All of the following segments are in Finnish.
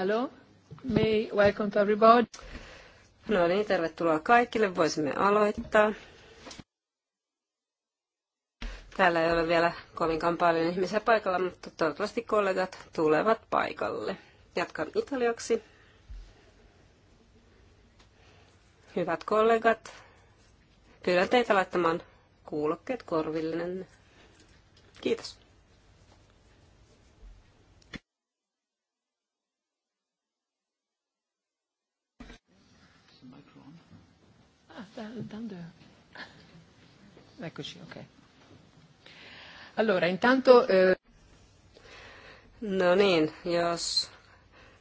Hello, may welcome to everybody. No niin, tervetuloa kaikille. Voisimme aloittaa. Täällä ei ole vielä kovinkaan paljon ihmisiä paikalla, mutta toivottavasti kollegat tulevat paikalle. Jatkan italiaksi. Hyvät kollegat, pyydän teitä laittamaan kuulokkeet korvillenne. Kiitos. dando... Eccoci, ok. Allora, intanto... Eh... No niin, jos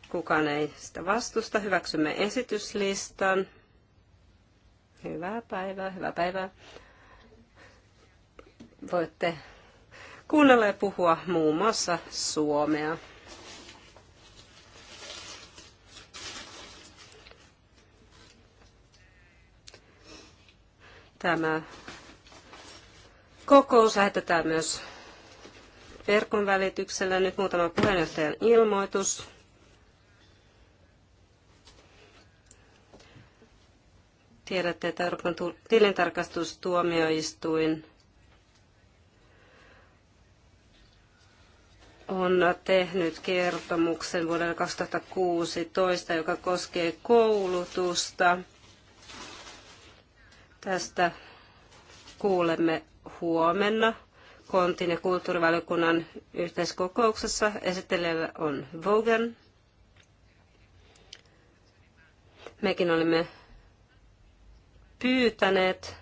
kukaan ei sitä vastusta, hyväksymme esityslistan. Hyvää päivää, hyvää päivää. Voitte kuunnella ja puhua muun muassa suomea. Tämä kokous lähetetään myös verkon välityksellä. Nyt muutama puheenjohtajan ilmoitus. Tiedätte, että Euroopan tilintarkastustuomioistuin on tehnyt kertomuksen vuodelle 2016, joka koskee koulutusta. Tästä kuulemme huomenna Kontin ja kulttuurivaliokunnan yhteiskokouksessa. Esittelijällä on Vogan. Mekin olimme pyytäneet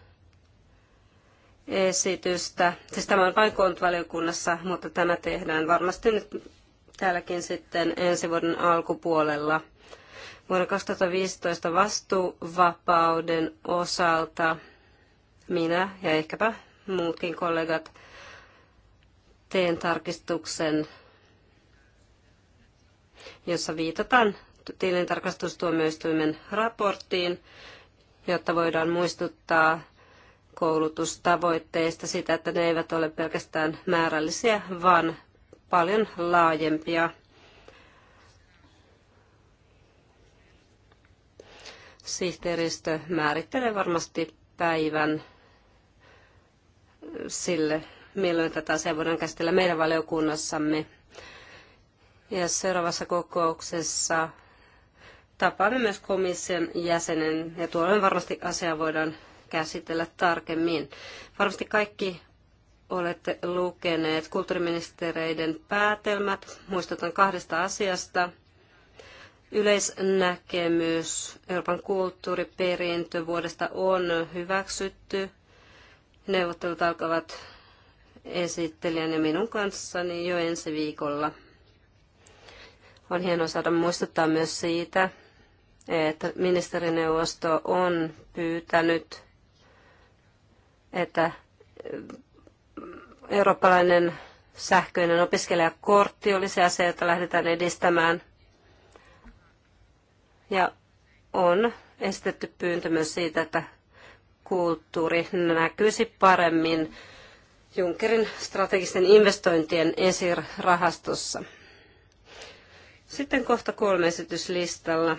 esitystä. Siis tämä on vain kontvaliokunnassa, mutta tämä tehdään varmasti nyt täälläkin sitten ensi vuoden alkupuolella – Vuonna 2015 vastuuvapauden osalta minä ja ehkäpä muutkin kollegat teen tarkistuksen, jossa viitataan tilintarkastustuomioistuimen raporttiin, jotta voidaan muistuttaa koulutustavoitteista sitä, että ne eivät ole pelkästään määrällisiä, vaan paljon laajempia. Sihteeristö määrittelee varmasti päivän sille, milloin tätä asiaa voidaan käsitellä meidän valiokunnassamme. Ja seuraavassa kokouksessa tapaamme myös komission jäsenen ja tuolloin varmasti asia voidaan käsitellä tarkemmin. Varmasti kaikki olette lukeneet kulttuuriministereiden päätelmät. Muistutan kahdesta asiasta. Yleisnäkemys Euroopan vuodesta on hyväksytty. Neuvottelut alkavat esittelijän ja minun kanssani jo ensi viikolla. On hienoa saada muistuttaa myös siitä, että ministerineuvosto on pyytänyt, että eurooppalainen sähköinen opiskelijakortti olisi asia, jota lähdetään edistämään – ja on estetty pyyntö myös siitä, että kulttuuri näkyisi paremmin Junckerin strategisten investointien ESIR-rahastossa. Sitten kohta kolme esityslistalla.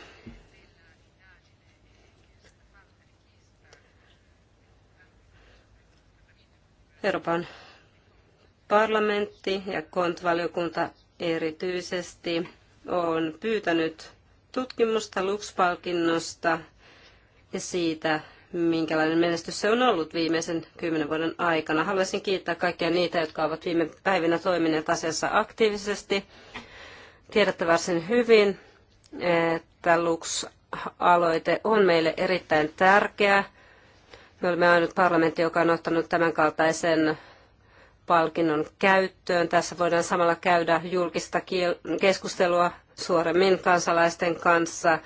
Euroopan parlamentti ja kontvaliokunta erityisesti on pyytänyt tutkimusta Lux-palkinnosta ja siitä, minkälainen menestys se on ollut viimeisen kymmenen vuoden aikana. Haluaisin kiittää kaikkia niitä, jotka ovat viime päivinä toimineet asiassa aktiivisesti. Tiedätte varsin hyvin, että Lux-aloite on meille erittäin tärkeä. Me olemme ainut parlamentti, joka on ottanut tämän kaltaisen palkinnon käyttöön. Tässä voidaan samalla käydä julkista keskustelua suoremmin kansalaisten kanssa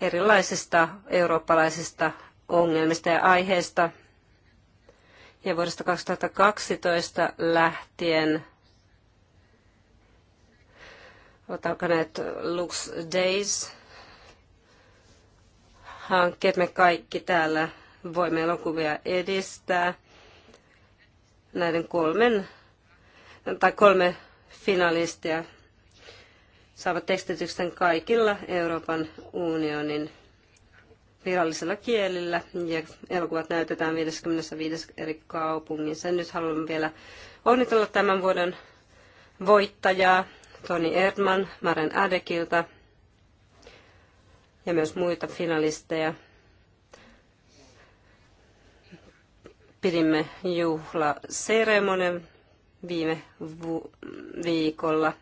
erilaisista eurooppalaisista ongelmista ja aiheista. Ja vuodesta 2012 lähtien ovat alkaneet Lux Days hankkeet. Me kaikki täällä voimme elokuvia edistää näiden kolmen tai kolme finalistia saavat tekstityksen kaikilla Euroopan unionin virallisilla kielillä ja elokuvat näytetään 55 eri kaupungissa. Nyt haluan vielä onnitella tämän vuoden voittajaa Toni Erdman Maren Adekilta ja myös muita finalisteja. Pidimme juhlaseremonian viime viikolla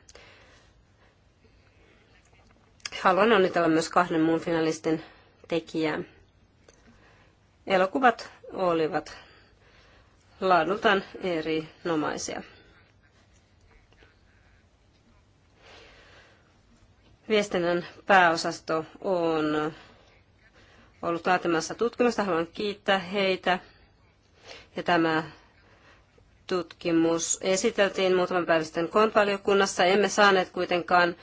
haluan onnitella myös kahden muun finalistin tekijää. Elokuvat olivat laadultaan erinomaisia. Viestinnän pääosasto on ollut laatimassa tutkimusta. Haluan kiittää heitä. Ja tämä tutkimus esiteltiin muutaman päivän sitten konvaliokunnassa. Emme saaneet kuitenkaan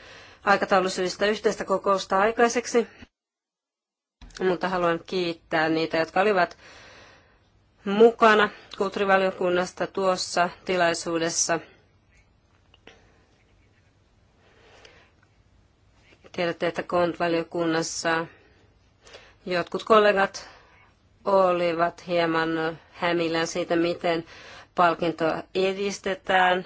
aikataulusyistä yhteistä kokousta aikaiseksi, mutta haluan kiittää niitä, jotka olivat mukana kulttuurivaliokunnasta tuossa tilaisuudessa. Tiedätte, että kontvaliokunnassa jotkut kollegat olivat hieman hämillään siitä, miten palkintoa edistetään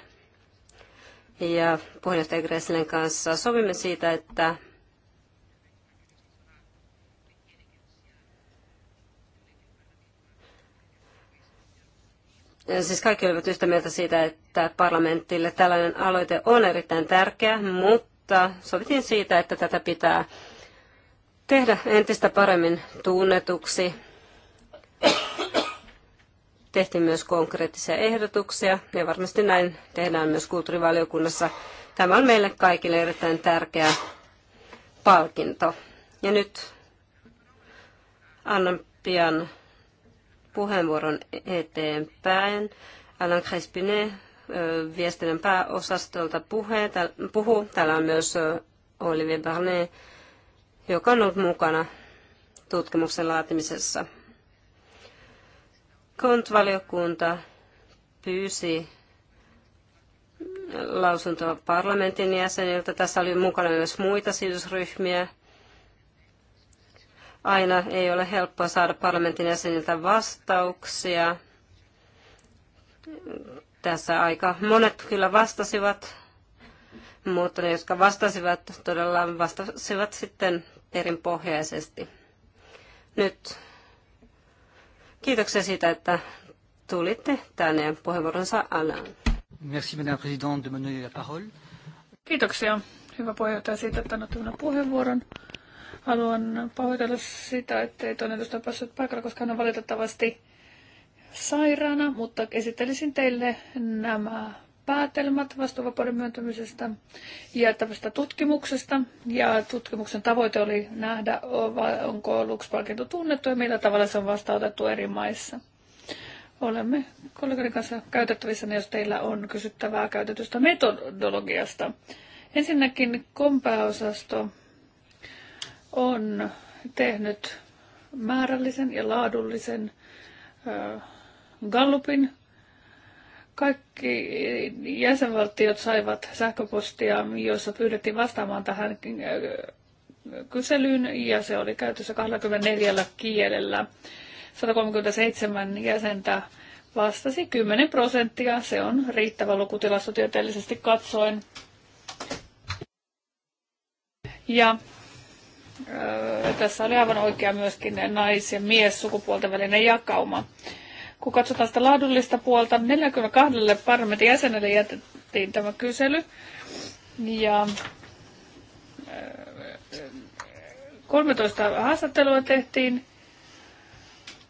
ja puheenjohtaja Greslen kanssa sovimme siitä, että siis kaikki olivat yhtä mieltä siitä, että parlamentille tällainen aloite on erittäin tärkeä, mutta sovittiin siitä, että tätä pitää tehdä entistä paremmin tunnetuksi Tehtiin myös konkreettisia ehdotuksia ja varmasti näin tehdään myös kulttuurivaliokunnassa. Tämä on meille kaikille erittäin tärkeä palkinto. Ja nyt annan pian puheenvuoron eteenpäin. Alan Crespinet viestinnän pääosastolta puhe, täl, puhuu. Täällä on myös Olivier Barnet, joka on ollut mukana tutkimuksen laatimisessa. Kontvaliokunta pyysi lausuntoa parlamentin jäseniltä. Tässä oli mukana myös muita sidosryhmiä. Aina ei ole helppoa saada parlamentin jäseniltä vastauksia. Tässä aika monet kyllä vastasivat, mutta ne, jotka vastasivat, todella vastasivat sitten perinpohjaisesti. Nyt Kiitoksia siitä, että tulitte tänne ja puheenvuoronsa annan. Merci, madame présidente, de me donner la parole. Kiitoksia, hyvä puheenjohtaja, siitä, että annat minun puheenvuoron. Haluan pahoitella sitä, että ei toinen tuosta päässyt paikalla, koska hän on valitettavasti sairaana, mutta esittelisin teille nämä päätelmät vastuuvapauden myöntämisestä ja tämmöisestä tutkimuksesta. Ja tutkimuksen tavoite oli nähdä, onko Lux-palkinto tunnettu ja millä tavalla se on vastaanotettu eri maissa. Olemme kollegani kanssa käytettävissä, niin jos teillä on kysyttävää käytetystä metodologiasta. Ensinnäkin kompääosasto on tehnyt määrällisen ja laadullisen Gallupin kaikki jäsenvaltiot saivat sähköpostia, jossa pyydettiin vastaamaan tähän äh, kyselyyn ja se oli käytössä 24 kielellä. 137 jäsentä vastasi 10 prosenttia. Se on riittävä luku tilastotieteellisesti katsoen. Ja öö, tässä oli aivan oikea myöskin nais- ja mies sukupuolten välinen jakauma. Kun katsotaan sitä laadullista puolta, 42 parlamentin jäsenelle jätettiin tämä kysely. Ja 13 äh, haastattelua tehtiin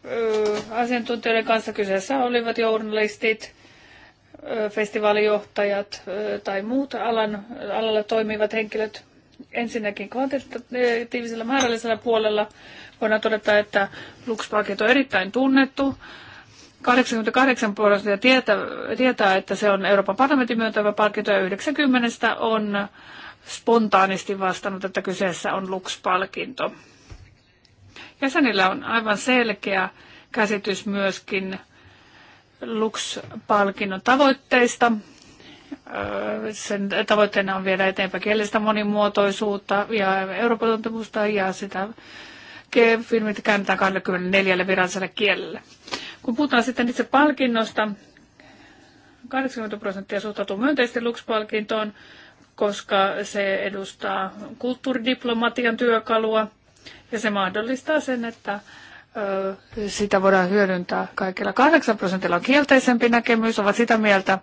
äh, asiantuntijoiden kanssa. Kyseessä olivat journalistit, äh, festivaalijohtajat tai muut alan, alalla toimivat henkilöt. Ensinnäkin kvantitatiivisella määrällisellä puolella voidaan todeta, että Luxpaket on erittäin tunnettu. 88 prosenttia tietää, tietää, että se on Euroopan parlamentin myöntävä palkinto ja 90 on spontaanisti vastannut, että kyseessä on Lux-palkinto. Jäsenillä on aivan selkeä käsitys myöskin Lux-palkinnon tavoitteista. Öö, sen tavoitteena on viedä eteenpäin kielistä monimuotoisuutta ja Euroopan ja sitä filmit käännetään 24 viralliselle kielelle. Kun puhutaan sitten itse palkinnosta, 80 prosenttia suhtautuu myönteisesti Lux-palkintoon, koska se edustaa kulttuuridiplomatian työkalua ja se mahdollistaa sen, että sitä voidaan hyödyntää kaikilla. 8 prosentilla on kielteisempi näkemys, ovat sitä mieltä,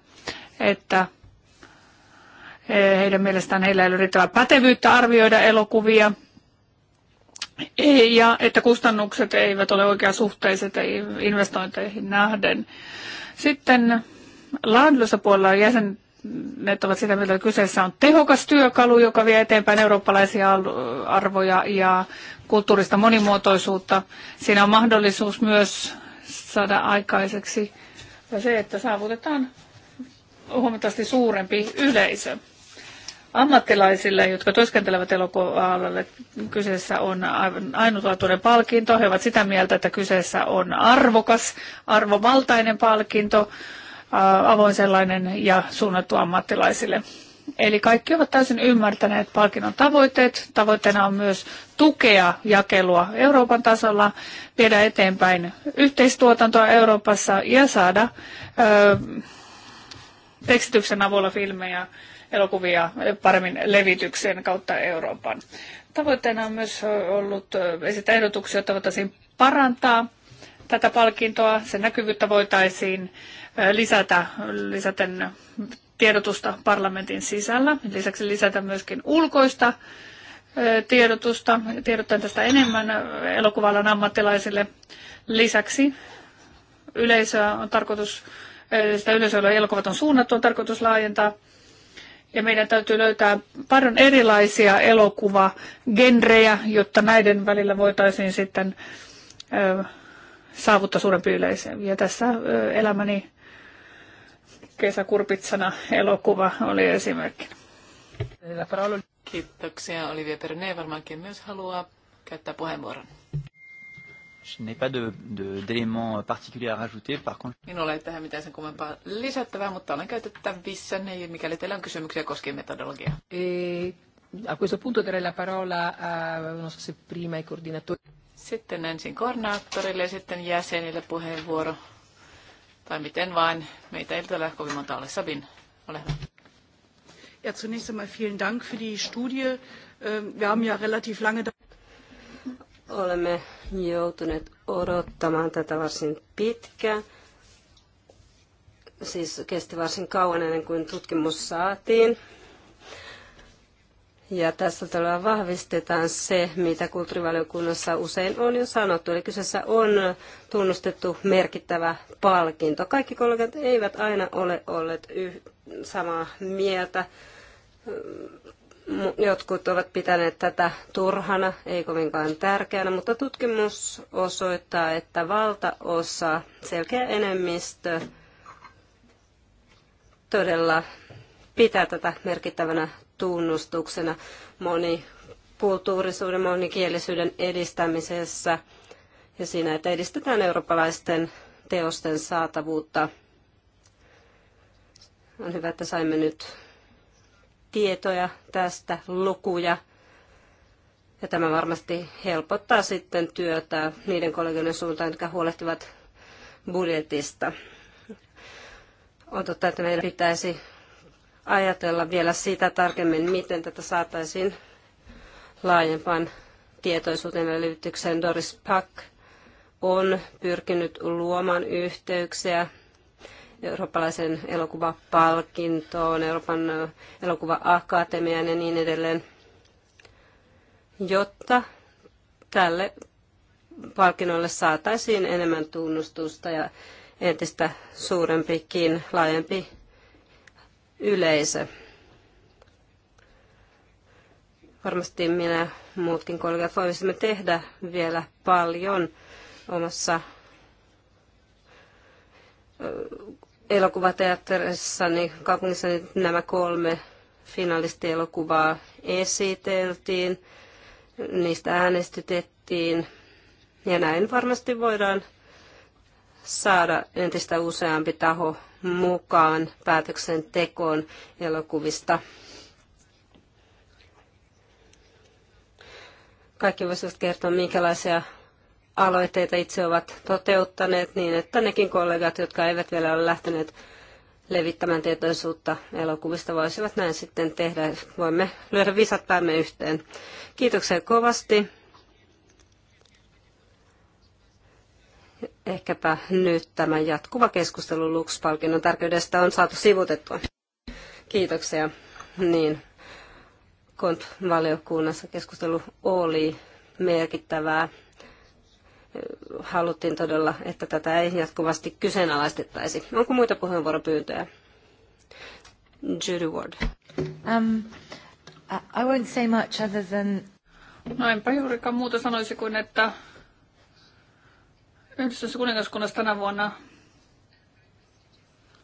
että e, heidän mielestään heillä ei ole riittävää pätevyyttä arvioida elokuvia – ja että kustannukset eivät ole oikeasuhteiset investointeihin nähden. Sitten laadullisella puolella jäsenet ovat sitä mieltä, että kyseessä on tehokas työkalu, joka vie eteenpäin eurooppalaisia arvoja ja kulttuurista monimuotoisuutta. Siinä on mahdollisuus myös saada aikaiseksi se, että saavutetaan huomattavasti suurempi yleisö ammattilaisille, jotka työskentelevät elokuva-alalle. Kyseessä on ainutlaatuinen palkinto. He ovat sitä mieltä, että kyseessä on arvokas, arvovaltainen palkinto, avoin sellainen ja suunnattu ammattilaisille. Eli kaikki ovat täysin ymmärtäneet palkinnon tavoitteet. Tavoitteena on myös tukea jakelua Euroopan tasolla, viedä eteenpäin yhteistuotantoa Euroopassa ja saada ö, tekstityksen avulla filmejä elokuvia paremmin levityksen kautta Euroopan. Tavoitteena on myös ollut esittää ehdotuksia, jotta voitaisiin parantaa tätä palkintoa. Sen näkyvyyttä voitaisiin lisätä lisäten tiedotusta parlamentin sisällä. Lisäksi lisätä myöskin ulkoista tiedotusta, Tiedotan tästä enemmän elokuvalan ammattilaisille. Lisäksi yleisöä on tarkoitus, sitä yleisöä, elokuvat on suunnattu, on tarkoitus laajentaa. Ja meidän täytyy löytää paljon erilaisia elokuvagenrejä, jotta näiden välillä voitaisiin sitten ö, saavuttaa suurempi yleisö. Ja tässä ö, elämäni kesäkurpitsana elokuva oli esimerkki. Kiitoksia. Olivia Perne varmaankin myös haluaa käyttää puheenvuoron. Je n'ai pas d'éléments de, de, particuliers à rajouter, par Minulla ei tähän mitään sen kummempaa lisättävää, mutta olen käytettävissä, niin mikäli teillä on kysymyksiä koskien metodologiaa. E, a questo punto darei la parola a, non so se prima i coordinatori. Sitten ensin koordinaattorille ja sitten jäsenille puheenvuoro. Tai miten vain. Meitä ei ole kovin monta ole. Sabin, ole hyvä. Ja zunächst einmal vielen Dank für die Studie. Ähm, wir haben ja relativ lange Olemme joutuneet odottamaan tätä varsin pitkään. Siis kesti varsin kauan ennen kuin tutkimus saatiin. Ja tässä todella vahvistetaan se, mitä kulttuurivaliokunnassa usein on jo sanottu. Eli kyseessä on tunnustettu merkittävä palkinto. Kaikki kollegat eivät aina ole olleet yh- samaa mieltä Jotkut ovat pitäneet tätä turhana, ei kovinkaan tärkeänä, mutta tutkimus osoittaa, että valtaosa, selkeä enemmistö, todella pitää tätä merkittävänä tunnustuksena monikulttuurisuuden, monikielisyyden edistämisessä ja siinä, että edistetään eurooppalaisten teosten saatavuutta. On hyvä, että saimme nyt tietoja tästä, lukuja. Ja tämä varmasti helpottaa sitten työtä niiden kollegioiden suuntaan, jotka huolehtivat budjetista. On totta, että meidän pitäisi ajatella vielä sitä tarkemmin, miten tätä saataisiin laajempaan tietoisuuteen ja Doris Pack on pyrkinyt luomaan yhteyksiä eurooppalaisen elokuvapalkintoon, Euroopan elokuvaakatemiaan ja niin edelleen, jotta tälle palkinnolle saataisiin enemmän tunnustusta ja entistä suurempikin, laajempi yleisö. Varmasti minä muutkin kollegat voisimme tehdä vielä paljon omassa niin kaupungissa niin nämä kolme finalistielokuvaa esiteltiin, niistä äänestytettiin ja näin varmasti voidaan saada entistä useampi taho mukaan päätöksentekoon elokuvista. Kaikki voisivat kertoa, minkälaisia aloitteita itse ovat toteuttaneet niin, että nekin kollegat, jotka eivät vielä ole lähteneet levittämään tietoisuutta elokuvista, voisivat näin sitten tehdä. Voimme lyödä visat päämme yhteen. Kiitoksia kovasti. Ehkäpä nyt tämä jatkuva keskustelu Lux-palkinnon tärkeydestä on saatu sivutettua. Kiitoksia. Niin, KONT-valiokunnassa keskustelu oli merkittävää haluttiin todella, että tätä ei jatkuvasti kyseenalaistettaisi. Onko muita puheenvuoropyyntöjä? Judy Ward. Um, I won't say much other than... No enpä juurikaan muuta sanoisi kuin, että Yhdistyneessä kuningaskunnassa tänä vuonna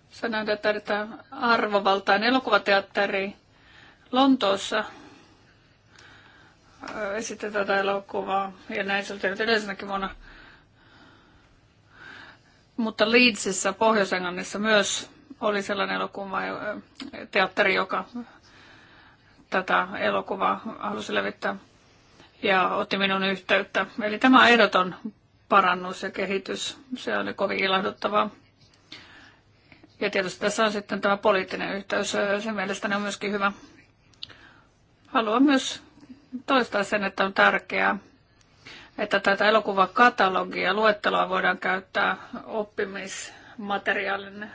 sä näytät erittäin arvovaltainen elokuvateatteri Lontoossa esitti tätä elokuvaa ja näin se oli edellisenäkin vuonna. Mutta Leedsissä, Pohjois-Englannissa myös oli sellainen elokuva, teatteri, joka tätä elokuvaa halusi levittää ja otti minun yhteyttä. Eli tämä ehdoton parannus ja kehitys, se oli kovin ilahduttavaa. Ja tietysti tässä on sitten tämä poliittinen yhteys, se mielestäni on myöskin hyvä. Haluan myös toistaa sen, että on tärkeää, että tätä elokuvakatalogia, luetteloa voidaan käyttää oppimismateriaalina.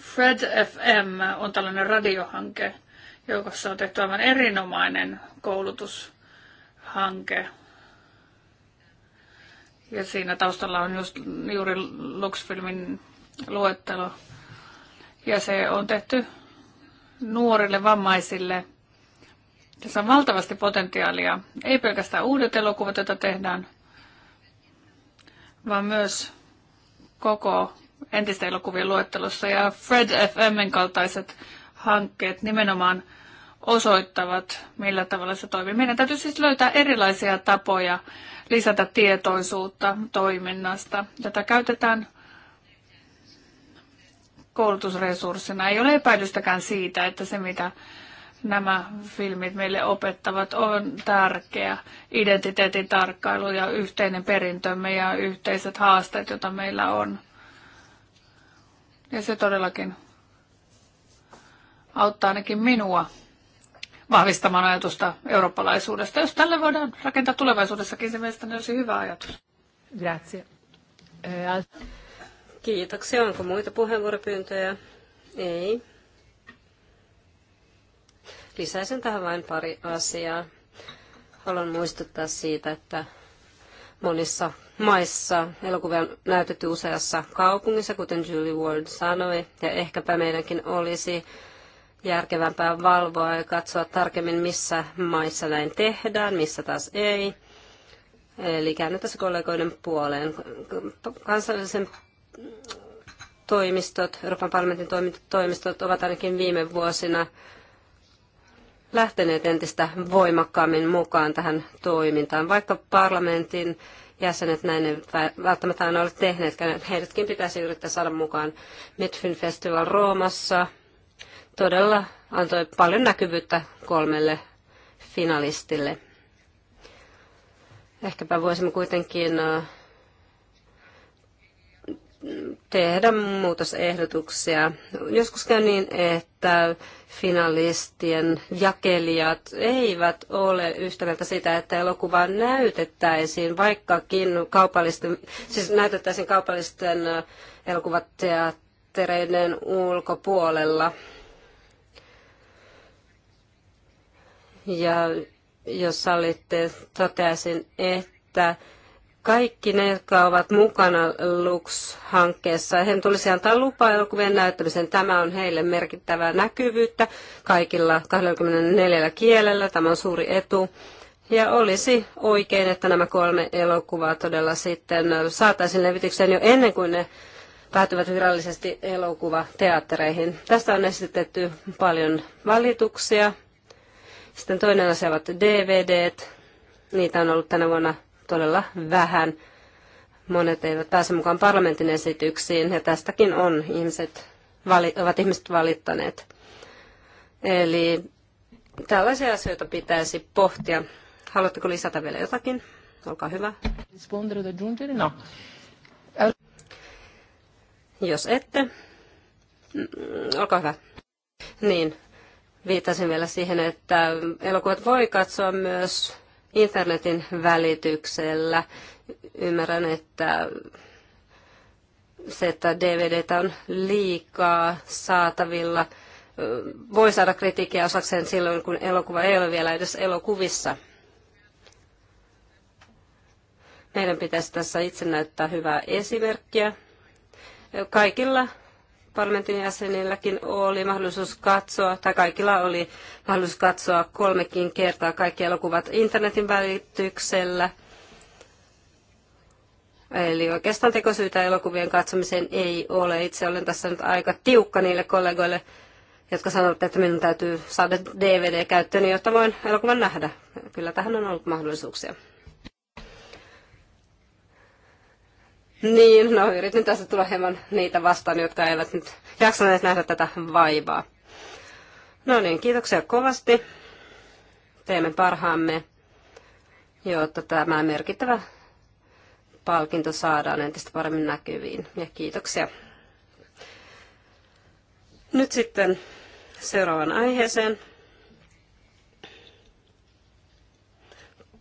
Fred FM on tällainen radiohanke, joka on tehty aivan erinomainen koulutushanke. Ja siinä taustalla on just, juuri Luxfilmin luettelo. Ja se on tehty nuorille vammaisille – tässä on valtavasti potentiaalia, ei pelkästään uudet elokuvat, joita tehdään, vaan myös koko entisten elokuvien luettelossa. Ja Fred FMn kaltaiset hankkeet nimenomaan osoittavat, millä tavalla se toimii. Meidän täytyy siis löytää erilaisia tapoja lisätä tietoisuutta toiminnasta. Tätä käytetään koulutusresurssina. Ei ole epäilystäkään siitä, että se mitä nämä filmit meille opettavat, on tärkeä identiteetin tarkkailu ja yhteinen perintömme ja yhteiset haasteet, joita meillä on. Ja se todellakin auttaa ainakin minua vahvistamaan ajatusta eurooppalaisuudesta. Jos tälle voidaan rakentaa tulevaisuudessakin, se mielestäni olisi hyvä ajatus. Grazie. Kiitoksia. Onko muita puheenvuoropyyntöjä? Ei. Lisäisin tähän vain pari asiaa. Haluan muistuttaa siitä, että monissa maissa elokuvia on näytetty useassa kaupungissa, kuten Julie Ward sanoi, ja ehkäpä meidänkin olisi järkevämpää valvoa ja katsoa tarkemmin, missä maissa näin tehdään, missä taas ei. Eli käänny kollegoiden puoleen. Kansallisen toimistot, Euroopan parlamentin toimistot ovat ainakin viime vuosina lähteneet entistä voimakkaammin mukaan tähän toimintaan, vaikka parlamentin jäsenet näin ei välttämättä aina ole tehneetkään. Heidätkin pitäisi yrittää saada mukaan Midfin Festival Roomassa. Todella antoi paljon näkyvyyttä kolmelle finalistille. Ehkäpä voisimme kuitenkin äh, tehdä muutosehdotuksia. Joskus käy niin, että finalistien jakelijat eivät ole yhtä mieltä sitä, että elokuva näytettäisiin, vaikkakin kaupallisten, siis näytettäisiin kaupallisten elokuvateattereiden ulkopuolella. Ja jos sallitte, toteaisin, että kaikki ne, jotka ovat mukana Lux-hankkeessa, heidän tulisi antaa lupa elokuvien näyttämiseen. Tämä on heille merkittävää näkyvyyttä kaikilla 24 kielellä. Tämä on suuri etu. Ja olisi oikein, että nämä kolme elokuvaa todella sitten saataisiin levitykseen jo ennen kuin ne päätyvät virallisesti elokuvateattereihin. Tästä on esitetty paljon valituksia. Sitten toinen asia ovat DVDt. Niitä on ollut tänä vuonna todella vähän. Monet eivät pääse mukaan parlamentin esityksiin ja tästäkin on ihmiset, ovat ihmiset valittaneet. Eli tällaisia asioita pitäisi pohtia. Haluatteko lisätä vielä jotakin? Olkaa hyvä. No. Jos ette, mm, olkaa hyvä. Niin, viittasin vielä siihen, että elokuvat voi katsoa myös internetin välityksellä. Ymmärrän, että se, että dvd on liikaa saatavilla, voi saada kritiikkiä osakseen silloin, kun elokuva ei ole vielä edes elokuvissa. Meidän pitäisi tässä itse näyttää hyvää esimerkkiä. Kaikilla parlamentin jäsenilläkin oli mahdollisuus katsoa, tai kaikilla oli mahdollisuus katsoa kolmekin kertaa kaikki elokuvat internetin välityksellä. Eli oikeastaan tekosyitä elokuvien katsomiseen ei ole. Itse olen tässä nyt aika tiukka niille kollegoille, jotka sanovat, että minun täytyy saada DVD-käyttöön, jotta voin elokuvan nähdä. Kyllä tähän on ollut mahdollisuuksia. Niin, no yritin tässä tulla hieman niitä vastaan, jotka eivät nyt jaksaneet nähdä tätä vaivaa. No niin, kiitoksia kovasti. Teemme parhaamme, jotta tämä merkittävä palkinto saadaan entistä paremmin näkyviin. Ja kiitoksia. Nyt sitten seuraavaan aiheeseen.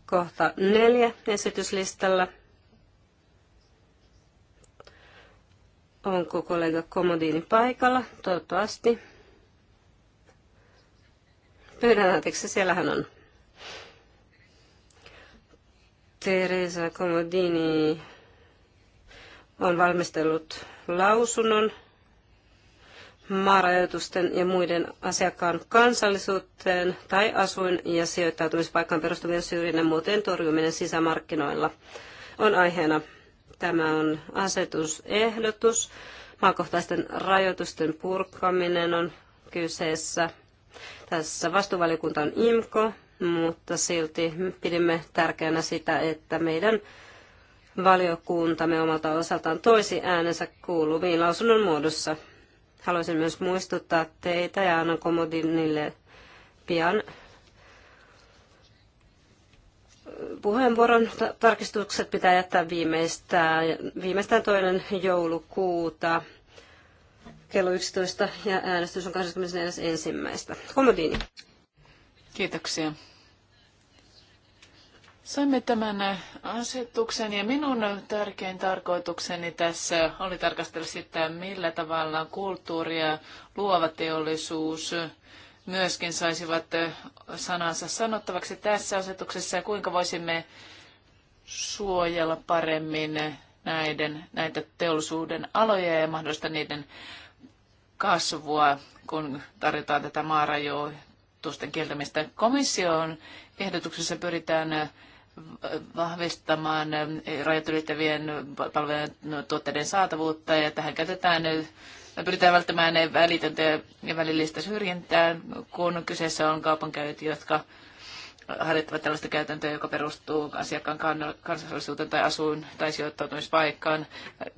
Kohta neljä esityslistalla. Onko kollega Komodini paikalla? Toivottavasti. Pyydän anteeksi, siellähän on. Teresa Komodini on valmistellut lausunnon maarajoitusten ja muiden asiakkaan kansallisuuteen tai asuin- ja sijoittautumispaikkaan perustuvien syrjinnän muuten torjuminen sisämarkkinoilla on aiheena Tämä on asetusehdotus. Maakohtaisten rajoitusten purkaminen on kyseessä. Tässä vastuvalikunta on IMKO, mutta silti pidimme tärkeänä sitä, että meidän valiokuntamme omalta osaltaan toisi äänensä kuuluviin lausunnon muodossa. Haluaisin myös muistuttaa teitä ja Anna Komodinille pian puheenvuoron. Tarkistukset pitää jättää viimeistään, viimeistään toinen joulukuuta kello 11 ja äänestys on 24.1. Komodini. Kiitoksia. Saimme tämän asetuksen ja minun tärkein tarkoitukseni tässä oli tarkastella sitä, millä tavalla kulttuuri ja luova teollisuus myöskin saisivat sanansa sanottavaksi tässä asetuksessa ja kuinka voisimme suojella paremmin näiden, näitä teollisuuden aloja ja mahdollista niiden kasvua, kun tarjotaan tätä maarajoitusten kieltämistä. Komission ehdotuksessa pyritään vahvistamaan rajat ylittävien palvelujen tuotteiden saatavuutta ja tähän käytetään me pyritään välttämään ne välitöntä ja välillistä syrjintää, kun kyseessä on kaupankäyntiä, jotka harjoittavat tällaista käytäntöä, joka perustuu asiakkaan kansallisuuteen tai asuin- tai sijoittautumispaikkaan.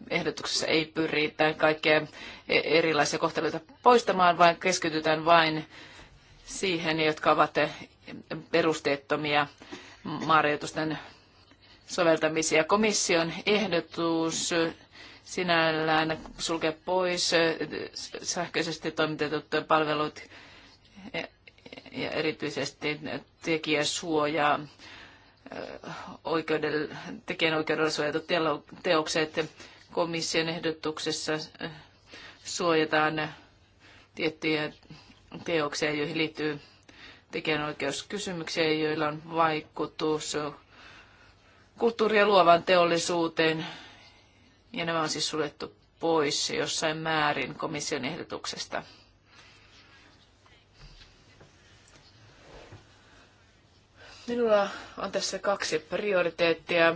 Ehdotuksessa ei pyritä kaikkea e- erilaisia kohteluita poistamaan, vaan keskitytään vain siihen, jotka ovat perusteettomia maarajoitusten soveltamisia. Komission ehdotus sinällään sulkea pois sähköisesti toimitetut palvelut e-, ja erityisesti tekijäsuojaa, oikeudella, tekijänoikeudella suojatut teokset. Komission ehdotuksessa suojataan tiettyjä teoksia, joihin liittyy tekijänoikeuskysymyksiä, joilla on vaikutus kulttuuri- ja luovan teollisuuteen, ja nämä on siis suljettu pois jossain määrin komission ehdotuksesta. Minulla on tässä kaksi prioriteettia,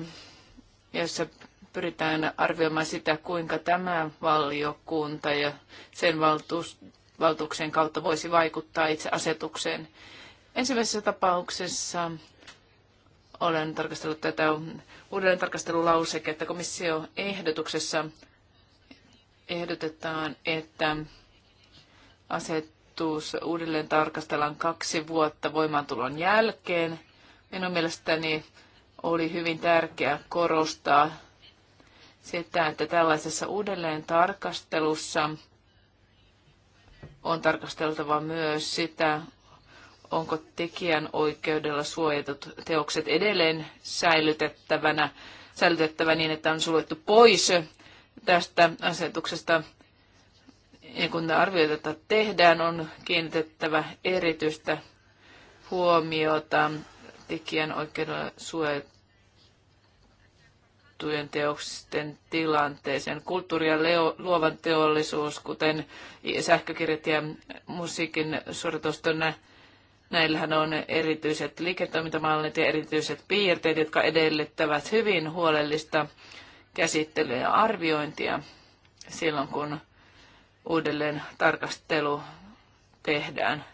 joissa pyritään arvioimaan sitä, kuinka tämä valiokunta ja sen valtuus, valtuuksien kautta voisi vaikuttaa itse asetukseen. Ensimmäisessä tapauksessa olen tarkastellut tätä uudelleen tarkastelulauseketta. Komissio ehdotuksessa ehdotetaan, että asetus uudelleen tarkastellaan kaksi vuotta voimaantulon jälkeen. Minun mielestäni oli hyvin tärkeää korostaa sitä, että tällaisessa uudelleen tarkastelussa on tarkasteltava myös sitä, onko tekijän oikeudella suojatut teokset edelleen säilytettävänä, säilytettävä niin, että on suljettu pois tästä asetuksesta. Ja kun arvioita tehdään, on kiinnitettävä erityistä huomiota tekijän oikeudella suojattujen teoksen tilanteeseen. Kulttuuri ja leo, luovan teollisuus, kuten sähkökirjat ja musiikin suoritusten Näillähän on erityiset liiketoimintamallit ja erityiset piirteet, jotka edellyttävät hyvin huolellista käsittelyä ja arviointia silloin, kun uudelleen tarkastelu tehdään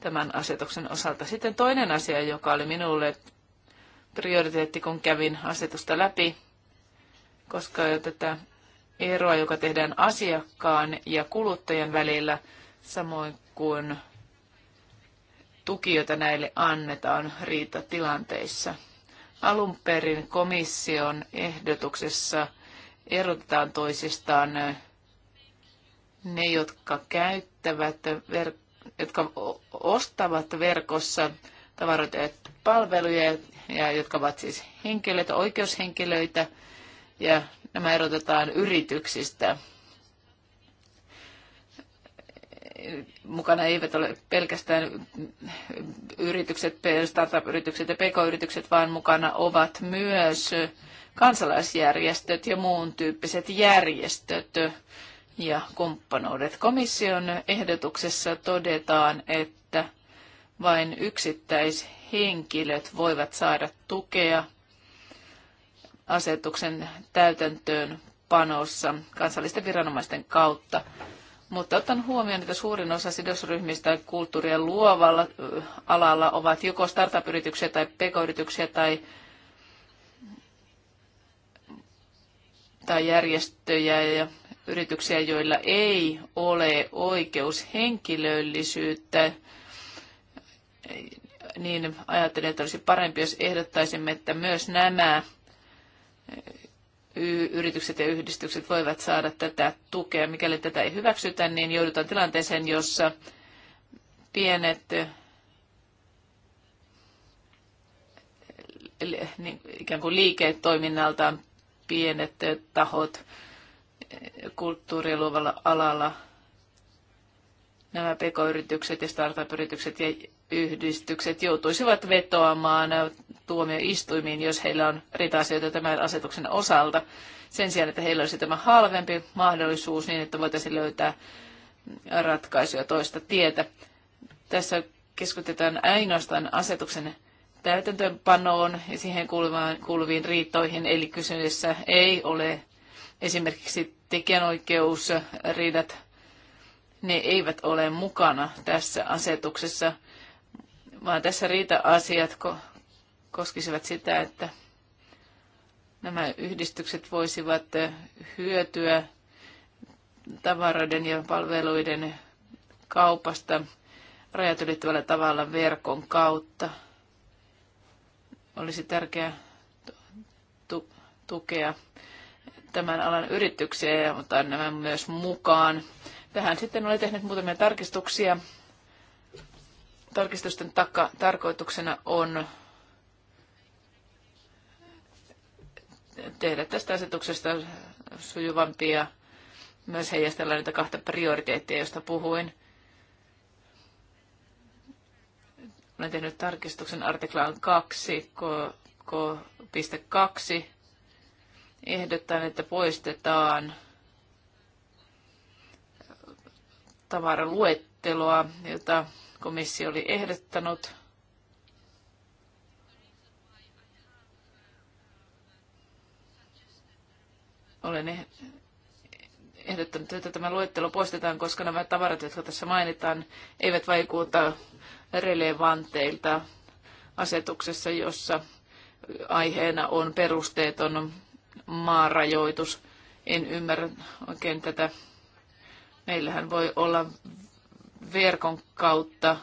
tämän asetuksen osalta. Sitten toinen asia, joka oli minulle prioriteetti, kun kävin asetusta läpi, koska jo tätä eroa, joka tehdään asiakkaan ja kuluttajan välillä, samoin kuin tuki, jota näille annetaan riitatilanteissa. Alun perin komission ehdotuksessa erotetaan toisistaan ne, jotka käyttävät, jotka ostavat verkossa tavaroita ja palveluja, ja jotka ovat siis henkilöitä, oikeushenkilöitä, ja nämä erotetaan yrityksistä mukana eivät ole pelkästään yritykset, startup-yritykset ja pk-yritykset, vaan mukana ovat myös kansalaisjärjestöt ja muun tyyppiset järjestöt ja kumppanuudet. Komission ehdotuksessa todetaan, että vain yksittäishenkilöt voivat saada tukea asetuksen täytäntöön panossa kansallisten viranomaisten kautta. Mutta otan huomioon, että suurin osa sidosryhmistä kulttuurien luovalla alalla ovat joko startup-yrityksiä tai pk-yrityksiä tai, tai järjestöjä ja yrityksiä, joilla ei ole oikeus henkilöllisyyttä, niin ajattelen, että olisi parempi, jos ehdottaisimme, että myös nämä yritykset ja yhdistykset voivat saada tätä tukea. Mikäli tätä ei hyväksytä, niin joudutaan tilanteeseen, jossa pienet niin ikään kuin liiketoiminnaltaan pienet tahot kulttuuri- ja luovalla alalla, nämä pk-yritykset ja startup-yritykset ja yhdistykset joutuisivat vetoamaan tuomioistuimiin, jos heillä on riita asioita tämän asetuksen osalta. Sen sijaan, että heillä olisi tämä halvempi mahdollisuus niin, että voitaisiin löytää ratkaisuja toista tietä. Tässä keskitytään ainoastaan asetuksen täytäntöönpanoon ja siihen kuuluviin riitoihin, eli kyseessä ei ole esimerkiksi tekijänoikeusriidat, ne eivät ole mukana tässä asetuksessa vaan tässä riita-asiat koskisivat sitä, että nämä yhdistykset voisivat hyötyä tavaroiden ja palveluiden kaupasta rajat ylittävällä tavalla verkon kautta. Olisi tärkeää tu- tukea tämän alan yrityksiä ja ottaa nämä myös mukaan. Tähän sitten olen tehnyt muutamia tarkistuksia Tarkistusten taka, tarkoituksena on tehdä tästä asetuksesta sujuvampia myös heijastella niitä kahta prioriteettia, joista puhuin. Olen tehnyt tarkistuksen artiklaan 2, 2. Ehdotan, että poistetaan tavaraluetteloa, jota komissio oli ehdottanut. Olen eh- ehdottanut, että tämä luettelo poistetaan, koska nämä tavarat, jotka tässä mainitaan, eivät vaikuta relevanteilta asetuksessa, jossa aiheena on perusteeton maarajoitus. En ymmärrä oikein tätä Meillähän voi olla verkon kautta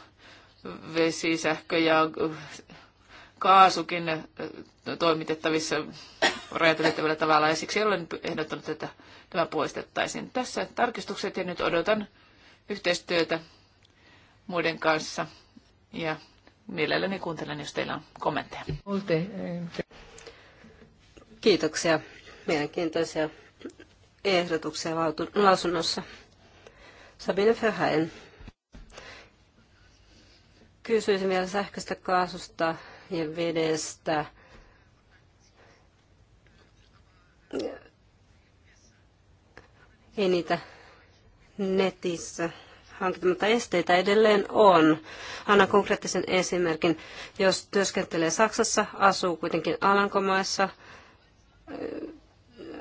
vesi, sähkö ja äh, kaasukin äh, toimitettavissa rajat ylittävällä tavalla, ja siksi olen ehdottanut, että tämä poistettaisiin. Tässä tarkistukset, ja nyt odotan yhteistyötä muiden kanssa, ja mielelläni kuuntelen, jos teillä on kommentteja. Kiitoksia. Mielenkiintoisia ehdotuksia lausunnossa. Sabine Ferhain. Kysyisin vielä sähköstä, kaasusta ja vedestä. Ei niitä netissä hankita, mutta esteitä edelleen on. Anna konkreettisen esimerkin. Jos työskentelee Saksassa, asuu kuitenkin Alankomaissa,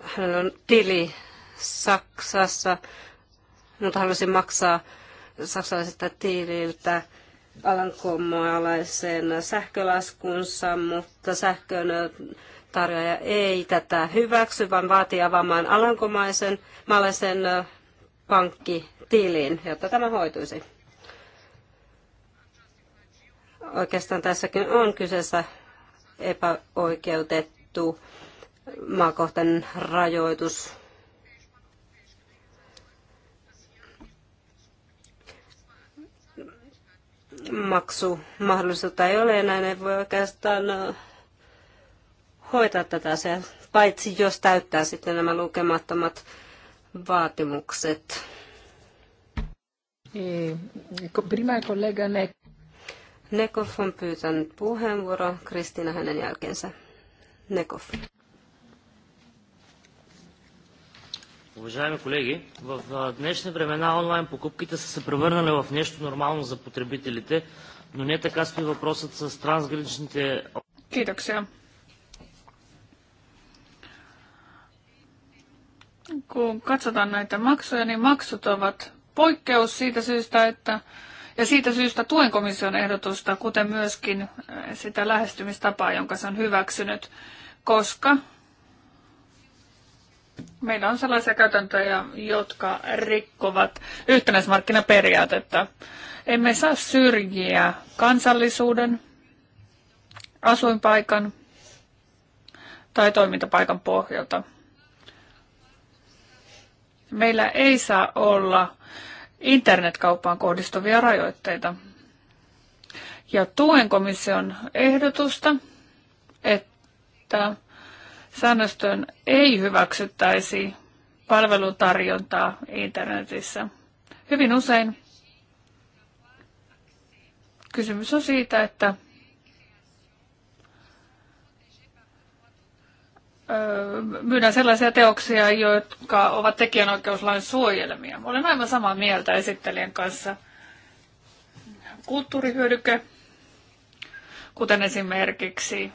hänellä on tili Saksassa, mutta halusin maksaa saksalaisesta tiililtä alankomoalaisen sähkölaskunsa, mutta sähkön tarjoaja ei tätä hyväksy, vaan vaatii avaamaan alankomaisen maalaisen pankkitilin, jotta tämä hoituisi. Oikeastaan tässäkin on kyseessä epäoikeutettu maakohtainen rajoitus maksumahdollisuutta ei ole enää, ei voi oikeastaan hoitaa tätä asiaa, paitsi jos täyttää sitten nämä lukemattomat vaatimukset. E, prima kollega Nek. Nekov on pyytänyt puheenvuoro, Kristina hänen jälkeensä. Nekov. Уважаеми колеги, в днешни времена онлайн покупките са се превърнали в нещо нормално за потребителите, но не така стои въпросът с трансграничните... Kiitoksia. Kun katsotaan näitä maksuja, niin maksut ovat poikkeus siitä syystä, että ja siitä syystä tuen komission ehdotusta, kuten myöskin sitä lähestymistapaa, jonka se on hyväksynyt, koska Meillä on sellaisia käytäntöjä, jotka rikkovat yhtenäismarkkinaperiaatetta. Emme saa syrjiä kansallisuuden, asuinpaikan tai toimintapaikan pohjalta. Meillä ei saa olla internetkauppaan kohdistuvia rajoitteita. Ja tuen komission ehdotusta, että säännöstön ei hyväksyttäisi palvelutarjontaa internetissä. Hyvin usein kysymys on siitä, että myydään sellaisia teoksia, jotka ovat tekijänoikeuslain suojelmia. Olen aivan samaa mieltä esittelijän kanssa. Kulttuurihyödyke, kuten esimerkiksi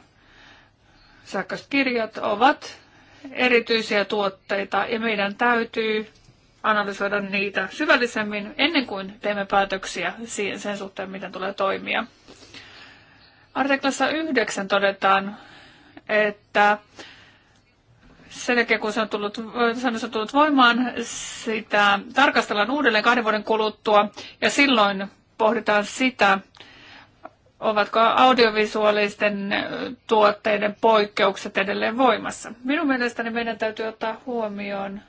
kirjat ovat erityisiä tuotteita ja meidän täytyy analysoida niitä syvällisemmin ennen kuin teemme päätöksiä sen suhteen, miten tulee toimia. Artiklassa 9 todetaan, että sen jälkeen kun se on tullut, se on tullut voimaan, sitä tarkastellaan uudelleen kahden vuoden kuluttua ja silloin pohditaan sitä, ovatko audiovisuaalisten tuotteiden poikkeukset edelleen voimassa. Minun mielestäni meidän täytyy ottaa huomioon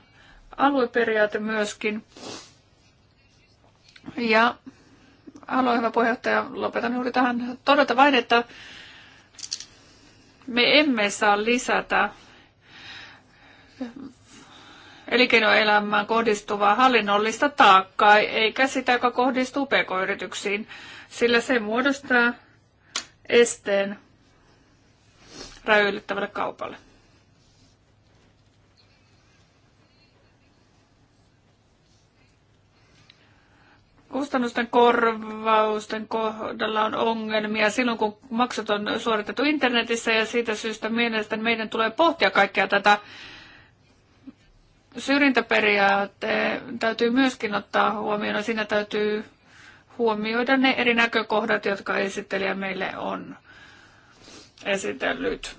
alueperiaate myöskin. Ja haluan hyvä puheenjohtaja, lopetan juuri tähän. Todeta vain, että me emme saa lisätä elinkeinoelämään kohdistuvaa hallinnollista taakkaa, eikä sitä, joka kohdistuu pk-yrityksiin, sillä se muodostaa esteen rajoittavalle kaupalle. Kustannusten korvausten kohdalla on ongelmia silloin, kun maksut on suoritettu internetissä ja siitä syystä mielestäni meidän tulee pohtia kaikkea tätä syrjintäperiaatteen täytyy myöskin ottaa huomioon. Siinä täytyy huomioida ne eri näkökohdat, jotka esittelijä meille on esitellyt.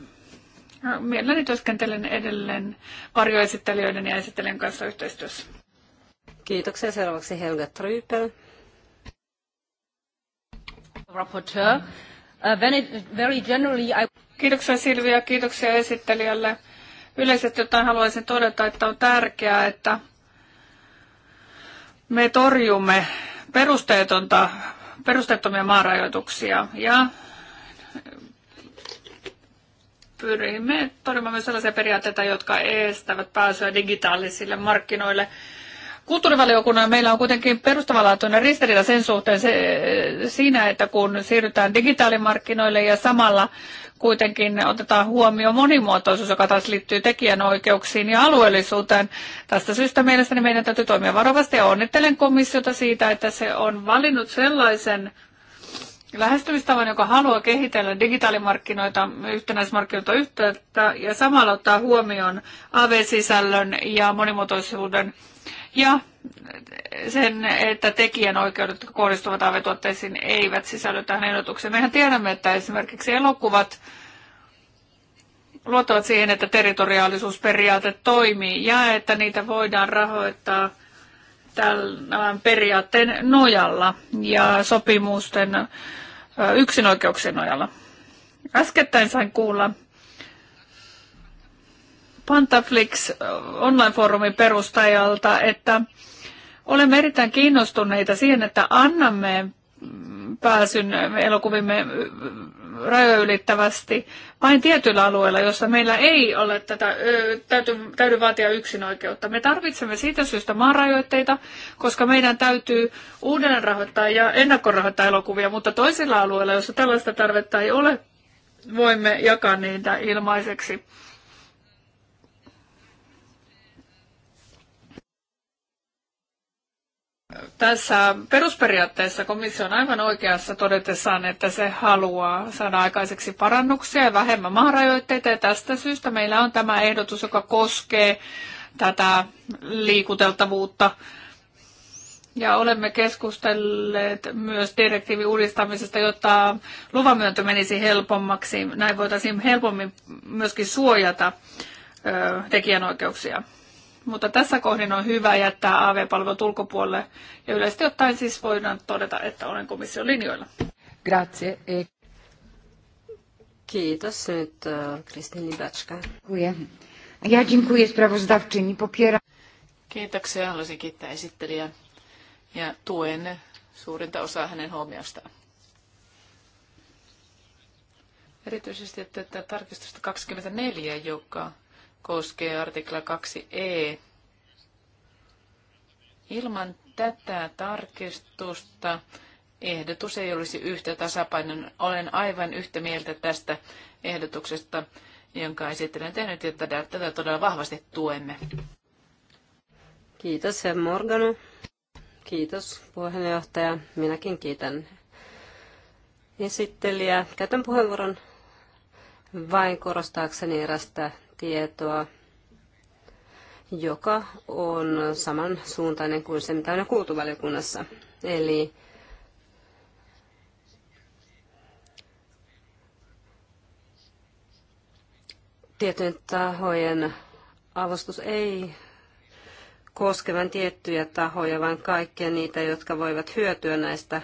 Mielelläni työskentelen edelleen varjoesittelijöiden ja esittelijän kanssa yhteistyössä. Kiitoksia. Seuraavaksi Helga Trypel. Rapporteur. Uh, very generally I... Kiitoksia Silvia, kiitoksia esittelijälle. Yleisesti jotain haluaisin todeta, että on tärkeää, että me torjumme perusteetonta, perusteettomia maarajoituksia ja pyrimme torjumaan myös sellaisia periaatteita, jotka estävät pääsyä digitaalisille markkinoille – Kulttuurivaliokunnan meillä on kuitenkin perustavanlaatuinen ristiriita sen suhteen se, siinä, että kun siirrytään digitaalimarkkinoille ja samalla kuitenkin otetaan huomioon monimuotoisuus, joka taas liittyy tekijänoikeuksiin ja alueellisuuteen. Tästä syystä mielestäni meidän täytyy toimia varovasti ja onnittelen komissiota siitä, että se on valinnut sellaisen lähestymistavan, joka haluaa kehitellä digitaalimarkkinoita, yhtenäismarkkinoita yhteyttä ja samalla ottaa huomioon AV-sisällön ja monimuotoisuuden ja sen, että tekijänoikeudet kohdistuvat AV-tuotteisiin, eivät sisälly tähän ehdotukseen. Mehän tiedämme, että esimerkiksi elokuvat luottavat siihen, että territoriaalisuusperiaate toimii ja että niitä voidaan rahoittaa tämän periaatteen nojalla ja sopimusten yksinoikeuksien nojalla. Äskettäin sain kuulla Pantaflix äh, online-foorumin perustajalta, että olemme erittäin kiinnostuneita siihen, että annamme pääsyn elokuvimme rajoja ylittävästi vain tietyillä alueilla, joissa meillä ei ole tätä, täyty, täytyy vaatia yksinoikeutta. Me tarvitsemme siitä syystä maanrajoitteita, koska meidän täytyy uudelleen rahoittaa ja ennakkorahoittaa elokuvia, mutta toisilla alueilla, joissa tällaista tarvetta ei ole, voimme jakaa niitä ilmaiseksi. tässä perusperiaatteessa komissio on aivan oikeassa todetessaan, että se haluaa saada aikaiseksi parannuksia ja vähemmän maarajoitteita. Ja tästä syystä meillä on tämä ehdotus, joka koskee tätä liikuteltavuutta. Ja olemme keskustelleet myös direktiivin uudistamisesta, jotta luvamyöntö menisi helpommaksi. Näin voitaisiin helpommin myöskin suojata tekijänoikeuksia. Mutta tässä kohdin on hyvä jättää AV-palvelut ulkopuolelle ja yleisesti ottaen siis voidaan todeta, että olen komission linjoilla. Grazie. E- Kiitos. Nyt äh, Kristiini Libacka. Ja dziękuję sprawozdawczyni. popiera. Kiitoksia. Haluaisin kiittää esittelijää ja tuen suurinta osaa hänen huomiostaan. Erityisesti että tarkistusta 24, joka koskee artikla 2e. Ilman tätä tarkistusta ehdotus ei olisi yhtä tasapainon. Olen aivan yhtä mieltä tästä ehdotuksesta, jonka esittelen tehnyt, ja tätä todella vahvasti tuemme. Kiitos, Morgano. Kiitos, puheenjohtaja. Minäkin kiitän esittelijää. Käytän puheenvuoron vain korostaakseni erästä tietoa, joka on samansuuntainen kuin se, mitä on kuultu valiokunnassa. Eli tietyn tahojen avustus ei koskevan tiettyjä tahoja, vaan kaikkia niitä, jotka voivat hyötyä näistä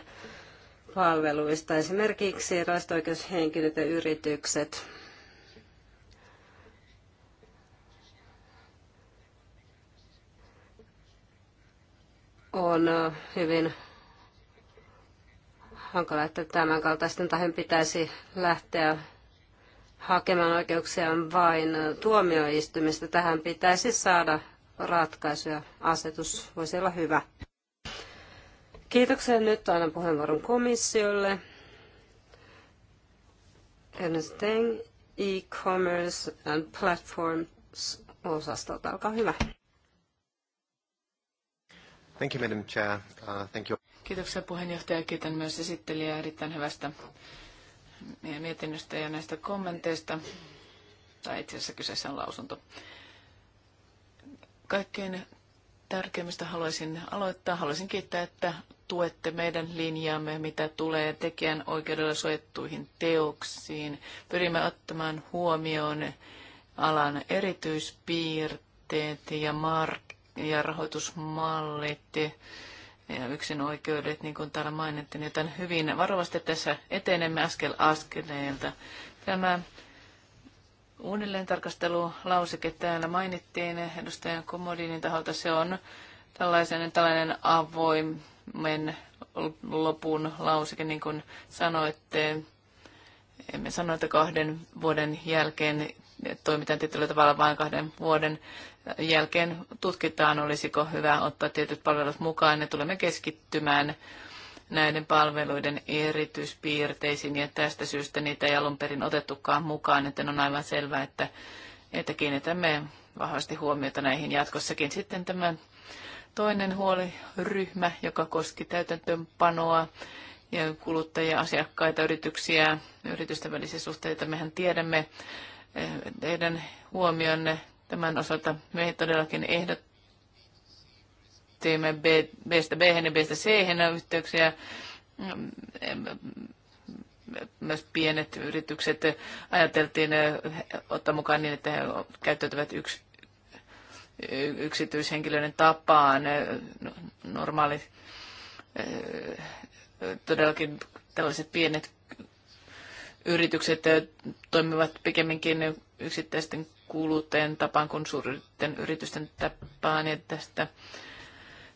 palveluista, esimerkiksi erilaiset oikeushenkilöt ja yritykset. on hyvin hankala, että tämän kaltaisten tahojen pitäisi lähteä hakemaan oikeuksiaan vain tuomioistumista. Tähän pitäisi saada ratkaisuja. Asetus voisi olla hyvä. Kiitoksia. Nyt annan puheenvuoron komissiolle. Ernest e-commerce and platforms osastolta. Olkaa hyvä. Thank you, Madam Chair. Uh, thank you. Kiitoksia puheenjohtaja. Kiitän myös esittelijää erittäin hyvästä mietinnöstä ja näistä kommenteista. Tai itse asiassa kyseessä on lausunto. Kaikkein tärkeimmistä haluaisin aloittaa. Haluaisin kiittää, että tuette meidän linjaamme, mitä tulee tekijän oikeudella suojattuihin teoksiin. Pyrimme ottamaan huomioon alan erityispiirteet ja mark- ja rahoitusmallit ja yksin oikeudet, niin kuin täällä mainittiin, joten hyvin varovasti tässä etenemme askel askeleelta. Tämä uudelleen tarkastelulauseke täällä mainittiin edustajan Komodinin taholta. Se on tällaisen tällainen avoimen lopun lauseke, niin kuin sanoitte. Emme sano, että kahden vuoden jälkeen toimitaan tietyllä tavalla, vain kahden vuoden jälkeen tutkitaan, olisiko hyvä ottaa tietyt palvelut mukaan. Ne tulemme keskittymään näiden palveluiden erityispiirteisiin ja tästä syystä niitä ei alun perin otettukaan mukaan, joten on aivan selvää, että, että kiinnitämme vahvasti huomiota näihin jatkossakin. Sitten tämä toinen huoliryhmä, joka koski täytäntöönpanoa ja kuluttajia, asiakkaita, yrityksiä, yritysten välisiä suhteita. Mehän tiedämme eh, teidän huomionne Tämän osalta me todellakin ehdottimme B-stä B ja B-stä C yhteyksiä. Myös pienet yritykset ajateltiin ottaa mukaan niin, että he käyttäytyvät yks, yksityishenkilöiden tapaan normaali todellakin tällaiset pienet yritykset toimivat pikemminkin yksittäisten kuluttajien tapaan kuin suurten yritysten tapaan. Ja tästä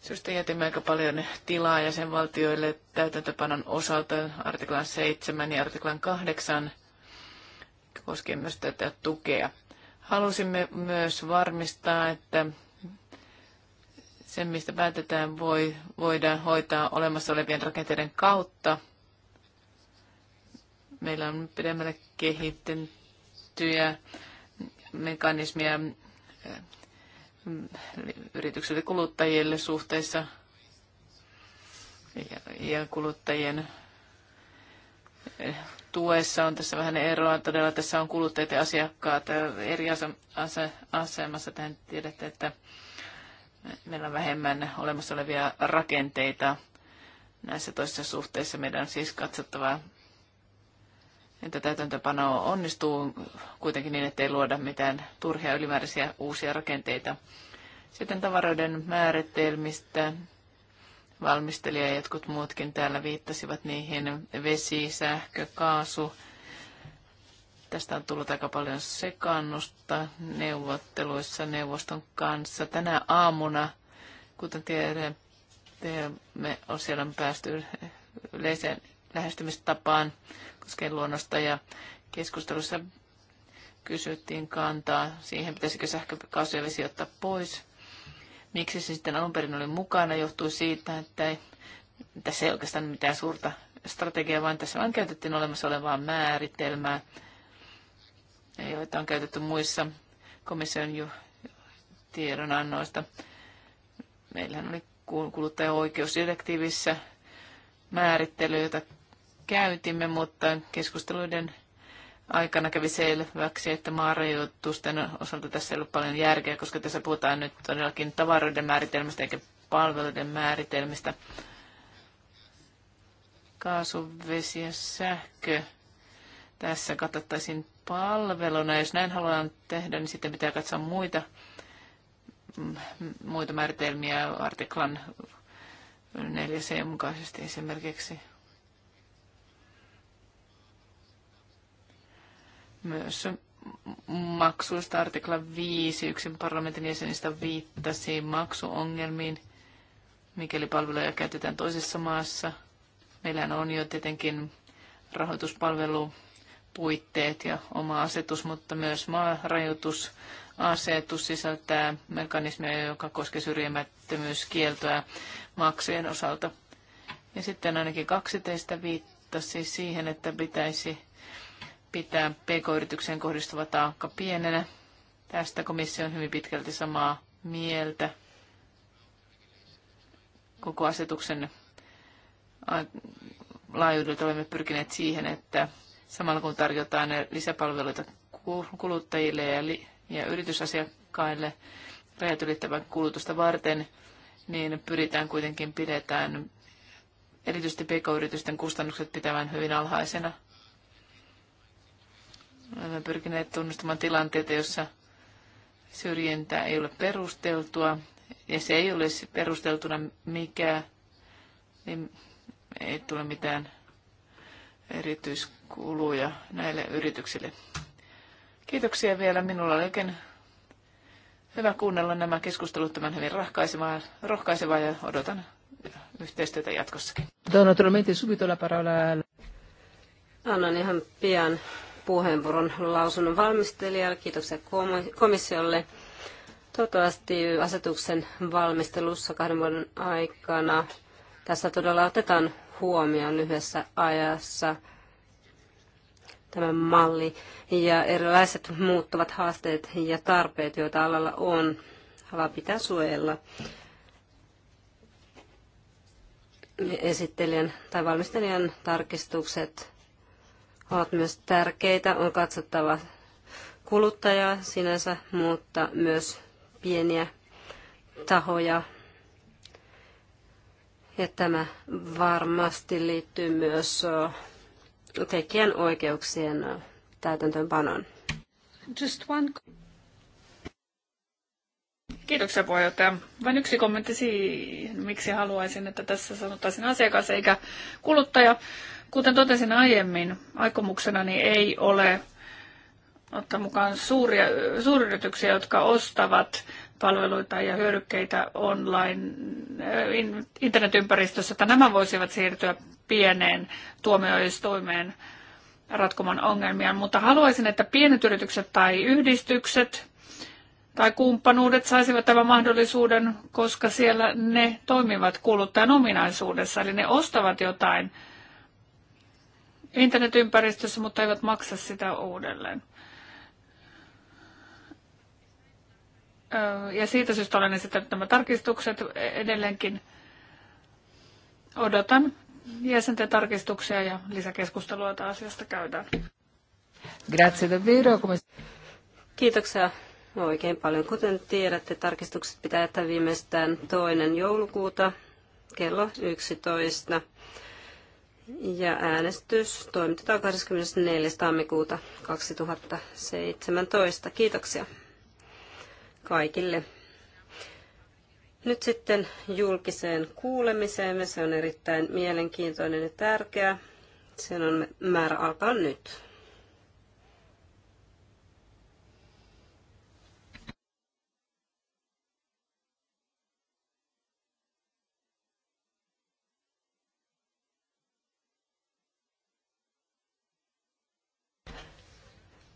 syystä jätimme aika paljon tilaa jäsenvaltioille täytäntöpanon osalta artiklan 7 ja artiklan 8 koskien myös tätä tukea. Halusimme myös varmistaa, että sen mistä päätetään, voi, voidaan hoitaa olemassa olevien rakenteiden kautta. Meillä on pidemmälle kehittynyt tiettyjä mekanismia yrityksille kuluttajille suhteessa ja kuluttajien tuessa on tässä vähän eroa. Todella tässä on kuluttajat ja asiakkaat eri asemassa. Tähän tiedätte, että meillä on vähemmän olemassa olevia rakenteita näissä toisissa suhteissa. Meidän on siis katsottava että täytäntöpano onnistuu kuitenkin niin, ettei luoda mitään turhia ylimääräisiä uusia rakenteita. Sitten tavaroiden määritelmistä valmistelija ja jotkut muutkin täällä viittasivat niihin vesi, sähkö, kaasu. Tästä on tullut aika paljon sekannusta neuvotteluissa neuvoston kanssa. Tänä aamuna, kuten tiedätte, me on siellä päästy yleiseen lähestymistapaan koskien luonnosta ja keskustelussa kysyttiin kantaa siihen, pitäisikö sähkökaasu ja vesi ottaa pois. Miksi se sitten alun perin oli mukana, johtui siitä, että ei, tässä ei oikeastaan mitään suurta strategiaa, vaan tässä vain käytettiin olemassa olevaa määritelmää, joita on käytetty muissa komission jo tiedonannoista. Meillähän oli oikeusdirektiivissä määrittely, jota käytimme, mutta keskusteluiden aikana kävi selväksi, että maarajoitusten osalta tässä ei ollut paljon järkeä, koska tässä puhutaan nyt todellakin tavaroiden määritelmistä eikä palveluiden määritelmistä. Kaasu, vesi ja sähkö tässä katsottaisiin palveluna. Jos näin haluan tehdä, niin sitten pitää katsoa muita, muita määritelmiä artiklan 4c mukaisesti esimerkiksi. myös maksuista. Artikla 5 yksin parlamentin jäsenistä viittasi maksuongelmiin, mikäli palveluja käytetään toisessa maassa. Meillähän on jo tietenkin puitteet ja oma asetus, mutta myös maarajoitusasetus asetus sisältää mekanismia, joka koskee syrjimättömyyskieltoa maksujen osalta. Ja sitten ainakin kaksi teistä viittasi siihen, että pitäisi pitää pk-yritykseen kohdistuva taakka pienenä. Tästä komissio on hyvin pitkälti samaa mieltä koko asetuksen laajuudelta olemme pyrkineet siihen, että samalla kun tarjotaan lisäpalveluita kuluttajille ja, ja yritysasiakkaille rajat ylittävän kulutusta varten, niin pyritään kuitenkin pidetään erityisesti pk-yritysten kustannukset pitämään hyvin alhaisena – Olemme pyrkineet tunnustamaan tilanteita, jossa syrjintää ei ole perusteltua, ja se ei ole perusteltuna mikään, niin ei tule mitään erityiskuluja näille yrityksille. Kiitoksia vielä. Minulla oli oikein hyvä kuunnella nämä keskustelut tämän hyvin rohkaisevaa, rohkaisevaa ja odotan yhteistyötä jatkossakin. Naturalmente subito la parola. Annan ihan pian puheenvuoron lausunnon valmistelijalle. Kiitoksia komissiolle. Toivottavasti asetuksen valmistelussa kahden vuoden aikana tässä todella otetaan huomioon lyhyessä ajassa tämä malli ja erilaiset muuttuvat haasteet ja tarpeet, joita alalla on. haluaa pitää suojella esittelijän tai valmistelijan tarkistukset ovat myös tärkeitä. On katsottava kuluttajaa sinänsä, mutta myös pieniä tahoja. Ja tämä varmasti liittyy myös tekijän oikeuksien täytäntöönpanoon. Just one... Kiitoksia puheenjohtaja. Vain yksi kommentti siihen, miksi haluaisin, että tässä sanottaisiin asiakas eikä kuluttaja Kuten totesin aiemmin, aikomuksenani ei ole ottaa mukaan suuria, suuryrityksiä, jotka ostavat palveluita ja hyödykkeitä online eh, internetympäristössä, että nämä voisivat siirtyä pieneen tuomioistuimeen ratkomaan ongelmia, mutta haluaisin, että pienet yritykset tai yhdistykset tai kumppanuudet saisivat tämän mahdollisuuden, koska siellä ne toimivat kuluttajan ominaisuudessa, eli ne ostavat jotain internetympäristössä, mutta eivät maksa sitä uudelleen. Ja siitä syystä olen esittänyt nämä tarkistukset edelleenkin. Odotan jäsenten tarkistuksia ja lisäkeskustelua tästä asiasta käydään. Grazie davvero. Kiitoksia no, oikein paljon. Kuten tiedätte, tarkistukset pitää jättää viimeistään toinen joulukuuta kello 11. Ja äänestys toimitetaan 24. tammikuuta 2017. Kiitoksia kaikille. Nyt sitten julkiseen kuulemiseen. Se on erittäin mielenkiintoinen ja tärkeä. Sen on määrä alkaa nyt.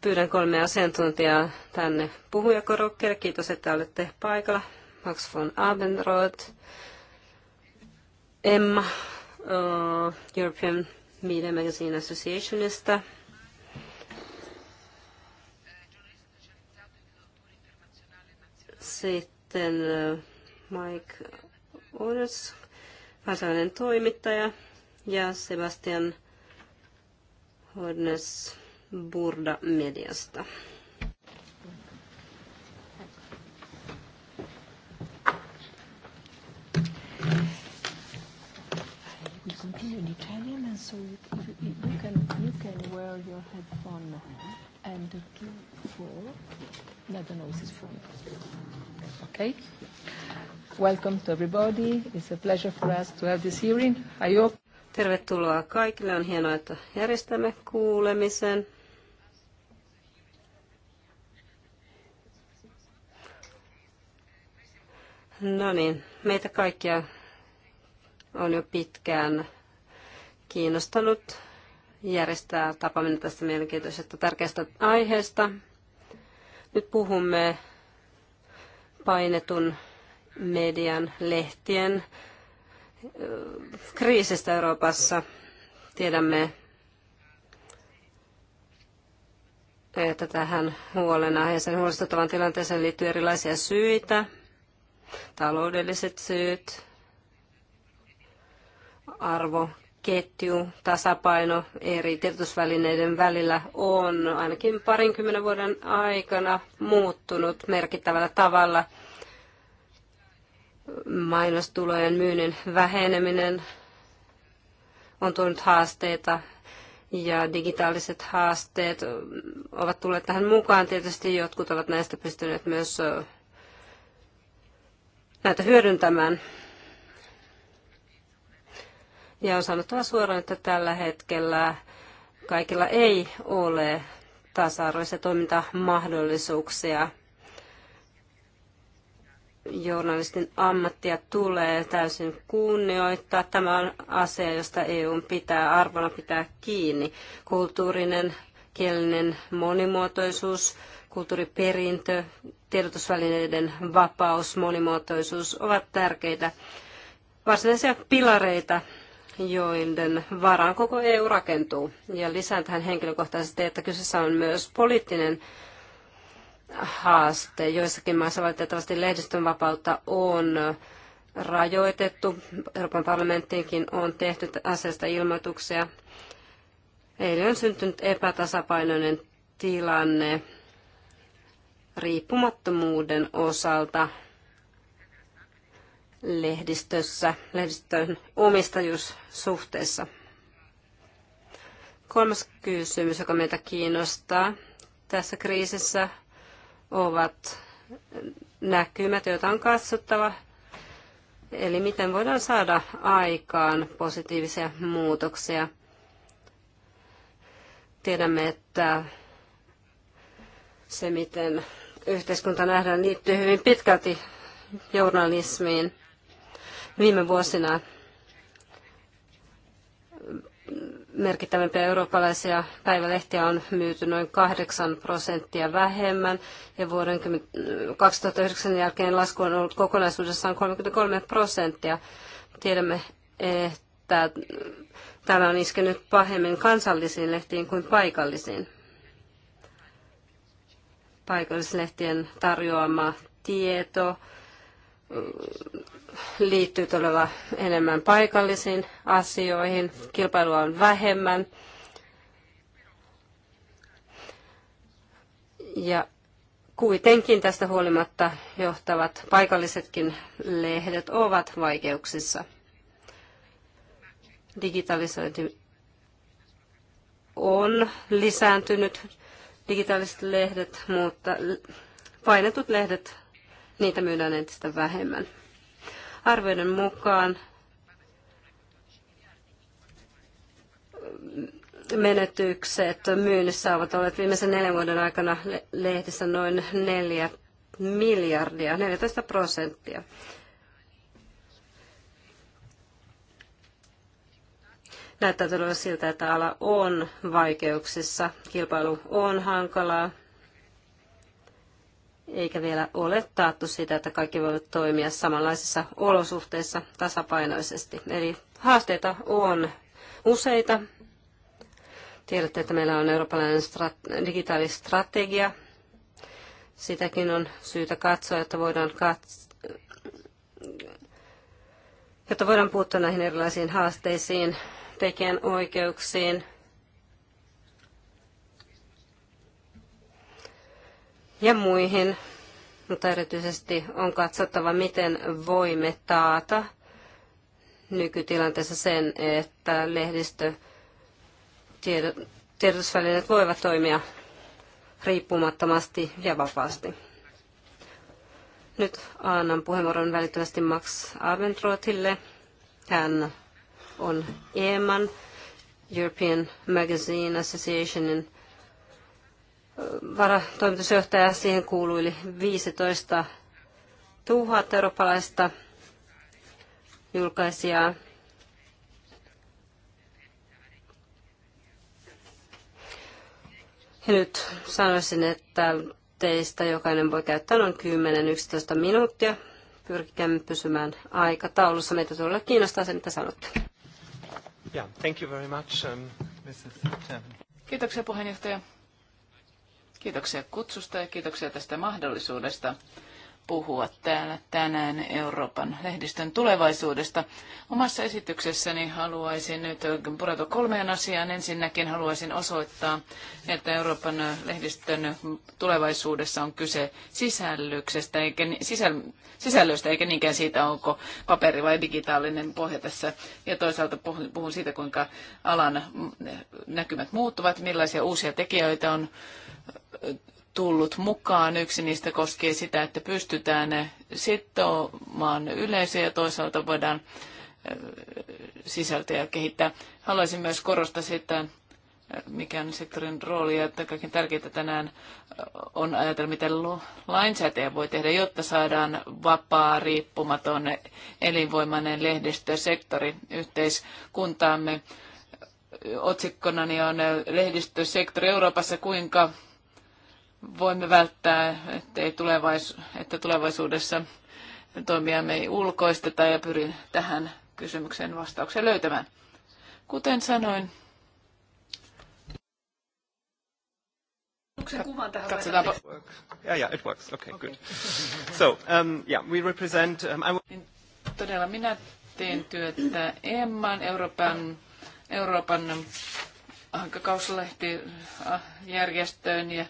Pyydän kolme asiantuntijaa tänne puhujakorokkeelle. Kiitos, että olette paikalla. Max von Abendroth, Emma uh, European Media Magazine Associationista. Sitten uh, Mike Orders, kansainvälinen toimittaja, ja Sebastian Hornes, Burda Mediasta. We continue in Italian, and so you, you, you can you can wear your headphone and two four. No, the no, noise is Okay. Welcome to everybody. It's a pleasure for us to have this hearing. I hope. Tervetuloa kaikille. On hienoa, että järjestämme kuulemisen. No niin, meitä kaikkia on jo pitkään kiinnostanut järjestää tapaaminen tästä mielenkiintoisesta tärkeästä aiheesta. Nyt puhumme painetun median lehtien kriisistä Euroopassa. Tiedämme, että tähän huolenaiheeseen huolestuttavan tilanteeseen liittyy erilaisia syitä – taloudelliset syyt, arvo, ketju, tasapaino eri tiedotusvälineiden välillä on ainakin parinkymmenen vuoden aikana muuttunut merkittävällä tavalla. Mainostulojen myynnin väheneminen on tuonut haasteita ja digitaaliset haasteet ovat tulleet tähän mukaan. Tietysti jotkut ovat näistä pystyneet myös näitä hyödyntämään. Ja on sanottava suoraan, että tällä hetkellä kaikilla ei ole tasa-arvoisia toimintamahdollisuuksia. Journalistin ammattia tulee täysin kunnioittaa. Tämä on asia, josta EU pitää arvona pitää kiinni. Kulttuurinen, kielinen monimuotoisuus, kulttuuriperintö, tiedotusvälineiden vapaus, monimuotoisuus ovat tärkeitä varsinaisia pilareita, joiden varaan koko EU rakentuu. Ja lisään tähän henkilökohtaisesti, että kyseessä on myös poliittinen haaste. Joissakin maissa valitettavasti lehdistön vapautta on rajoitettu. Euroopan parlamenttiinkin on tehty asiasta ilmoituksia. Eilen on syntynyt epätasapainoinen tilanne riippumattomuuden osalta lehdistössä, lehdistön omistajuussuhteessa. Kolmas kysymys, joka meitä kiinnostaa tässä kriisissä, ovat näkymät, joita on katsottava. Eli miten voidaan saada aikaan positiivisia muutoksia. Tiedämme, että se, miten yhteiskunta nähdään liittyy hyvin pitkälti journalismiin viime vuosina merkittävimpiä eurooppalaisia päivälehtiä on myyty noin 8 prosenttia vähemmän ja vuoden 2009 jälkeen lasku on ollut kokonaisuudessaan 33 prosenttia. Tiedämme, että tämä on iskenyt pahemmin kansallisiin lehtiin kuin paikallisiin paikallislehtien tarjoama tieto mm, liittyy todella enemmän paikallisiin asioihin, kilpailua on vähemmän. Ja kuitenkin tästä huolimatta johtavat paikallisetkin lehdet ovat vaikeuksissa. Digitalisointi on lisääntynyt digitaaliset lehdet, mutta painetut lehdet, niitä myydään entistä vähemmän. Arvioiden mukaan menetykset myynnissä ovat olleet viimeisen neljän vuoden aikana lehdissä noin neljä miljardia, 14 prosenttia. Näyttää todella siltä, että ala on vaikeuksissa, kilpailu on hankalaa, eikä vielä ole taattu sitä, että kaikki voivat toimia samanlaisissa olosuhteissa tasapainoisesti. Eli haasteita on useita. Tiedätte, että meillä on eurooppalainen strat- digitaalistrategia. Sitäkin on syytä katsoa, että voidaan katsoa jotta voidaan puuttua näihin erilaisiin haasteisiin tekijänoikeuksiin. ja muihin, mutta erityisesti on katsottava, miten voimme taata nykytilanteessa sen, että lehdistö tiedotusvälineet voivat toimia riippumattomasti ja vapaasti. Nyt annan puheenvuoron välittömästi Max Abendrothille. Hän on EMAN, European Magazine Associationin varatoimitusjohtaja. Siihen kuului yli 15 000 eurooppalaista julkaisijaa. Ja nyt sanoisin, että teistä jokainen voi käyttää noin 10-11 minuuttia. Pyrkikäämme pysymään aikataulussa. Meitä todella kiinnostaa se, mitä sanotte. Yeah, thank you very much, um, Mrs. Kiitoksia puheenjohtaja. Kiitoksia kutsusta ja kiitoksia tästä mahdollisuudesta puhua täällä tänään Euroopan lehdistön tulevaisuudesta. Omassa esityksessäni haluaisin nyt pureutua kolmeen asiaan. Ensinnäkin haluaisin osoittaa, että Euroopan lehdistön tulevaisuudessa on kyse sisällyksestä, eikä, sisäl, sisällöstä, eikä niinkään siitä, onko paperi vai digitaalinen pohja tässä. Ja toisaalta puhun siitä, kuinka alan näkymät muuttuvat, millaisia uusia tekijöitä on tullut mukaan. Yksi niistä koskee sitä, että pystytään sitomaan yleisöä ja toisaalta voidaan eh, sisältöjä kehittää. Haluaisin myös korostaa sitä, eh, mikä on sektorin rooli ja että kaikkein tärkeintä tänään eh, on ajatella, miten lainsäätäjä voi tehdä, jotta saadaan vapaa, riippumaton, elinvoimainen lehdistösektori yhteiskuntaamme. Otsikkonani niin on lehdistösektori Euroopassa, kuinka voimme välttää, ettei tulevaisu- että tulevaisuudessa toimijamme ei ulkoisteta ja pyrin tähän kysymykseen vastauksen löytämään. Kuten sanoin, it works. Okay, good. So, um, we represent... Um, niin todella minä teen työtä Emman, Euroopan, Euroopan hankakauslehti järjestöön ja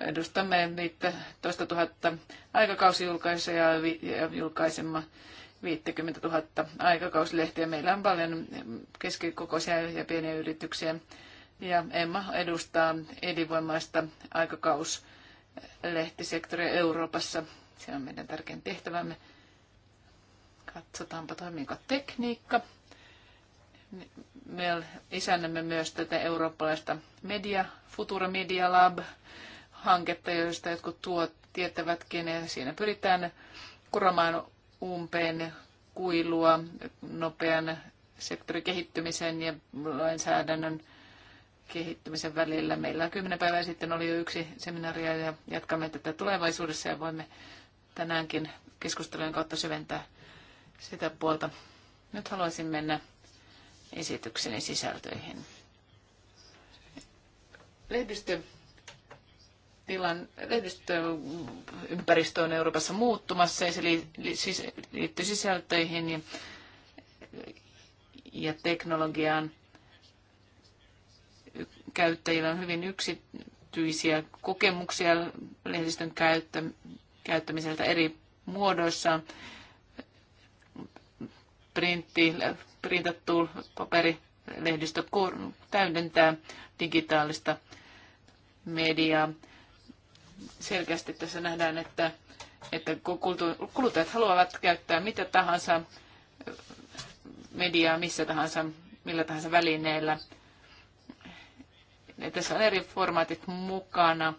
Edustamme 15 000 aikakausjulkaisijaa ja julkaisemme 50 000 aikakauslehtiä. Meillä on paljon keskikokoisia ja pieniä yrityksiä. Ja Emma edustaa elinvoimaista aikakauslehtisektoria Euroopassa. Se on meidän tärkein tehtävämme. Katsotaanpa toimiiko tekniikka. Me isännämme myös tätä eurooppalaista media, Futura Media Lab hanketta, joista jotkut tuot tietävätkin. Ja siinä pyritään kuromaan umpeen kuilua nopean kehittymisen ja lainsäädännön kehittymisen välillä. Meillä kymmenen päivää sitten oli jo yksi seminaaria ja jatkamme tätä tulevaisuudessa ja voimme tänäänkin keskustelujen kautta syventää sitä puolta. Nyt haluaisin mennä esitykseni sisältöihin. Lehdistö tilan, lehdistöympäristö on Euroopassa muuttumassa ja se liittyy sisältöihin ja, ja teknologiaan. Käyttäjillä on hyvin yksityisiä kokemuksia lehdistön käyttö, käyttämiseltä eri muodoissa. Printti, printattu paperilehdistö täydentää digitaalista mediaa selkeästi tässä nähdään, että, että kuluttajat haluavat käyttää mitä tahansa mediaa missä tahansa, millä tahansa välineellä. Ja tässä on eri formaatit mukana.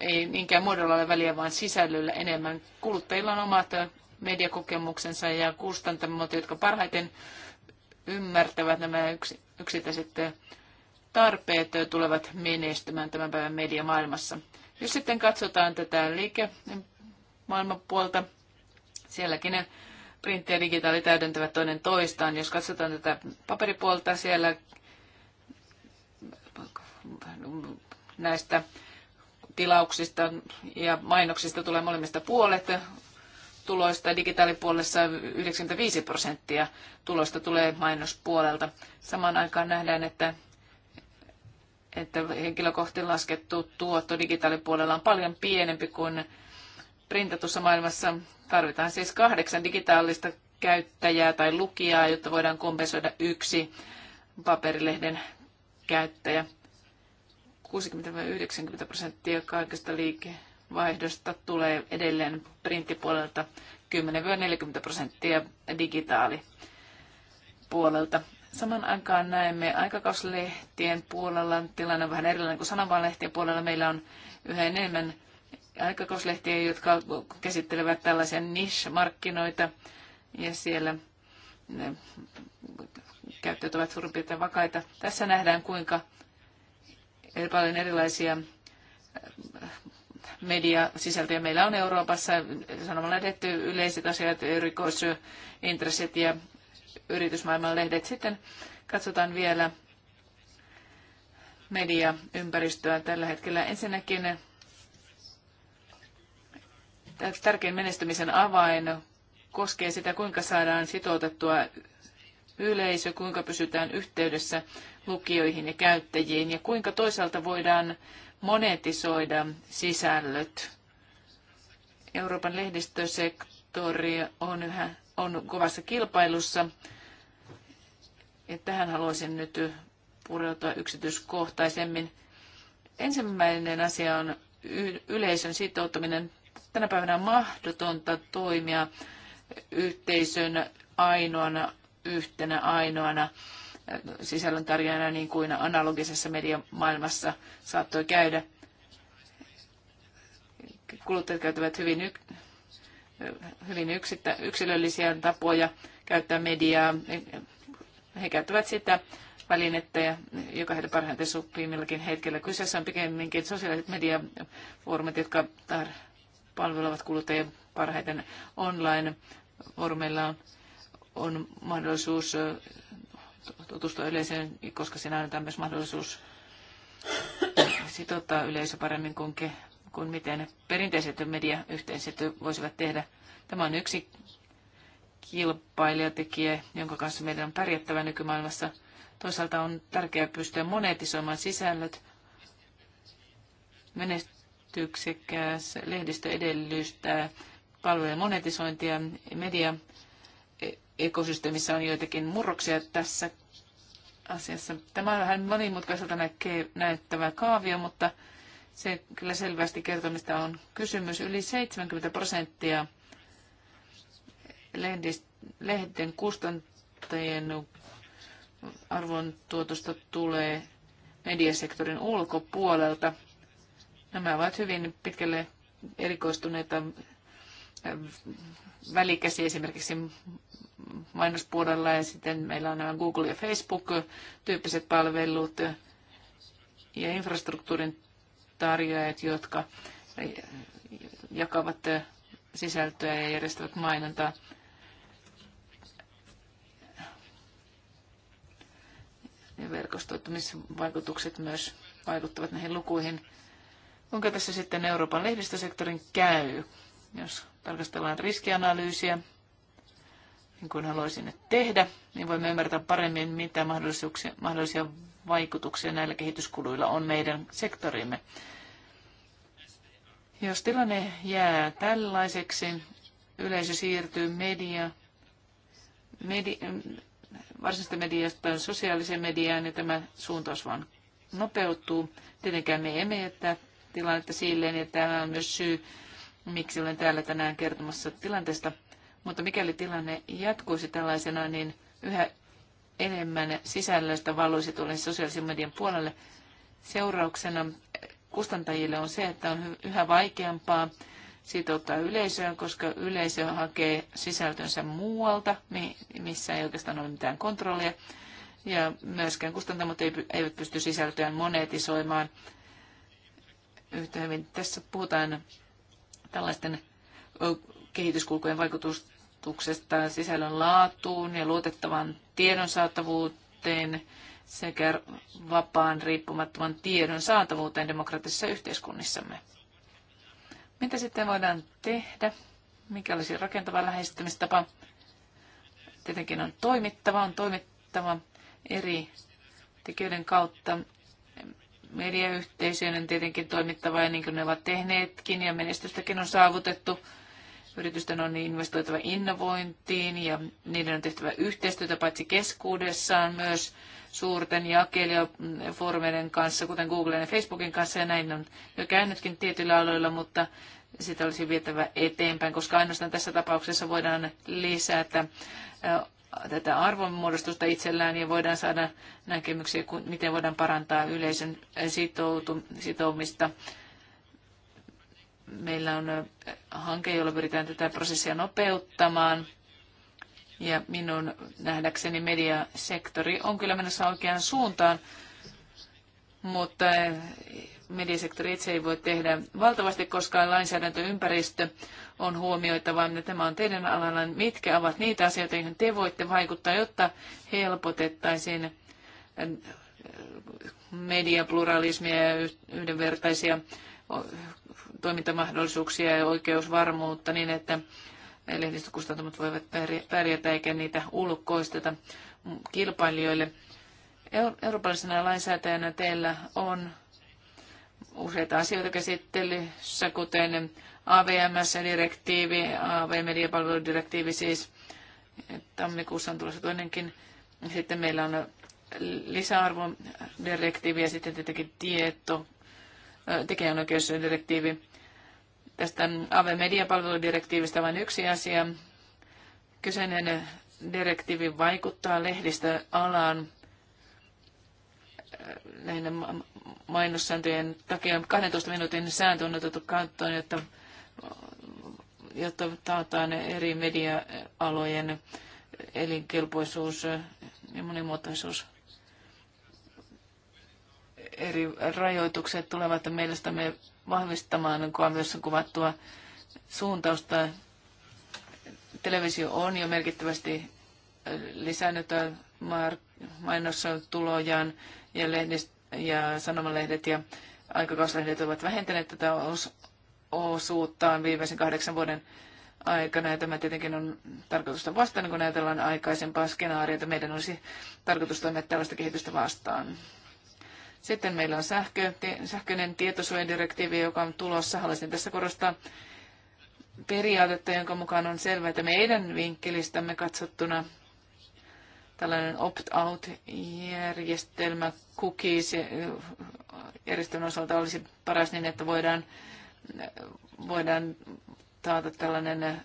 Ei niinkään muodolla ole väliä, vaan sisällöllä enemmän. Kuluttajilla on omat mediakokemuksensa ja kustantamot, jotka parhaiten ymmärtävät nämä yksittäiset tarpeet tulevat menestymään tämän päivän mediamaailmassa. Jos sitten katsotaan tätä liikemaailmapuolta. puolta, sielläkin printti ja digitaali täydentävät toinen toistaan. Jos katsotaan tätä paperipuolta, siellä näistä tilauksista ja mainoksista tulee molemmista puolet tuloista. Digitaalipuolessa 95 prosenttia tuloista tulee mainospuolelta. Samaan aikaan nähdään, että että henkilökohti laskettu tuotto digitaalipuolella on paljon pienempi kuin printatussa maailmassa. Tarvitaan siis kahdeksan digitaalista käyttäjää tai lukijaa, jotta voidaan kompensoida yksi paperilehden käyttäjä. 60-90 prosenttia kaikesta liikevaihdosta tulee edelleen printtipuolelta, 10-40 prosenttia digitaalipuolelta. Saman aikaan näemme aikakauslehtien puolella, tilanne on vähän erilainen kuin sananvaalehtien puolella. Meillä on yhä enemmän aikakauslehtiä, jotka käsittelevät tällaisia niche-markkinoita, ja siellä ne käyttäjät ovat suurin piirtein vakaita. Tässä nähdään, kuinka paljon erilaisia äh, mediasisältöjä meillä on Euroopassa. Sanomalehdet, yleiset asiat, rikosintressit ja yritysmaailman lehdet. Sitten katsotaan vielä mediaympäristöä tällä hetkellä. Ensinnäkin tärkein menestymisen avain koskee sitä, kuinka saadaan sitoutettua yleisö, kuinka pysytään yhteydessä lukijoihin ja käyttäjiin ja kuinka toisaalta voidaan monetisoida sisällöt. Euroopan lehdistösektori on, yhä, on kovassa kilpailussa ja tähän haluaisin nyt pureutua yksityiskohtaisemmin. Ensimmäinen asia on yleisön sitouttaminen. Tänä päivänä on mahdotonta toimia yhteisön ainoana, yhtenä ainoana sisällöntarjoajana niin kuin analogisessa mediamaailmassa saattoi käydä. Kuluttajat käyttävät hyvin, yk, hyvin yksittä, yksilöllisiä tapoja käyttää mediaa he käyttävät sitä välinettä, joka heitä parhaiten sopii milläkin hetkellä. Kyseessä on pikemminkin sosiaaliset mediafoorumit, jotka palvelevat kuluttajia parhaiten online. Foorumeilla on, on mahdollisuus tutustua yleisöön, koska siinä annetaan myös mahdollisuus sitouttaa yleisö paremmin kuin, ke, kuin miten perinteiset mediayhteisöt voisivat tehdä. Tämä on yksi kilpailijatekijä, jonka kanssa meidän on pärjättävä nykymaailmassa. Toisaalta on tärkeää pystyä monetisoimaan sisällöt. Menestyksekäs lehdistö edellyttää palvelujen monetisointia. Media e- ekosysteemissä on joitakin murroksia tässä asiassa. Tämä on vähän monimutkaiselta näyttävä kaavio, mutta se kyllä selvästi kertomista on kysymys. Yli 70 prosenttia lehden kustantajien arvontuotosta tulee mediasektorin ulkopuolelta. Nämä ovat hyvin pitkälle erikoistuneita äh, välikäsiä esimerkiksi mainospuolella ja sitten meillä on nämä Google ja Facebook-tyyppiset palvelut ja infrastruktuurin tarjoajat, jotka jakavat sisältöä ja järjestävät mainontaa. ja verkostoitumisvaikutukset myös vaikuttavat näihin lukuihin. Kuinka tässä sitten Euroopan lehdistösektorin käy, jos tarkastellaan riskianalyysiä, niin kuin haluaisin nyt tehdä, niin voimme ymmärtää paremmin, mitä mahdollisuuksia, mahdollisia vaikutuksia näillä kehityskuluilla on meidän sektorimme. Jos tilanne jää tällaiseksi, yleisö siirtyy media, medi, varsinaisesta mediasta sosiaaliseen mediaan ja tämä suuntaus vaan nopeutuu. Tietenkään me emme jättää tilannetta silleen ja tämä on myös syy, miksi olen täällä tänään kertomassa tilanteesta. Mutta mikäli tilanne jatkuisi tällaisena, niin yhä enemmän sisällöstä valuisi tuolle sosiaalisen median puolelle. Seurauksena kustantajille on se, että on yhä vaikeampaa sitouttaa yleisöön, koska yleisö hakee sisältönsä muualta, missä ei oikeastaan ole mitään kontrollia. Ja myöskään kustantamot eivät pysty sisältöään monetisoimaan yhtä hyvin. Tässä puhutaan tällaisten kehityskulkujen vaikutuksesta sisällön laatuun ja luotettavan tiedon saatavuuteen sekä vapaan riippumattoman tiedon saatavuuteen demokraattisissa yhteiskunnissamme. Mitä sitten voidaan tehdä? Mikä olisi rakentava lähestymistapa? Tietenkin on toimittava, on toimittava eri tekijöiden kautta. Mediayhteisöjen on tietenkin toimittava ja niin kuin ne ovat tehneetkin ja menestystäkin on saavutettu Yritysten on investoitava innovointiin ja niiden on tehtävä yhteistyötä paitsi keskuudessaan myös suurten jakelijafoorumeiden kanssa, kuten Googlen ja Facebookin kanssa, ja näin on jo käynytkin tietyillä aloilla, mutta sitä olisi vietävä eteenpäin, koska ainoastaan tässä tapauksessa voidaan lisätä tätä arvonmuodostusta itsellään ja voidaan saada näkemyksiä, miten voidaan parantaa yleisön sitoutumista Meillä on äh, hanke, jolla pyritään tätä prosessia nopeuttamaan. Ja minun nähdäkseni mediasektori on kyllä menossa oikeaan suuntaan, mutta äh, mediasektori itse ei voi tehdä valtavasti, koska lainsäädäntöympäristö on huomioitava, että tämä on teidän alalla, mitkä ovat niitä asioita, joihin te voitte vaikuttaa, jotta helpotettaisiin äh, mediapluralismia ja yhdenvertaisia toimintamahdollisuuksia ja oikeusvarmuutta niin, että lehdistökustantamot voivat pärjätä eikä niitä ulkoisteta kilpailijoille. Eurooppalaisena lainsäätäjänä teillä on useita asioita käsittelyssä, kuten AVMS-direktiivi, AV-mediapalveludirektiivi siis, tammikuussa on tulossa toinenkin. Sitten meillä on lisäarvodirektiivi ja sitten tietenkin tieto, tekijänoikeusdirektiivi. Tästä AV-mediapalveludirektiivistä vain yksi asia. Kyseinen direktiivi vaikuttaa lehdistöalaan lähinnä mainossääntöjen takia 12 minuutin sääntö on otettu kattoon, jotta, jotta taataan eri media-alojen elinkelpoisuus ja monimuotoisuus eri rajoitukset tulevat mielestämme vahvistamaan myös kuvattua suuntausta. Televisio on jo merkittävästi lisännyt mainostulojaan ja, lehdist, ja sanomalehdet ja aikakauslehdet ovat vähentäneet tätä osuuttaan viimeisen kahdeksan vuoden aikana. Ja tämä tietenkin on tarkoitusta vastaan, kun ajatellaan aikaisempaa skenaariota. Meidän olisi tarkoitus toimia tällaista kehitystä vastaan. Sitten meillä on sähkö, sähköinen tietosuojadirektiivi, joka on tulossa. Haluaisin tässä korostaa periaatetta, jonka mukaan on selvää, että meidän vinkkelistämme katsottuna tällainen opt-out-järjestelmä cookies järjestelmän osalta olisi paras niin, että voidaan, voidaan taata tällainen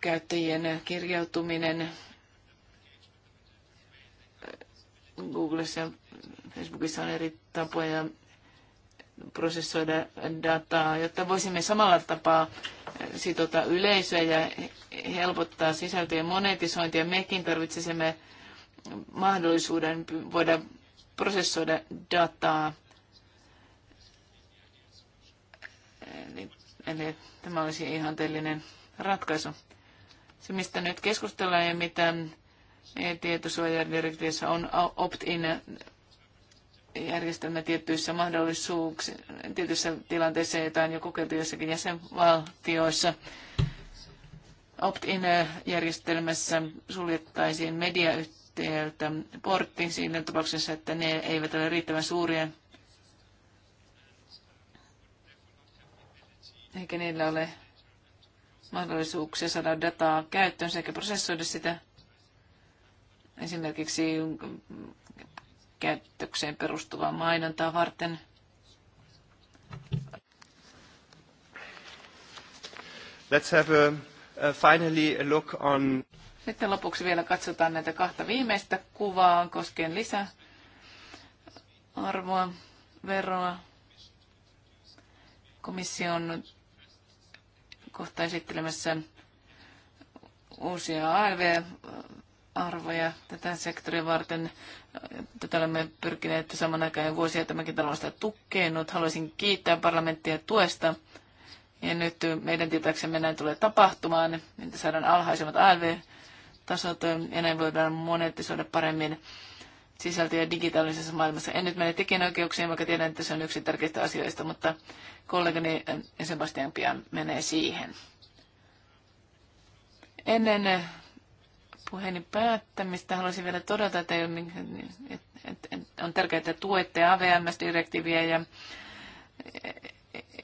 käyttäjien kirjautuminen Googlessa ja Facebookissa on eri tapoja prosessoida dataa, jotta voisimme samalla tapaa eh, sitota yleisöä ja helpottaa sisältöjen monetisointia. Mekin tarvitsisimme mahdollisuuden voida prosessoida dataa. Eli, eh, niin, eli tämä olisi ihanteellinen ratkaisu. Se, mistä nyt keskustellaan ja mitä tietosuojadirektiivissä on opt-in järjestelmä tiettyissä mahdollisuuksissa, tietyissä tilanteissa, joita on jo kokeiltu jossakin jäsenvaltioissa. Opt-in-järjestelmässä suljettaisiin mediayhtiöltä portti siinä tapauksessa, että ne eivät ole riittävän suuria eikä niillä ole mahdollisuuksia saada dataa käyttöön sekä prosessoida sitä esimerkiksi käyttökseen perustuvaa mainontaa varten. Let's have a, a finally a look on... Sitten lopuksi vielä katsotaan näitä kahta viimeistä kuvaa koskien arvoa veroa. Komissio on kohta esittelemässä uusia ALV arvoja tätä sektoria varten. Tätä olemme pyrkineet saman aikaan vuosia tämäkin talosta tukenut. Haluaisin kiittää parlamenttia tuesta. Ja nyt meidän tietääksemme näin tulee tapahtumaan, että saadaan alhaisemmat ALV-tasot ja näin voidaan monetisoida paremmin sisältöjä digitaalisessa maailmassa. En nyt mene tekijänoikeuksiin, vaikka tiedän, että se on yksi tärkeistä asioista, mutta kollegani Sebastian pian menee siihen. Ennen puheeni päättämistä haluaisin vielä todeta, että niin- niin- on tärkeää, että tuette AVMS-direktiiviä ja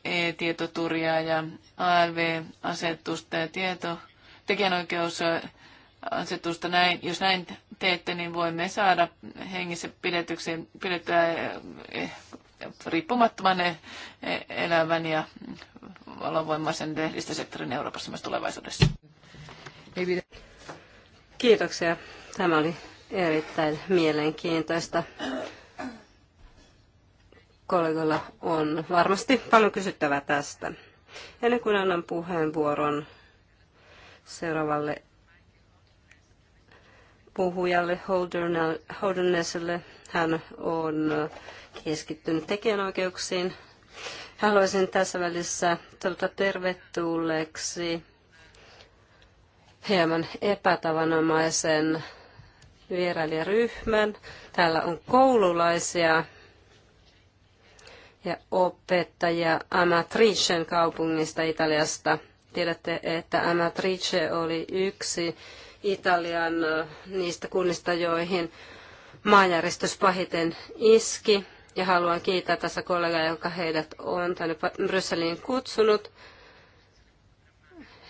e-tietoturjaa ja ALV-asetusta ja tieto, tekijänoikeusasetusta. Näin, jos näin teette, niin voimme saada hengissä pidetyksen, pidettyä eh, riippumattoman e- elävän ja valovoimaisen lehdistösektorin Euroopassa myös tulevaisuudessa. Kiitoksia. Tämä oli erittäin mielenkiintoista. Kollegoilla on varmasti paljon kysyttävää tästä. Ennen kuin annan puheenvuoron seuraavalle puhujalle Holdernesselle, hän on keskittynyt tekijänoikeuksiin. Haluaisin tässä välissä tervetulleeksi hieman epätavanomaisen vierailijaryhmän. Täällä on koululaisia ja opettajia Amatricen kaupungista Italiasta. Tiedätte, että Amatrice oli yksi Italian äh, niistä kunnista, joihin maanjäristys pahiten iski. Ja haluan kiittää tässä kollegaa, joka heidät on tänne Brysseliin kutsunut.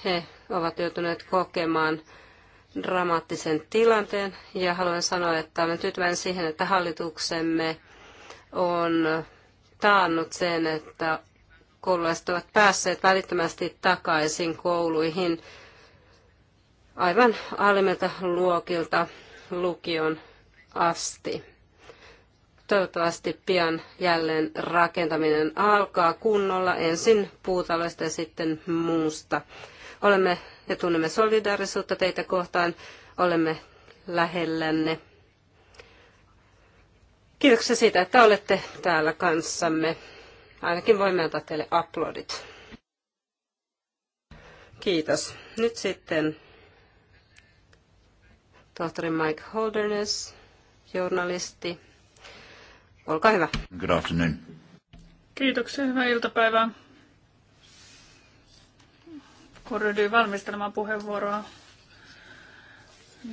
He ovat joutuneet kokemaan dramaattisen tilanteen ja haluan sanoa, että olen tyytyväinen siihen, että hallituksemme on taannut sen, että koululaiset ovat päässeet välittömästi takaisin kouluihin aivan alimmilta luokilta lukion asti. Toivottavasti pian jälleen rakentaminen alkaa kunnolla ensin puutaloista ja sitten muusta. Olemme ja tunnemme solidaarisuutta teitä kohtaan. Olemme lähellänne. Kiitoksia siitä, että olette täällä kanssamme. Ainakin voimme antaa teille uploadit. Kiitos. Nyt sitten tohtori Mike Holderness, journalisti. Olkaa hyvä. Good afternoon. Kiitoksia, hyvää iltapäivää kun ryhdyin valmistelemaan puheenvuoroa.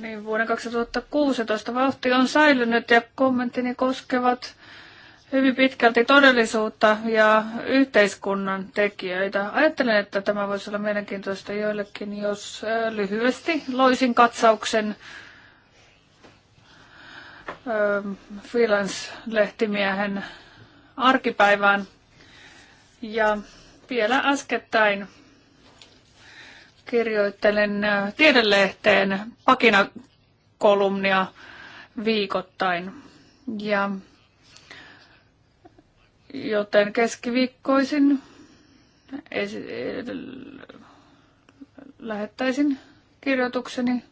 Niin vuoden 2016 vauhti on säilynyt ja kommenttini koskevat hyvin pitkälti todellisuutta ja yhteiskunnan tekijöitä. Ajattelen, että tämä voisi olla mielenkiintoista joillekin, jos lyhyesti loisin katsauksen freelance-lehtimiehen arkipäivään. Ja vielä äskettäin kirjoittelen äh, tiedelehteen pakinakolumnia viikoittain. Ja joten keskiviikkoisin lähettäisin kirjoitukseni.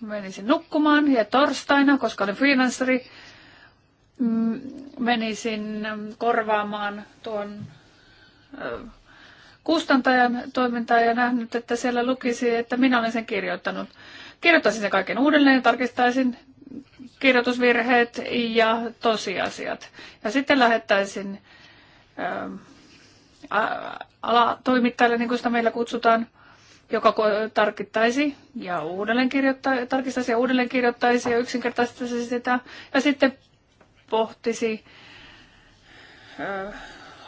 Menisin nukkumaan ja torstaina, koska olen freelanceri, menisin korvaamaan tuon kustantajan toimintaa ja nähnyt, että siellä lukisi, että minä olen sen kirjoittanut. Kirjoittaisin sen kaiken uudelleen, tarkistaisin kirjoitusvirheet ja tosiasiat. Ja sitten lähettäisin ähm, alatoimittajalle, niin kuin sitä meillä kutsutaan, joka tarkittaisi ja uudelleen tarkistaisi ja uudelleen kirjoittaisi ja yksinkertaistaisi sitä. Ja sitten pohtisi äh,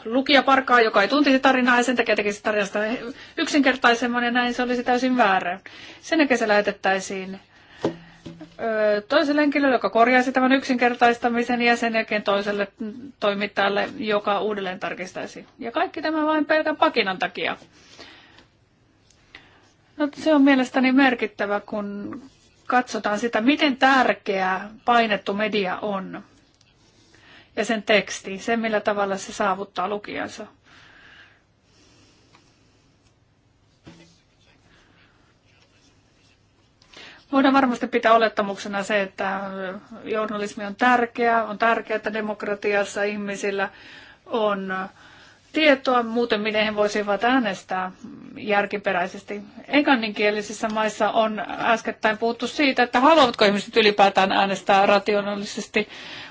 lukijaparkaa, joka ei tuntisi tarinaa ja sen takia tekisi tarinasta yksinkertaisemman ja näin se olisi täysin väärä. Sen jälkeen se lähetettäisiin toiselle henkilölle, joka korjaisi tämän yksinkertaistamisen ja sen jälkeen toiselle toimittajalle, joka uudelleen tarkistaisi. Ja kaikki tämä vain pelkän pakinan takia. No, se on mielestäni merkittävä, kun katsotaan sitä, miten tärkeää painettu media on ja sen teksti, se millä tavalla se saavuttaa lukijansa. Voidaan varmasti pitää olettamuksena se, että journalismi on tärkeää. On tärkeää, että demokratiassa ihmisillä on tietoa, muuten minne he voisivat äänestää järkiperäisesti. Englanninkielisissä maissa on äskettäin puhuttu siitä, että haluavatko ihmiset ylipäätään äänestää rationaalisesti,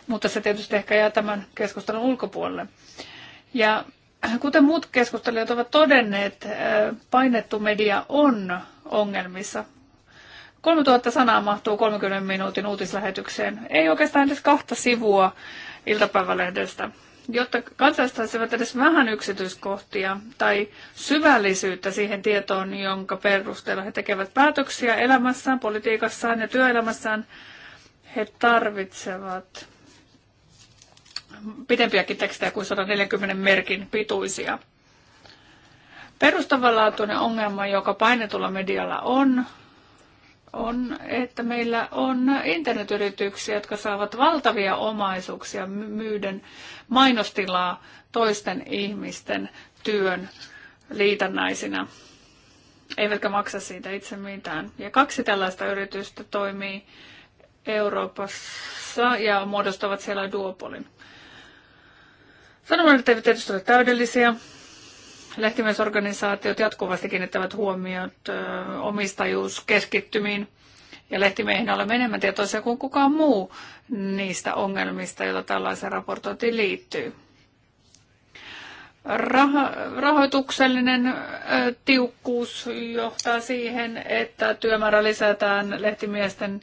mutta se tietysti ehkä jää tämän keskustelun ulkopuolelle. Ja kuten muut keskustelijat ovat todenneet, eh, painettu media on ongelmissa. 3000 sanaa mahtuu 30 minuutin uutislähetykseen. Ei oikeastaan edes kahta sivua iltapäivälehdestä jotta katsastaisivat edes vähän yksityiskohtia tai syvällisyyttä siihen tietoon, jonka perusteella he tekevät päätöksiä elämässään, politiikassaan ja työelämässään, he tarvitsevat pidempiäkin tekstejä kuin 140 merkin pituisia. Perustavanlaatuinen ongelma, joka painetulla medialla on, on, että meillä on internetyrityksiä, jotka saavat valtavia omaisuuksia myyden mainostilaa toisten ihmisten työn liitännäisinä, eivätkä maksa siitä itse mitään. Ja kaksi tällaista yritystä toimii Euroopassa ja muodostavat siellä duopolin. Sanomalehdet eivät tietysti ole täydellisiä, lehtimiesorganisaatiot jatkuvasti kiinnittävät huomiot omistajuuskeskittymiin. Ja lehtimiehinä olemme enemmän tietoisia kuin kukaan muu niistä ongelmista, joita tällaiseen raportointiin liittyy. Raho- rahoituksellinen tiukkuus johtaa siihen, että työmäärä lisätään, lehtimiesten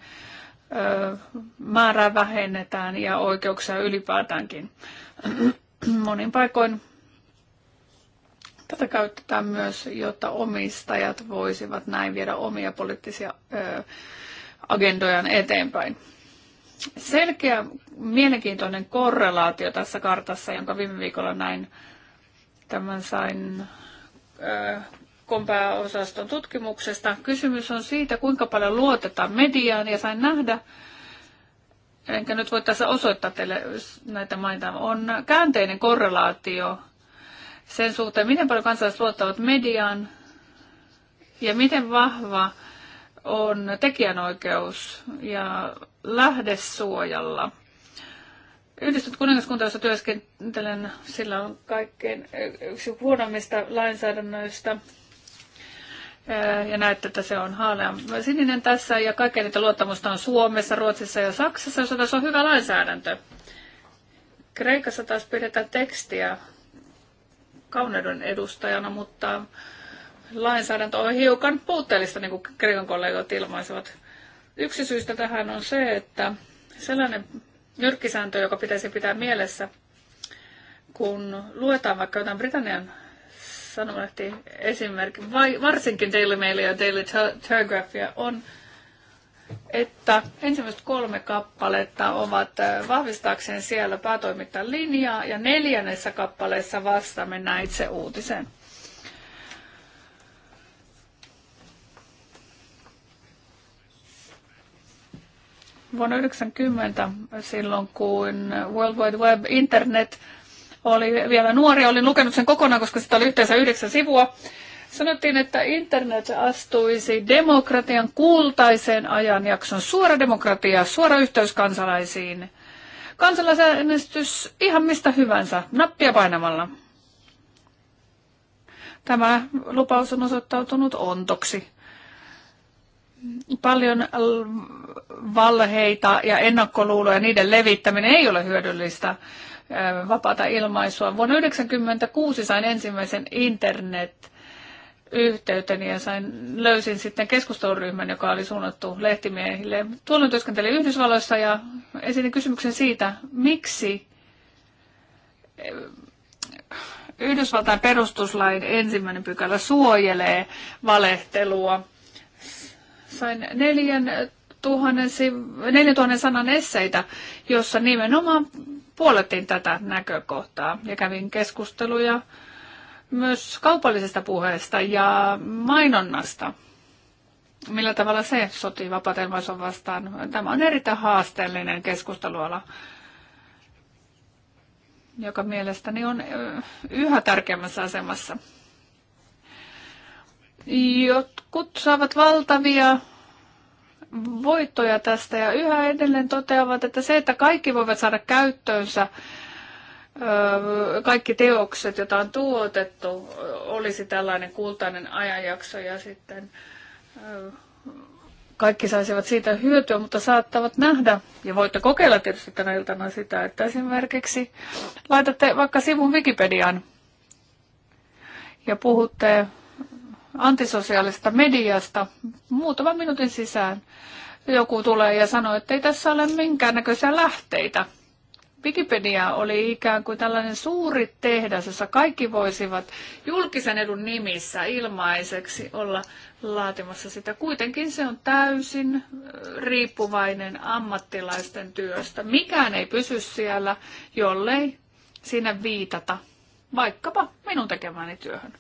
määrää vähennetään ja oikeuksia ylipäätäänkin. Monin paikoin Tätä käytetään myös, jotta omistajat voisivat näin viedä omia poliittisia ö, agendojaan eteenpäin. Selkeä, mielenkiintoinen korrelaatio tässä kartassa, jonka viime viikolla näin tämän sain kompääosaston tutkimuksesta. Kysymys on siitä, kuinka paljon luotetaan mediaan ja sain nähdä, enkä nyt voi tässä osoittaa teille näitä mainita, on käänteinen korrelaatio sen suhteen, miten paljon kansalaiset luottavat mediaan ja miten vahva on tekijänoikeus ja lähdesuojalla. Yhdistynyt kuningaskunta, jossa työskentelen, sillä on kaikkein eh, yksi huonommista lainsäädännöistä. Eh, ja näette, että se on haalea sininen tässä ja kaikkea niitä luottamusta on Suomessa, Ruotsissa ja Saksassa, jossa tässä on hyvä lainsäädäntö. Kreikassa taas pidetään tekstiä kauneuden edustajana, mutta lainsäädäntö on hiukan puutteellista, niin kuin Kreikan kollegat ilmaisivat. Yksi syystä tähän on se, että sellainen nyrkkisääntö, joka pitäisi pitää mielessä, kun luetaan vaikka jotain Britannian sanomalehti esimerkki, vai varsinkin Daily Mailia ja Daily Telegraphia, on että ensimmäiset kolme kappaletta ovat äh, vahvistaakseen siellä päätoimittajan linjaa ja neljännessä kappaleessa vastaamme näin itse uutiseen. Vuonna 90 silloin kun World Wide Web Internet oli vielä nuori, olin lukenut sen kokonaan, koska sitä oli yhteensä yhdeksän sivua. Sanottiin, että internet astuisi demokratian kultaiseen ajanjakson. Suora demokratia, suora yhteys kansalaisiin. Kansalaisäänestys ihan mistä hyvänsä, nappia painamalla. Tämä lupaus on osoittautunut ontoksi. Paljon valheita ja ennakkoluuloja, niiden levittäminen ei ole hyödyllistä vapaata ilmaisua. Vuonna 1996 sain ensimmäisen internet yhteyteni ja sain, löysin sitten keskusteluryhmän, joka oli suunnattu lehtimiehille. Tuolloin työskentelin Yhdysvalloissa ja esitin kysymyksen siitä, miksi eh, Yhdysvaltain perustuslain ensimmäinen pykälä suojelee valehtelua. Sain neljän tuhannen, sanan esseitä, jossa nimenomaan puolettiin tätä näkökohtaa ja kävin keskusteluja myös kaupallisesta puheesta ja mainonnasta. Millä tavalla se sotii vapaatelmaison vastaan? Tämä on erittäin haasteellinen keskusteluala, joka mielestäni on yhä tärkeämmässä asemassa. Jotkut saavat valtavia voittoja tästä ja yhä edelleen toteavat, että se, että kaikki voivat saada käyttöönsä kaikki teokset, joita on tuotettu, olisi tällainen kultainen ajanjakso ja sitten kaikki saisivat siitä hyötyä, mutta saattavat nähdä, ja voitte kokeilla tietysti tänä iltana sitä, että esimerkiksi laitatte vaikka sivun Wikipedian ja puhutte antisosiaalista mediasta muutaman minuutin sisään. Joku tulee ja sanoo, että ei tässä ole minkäännäköisiä lähteitä. Wikipedia oli ikään kuin tällainen suuri tehdas, jossa kaikki voisivat julkisen edun nimissä ilmaiseksi olla laatimassa sitä. Kuitenkin se on täysin riippuvainen ammattilaisten työstä. Mikään ei pysy siellä, jollei sinne viitata vaikkapa minun tekemäni työhön.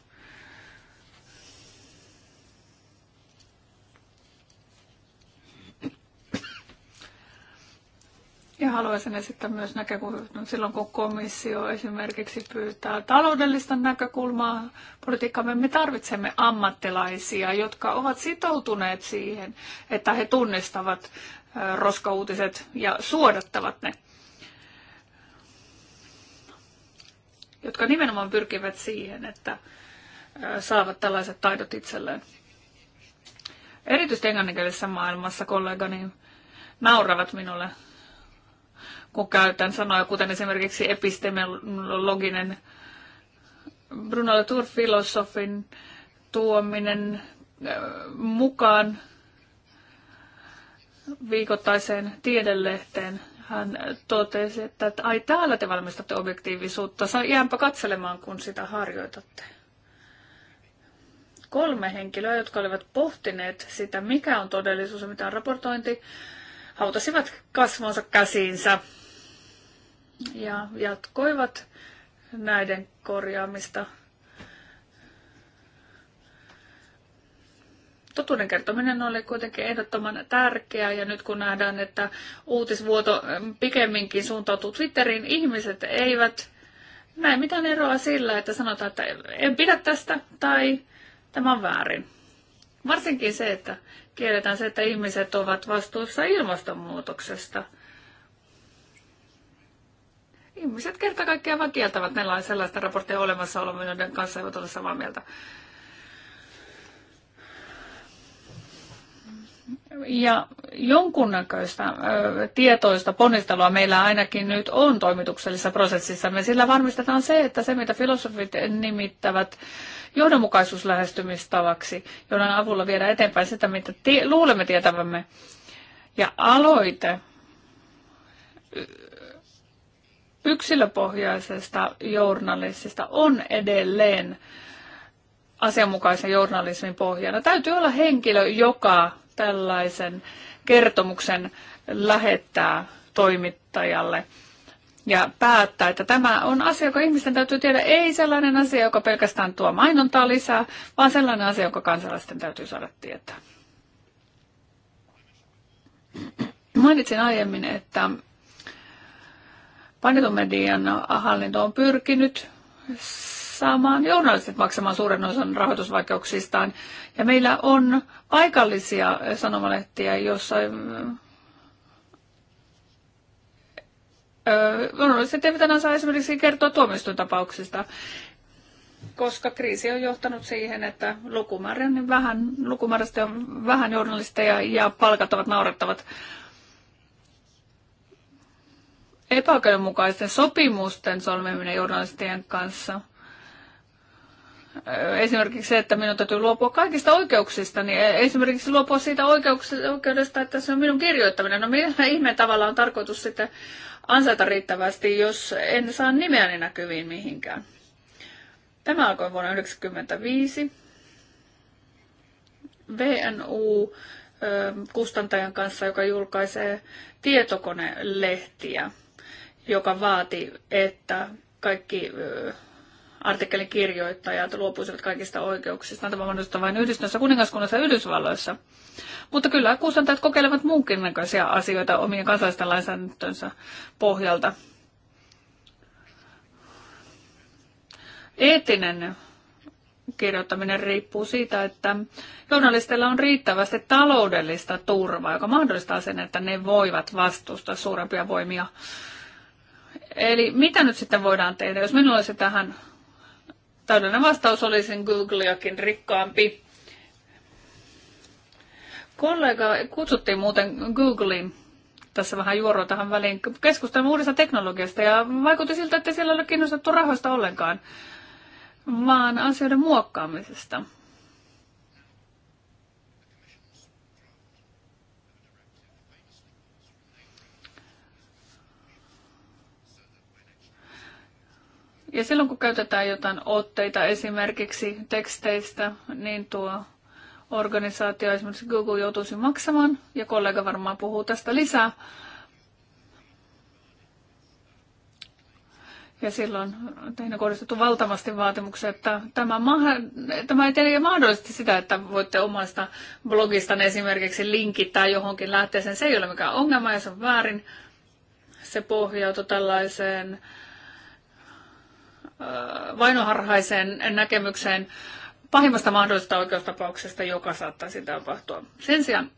Ja haluaisin esittää myös näkökulman silloin, kun komissio esimerkiksi pyytää taloudellista näkökulmaa politiikkaamme. Me tarvitsemme ammattilaisia, jotka ovat sitoutuneet siihen, että he tunnistavat roskauutiset ja suodattavat ne. Jotka nimenomaan pyrkivät siihen, että saavat tällaiset taidot itselleen. Erityisesti englanninkielisessä maailmassa kollegani nauravat minulle kun käytän sanoja, kuten esimerkiksi epistemologinen Bruno Latour-filosofin tuominen äh, mukaan viikoittaiseen tiedelehteen. Hän totesi, että ai täällä te valmistatte objektiivisuutta, saa jäänpä katselemaan, kun sitä harjoitatte. Kolme henkilöä, jotka olivat pohtineet sitä, mikä on todellisuus ja mitä on raportointi, hautasivat kasvonsa käsiinsä ja jatkoivat näiden korjaamista. Totuuden kertominen oli kuitenkin ehdottoman tärkeää ja nyt kun nähdään, että uutisvuoto mm, pikemminkin suuntautuu Twitteriin, ihmiset eivät näe mitään eroa sillä, että sanotaan, että en pidä tästä tai tämä on väärin. Varsinkin se, että kielletään se, että ihmiset ovat vastuussa ilmastonmuutoksesta – Ihmiset kerta kaikkiaan vaan kieltävät on sellaista raportteja olemassaoloa, joiden kanssa eivät ole samaa mieltä. Ja jonkunnäköistä ö, tietoista ponnistelua meillä ainakin nyt on toimituksellisessa prosessissa. Me sillä varmistetaan se, että se mitä filosofit nimittävät johdonmukaisuuslähestymistavaksi, joiden avulla viedään eteenpäin sitä, mitä luulemme tietävämme. Ja aloite yksilöpohjaisesta journalistista on edelleen asianmukaisen journalismin pohjana. Täytyy olla henkilö, joka tällaisen kertomuksen lähettää toimittajalle ja päättää, että tämä on asia, joka ihmisten täytyy tiedä. Ei sellainen asia, joka pelkästään tuo mainontaa lisää, vaan sellainen asia, joka kansalaisten täytyy saada tietää. Mainitsin aiemmin, että Painetun hallinto on pyrkinyt saamaan journalistit maksamaan suuren osan rahoitusvaikeuksistaan. Ja meillä on paikallisia sanomalehtiä, joissa mm, journalistit eivät enää saa esimerkiksi kertoa tapauksista, koska kriisi on johtanut siihen, että lukumäärä, niin vähän, lukumäärästä on vähän journalisteja ja palkat ovat naurettavat epäoikeudenmukaisten sopimusten solmiminen journalistien kanssa. Esimerkiksi se, että minun täytyy luopua kaikista oikeuksista, niin esimerkiksi luopua siitä oikeudesta, että se on minun kirjoittaminen. No millä ihmeen tavalla on tarkoitus sitten ansaita riittävästi, jos en saa nimeäni niin näkyviin mihinkään. Tämä alkoi vuonna 1995. VNU kustantajan kanssa, joka julkaisee tietokonelehtiä joka vaati, että kaikki artikkelin kirjoittajat luopuisivat kaikista oikeuksista. Tämä on vain yhdistyneessä kuningaskunnassa ja Yhdysvalloissa. Mutta kyllä kustantajat kokeilevat näköisiä asioita omien kansallisten lainsäädäntönsä pohjalta. Eettinen kirjoittaminen riippuu siitä, että journalisteilla on riittävästi taloudellista turvaa, joka mahdollistaa sen, että ne voivat vastustaa suurempia voimia Eli mitä nyt sitten voidaan tehdä? Jos minulla olisi tähän täydellinen vastaus, olisin Googleakin rikkaampi. Kollega kutsuttiin muuten Googleen tässä vähän juoro tähän väliin keskustelun uudesta teknologiasta ja vaikutti siltä, että siellä ei ole kiinnostettu rahoista ollenkaan, vaan asioiden muokkaamisesta. Ja silloin kun käytetään jotain otteita esimerkiksi teksteistä, niin tuo organisaatio, esimerkiksi Google joutuisi maksamaan, ja kollega varmaan puhuu tästä lisää. Ja silloin teihin on kohdistettu valtavasti vaatimuksia, että tämä, tämä ei tee mahdollisesti sitä, että voitte omasta blogistanne esimerkiksi linkittää johonkin lähteeseen. Se ei ole mikään ongelma ja se on väärin. Se pohjautuu tällaiseen äh, Äh, vainoharhaiseen näkemykseen pahimmasta mahdollisesta oikeustapauksesta, joka saattaisi tapahtua. Sen sijaan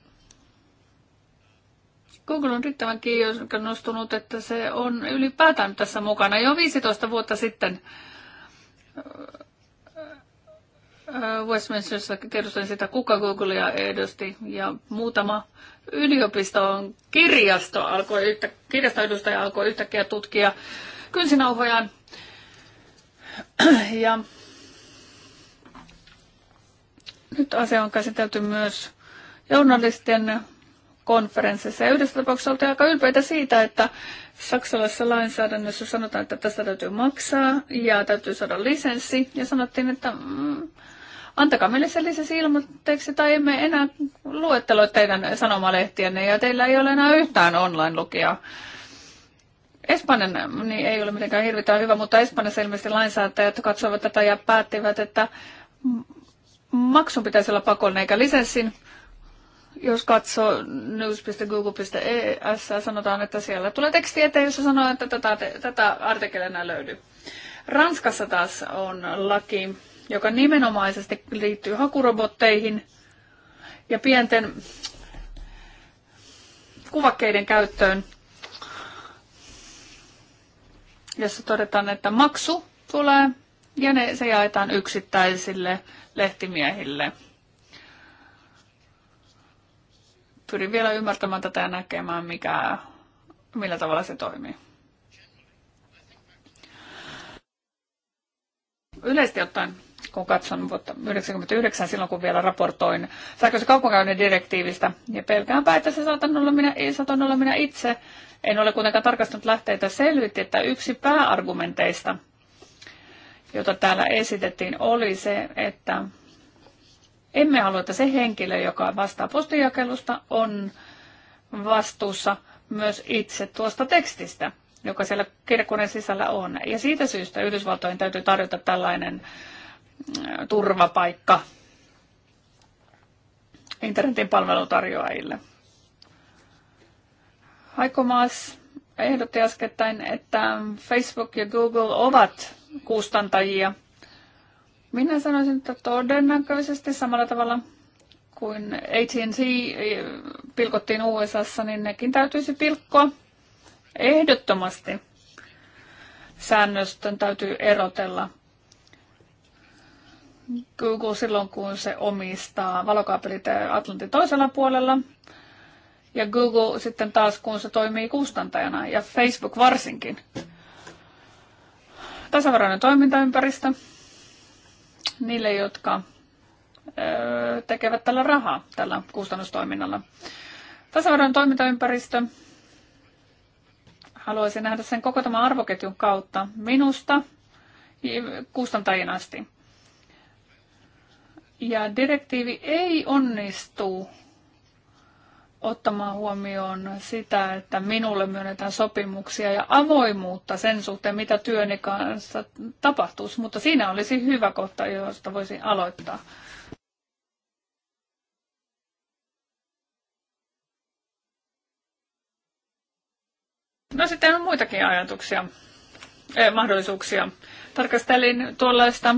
Google on riittävän kiinnostunut, että se on ylipäätään tässä mukana. Jo 15 vuotta sitten äh, Westminsterissa tiedustelin sitä, kuka Googlea edusti, ja muutama yliopisto on kirjasto alkoi yhtä, kirjastoedustaja alkoi yhtäkkiä tutkia kynsinauhojaan Ja nyt asia on käsitelty myös journalistien konferenssissa. Ja yhdessä tapauksessa oltiin aika ylpeitä siitä, että saksalaisessa lainsäädännössä sanotaan, että tästä täytyy maksaa ja täytyy saada lisenssi. Ja sanottiin, että mm, antakaa meille se lisenssi ilmoitteeksi tai emme enää luettelo teidän sanomalehtienne ja teillä ei ole enää yhtään online-lukijaa. Espanjan niin ei ole mitenkään hirvittävän hyvä, mutta Espanjassa ilmeisesti lainsäätäjät katsoivat tätä ja päättivät, että maksun pitäisi olla pakollinen eikä lisenssin. Jos katsoo news.google.es, sanotaan, että siellä tulee teksti eteen, jossa sanoo, että tätä, tätä artikkelia löydy. Ranskassa taas on laki, joka nimenomaisesti liittyy hakurobotteihin ja pienten kuvakkeiden käyttöön jossa todetaan, että maksu tulee ja ne, se jaetaan yksittäisille lehtimiehille. Pyrin vielä ymmärtämään tätä ja näkemään, mikä, millä tavalla se toimii. Yleisesti ottaen, kun katson vuotta 1999, silloin kun vielä raportoin sähköisen kaupankäynnin direktiivistä, ja niin pelkäänpä, että se saatan olla minä, saatan olla minä itse, en ole kuitenkaan tarkastanut lähteitä selvitti, että yksi pääargumenteista, jota täällä esitettiin, oli se, että emme halua, että se henkilö, joka vastaa postijakelusta, on vastuussa myös itse tuosta tekstistä, joka siellä kirkkonen sisällä on. Ja siitä syystä Yhdysvaltojen täytyy tarjota tällainen äh, turvapaikka internetin palvelutarjoajille. Haikomaas ehdotti äskettäin, että Facebook ja Google ovat kustantajia. Minä sanoisin, että todennäköisesti samalla tavalla kuin AT&T eh, pilkottiin USAssa, niin nekin täytyisi pilkkoa ehdottomasti. säännöstön täytyy erotella Google silloin, kun se omistaa valokaapelit Atlantin toisella puolella, ja Google sitten taas, kun se toimii kustantajana ja Facebook varsinkin. Tasavarainen toimintaympäristö niille, jotka tekevät tällä rahaa, tällä kustannustoiminnalla. Tasavarainen toimintaympäristö. Haluaisin nähdä sen koko tämän arvoketjun kautta minusta kustantajien asti. Ja direktiivi ei onnistu ottamaan huomioon sitä, että minulle myönnetään sopimuksia ja avoimuutta sen suhteen, mitä työni kanssa tapahtuisi. Mutta siinä olisi hyvä kohta, josta voisin aloittaa. No sitten on muitakin ajatuksia, eh, mahdollisuuksia. Tarkastelin tuollaista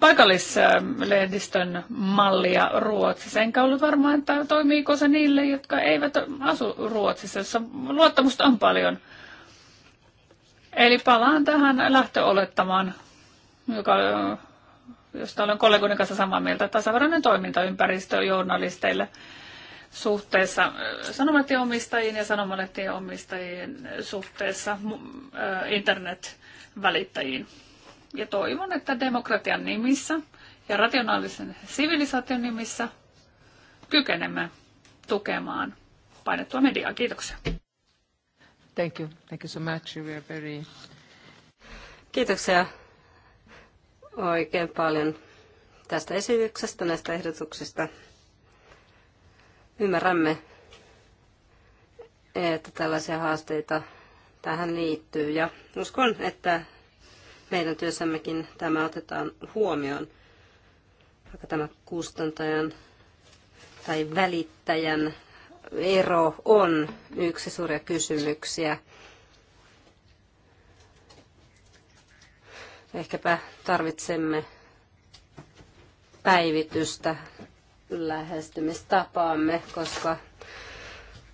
paikallislehdistön mallia Ruotsissa. Enkä ollut varma, että toimiiko se niille, jotka eivät asu Ruotsissa, jossa luottamusta on paljon. Eli palaan tähän lähtöolettamaan, joka, josta olen kollegoiden kanssa samaa mieltä, tasavarainen toimintaympäristö journalisteille suhteessa äh, sanomalehtien omistajiin ja sanomalehtien omistajien suhteessa äh, internetvälittäjiin. välittäjiin ja toivon, että demokratian nimissä ja rationaalisen sivilisaation nimissä kykenemme tukemaan painettua mediaa. Kiitoksia. Thank you. Thank you so much. We are very... Kiitoksia oikein paljon tästä esityksestä, näistä ehdotuksista. Ymmärrämme, että tällaisia haasteita tähän liittyy ja uskon, että meidän työssämmekin tämä otetaan huomioon, vaikka tämä kustantajan tai välittäjän ero on yksi suuria kysymyksiä. Ehkäpä tarvitsemme päivitystä lähestymistapaamme, koska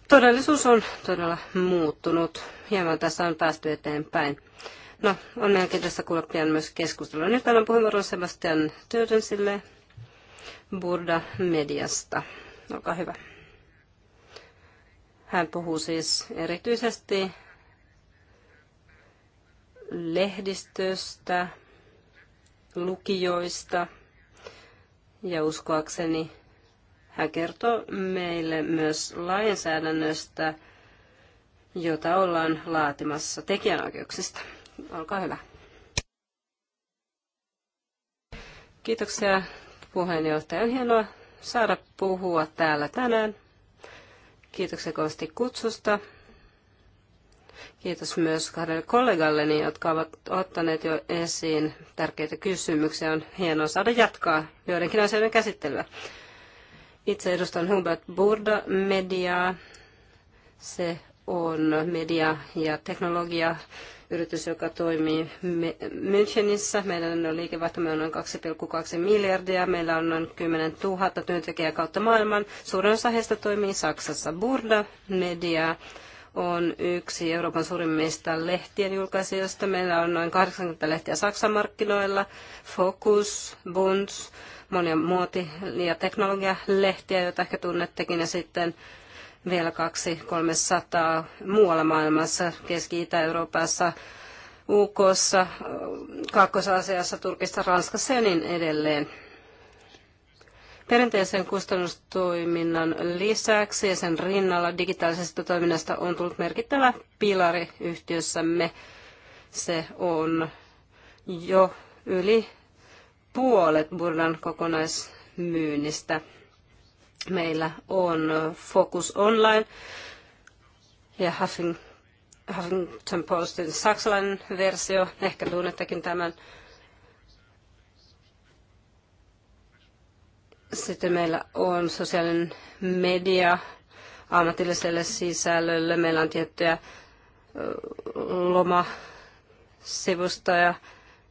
todellisuus on todella muuttunut. Hieman tässä on päästy eteenpäin. No, on mielenkiintoista kuulla pian myös keskustelua. Nyt annan puheenvuoron Sebastian Töydensille Burda Mediasta. Olkaa hyvä. Hän puhuu siis erityisesti lehdistöstä, lukijoista ja uskoakseni hän kertoo meille myös lainsäädännöstä, jota ollaan laatimassa tekijänoikeuksista. Olkaa hyvä. Kiitoksia puheenjohtaja. On hienoa saada puhua täällä tänään. Kiitoksia kovasti kutsusta. Kiitos myös kahdelle kollegalleni, jotka ovat ottaneet jo esiin tärkeitä kysymyksiä. On hienoa saada jatkaa joidenkin asioiden käsittelyä. Itse edustan Hubert Burda Mediaa. Se on media- ja teknologia yritys, joka toimii Münchenissä. Meidän liikevaihtomme on noin 2,2 miljardia. Meillä on noin 10 000 työntekijää kautta maailman. Suurin osa heistä toimii Saksassa. Burda Media on yksi Euroopan suurimmista lehtien julkaisijoista. Meillä on noin 80 lehtiä Saksan markkinoilla. Focus, Bunds, monia muoti- ja teknologialehtiä, joita ehkä tunnettekin, ja sitten vielä 200-300 muualla maailmassa, Keski-Itä-Euroopassa, UKssa, Kaakkois-Aasiassa, Turkissa, Ranskassa ja niin edelleen. Perinteisen kustannustoiminnan lisäksi ja sen rinnalla digitaalisesta toiminnasta on tullut merkittävä pilari yhtiössämme. Se on jo yli puolet Burdan kokonaismyynnistä. Meillä on Focus Online ja Huffington Postin saksalainen versio. Ehkä tunnettekin tämän. Sitten meillä on sosiaalinen media ammatilliselle sisällölle. Meillä on tiettyjä lomasivustoja,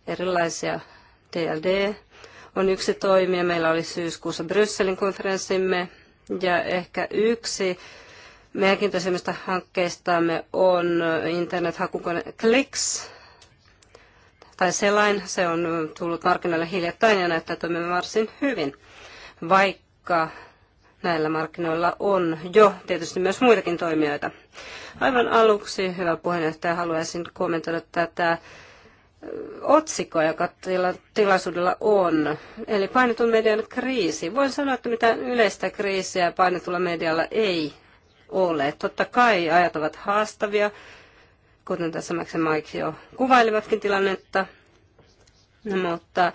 erilaisia TLD on yksi toimija. Meillä oli syyskuussa Brysselin konferenssimme ja ehkä yksi merkintöisimmistä hankkeistamme on internethakukone Clicks, tai selain. Se on tullut markkinoille hiljattain ja näyttää toimivan varsin hyvin, vaikka näillä markkinoilla on jo tietysti myös muitakin toimijoita. Aivan aluksi, hyvä puheenjohtaja, haluaisin kommentoida tätä otsikko, joka tila, tilaisuudella on, eli painetun median kriisi. Voin sanoa, että mitään yleistä kriisiä painetulla medialla ei ole. Totta kai ajat ovat haastavia, kuten tässä Max Mike jo kuvailivatkin tilannetta, no, mutta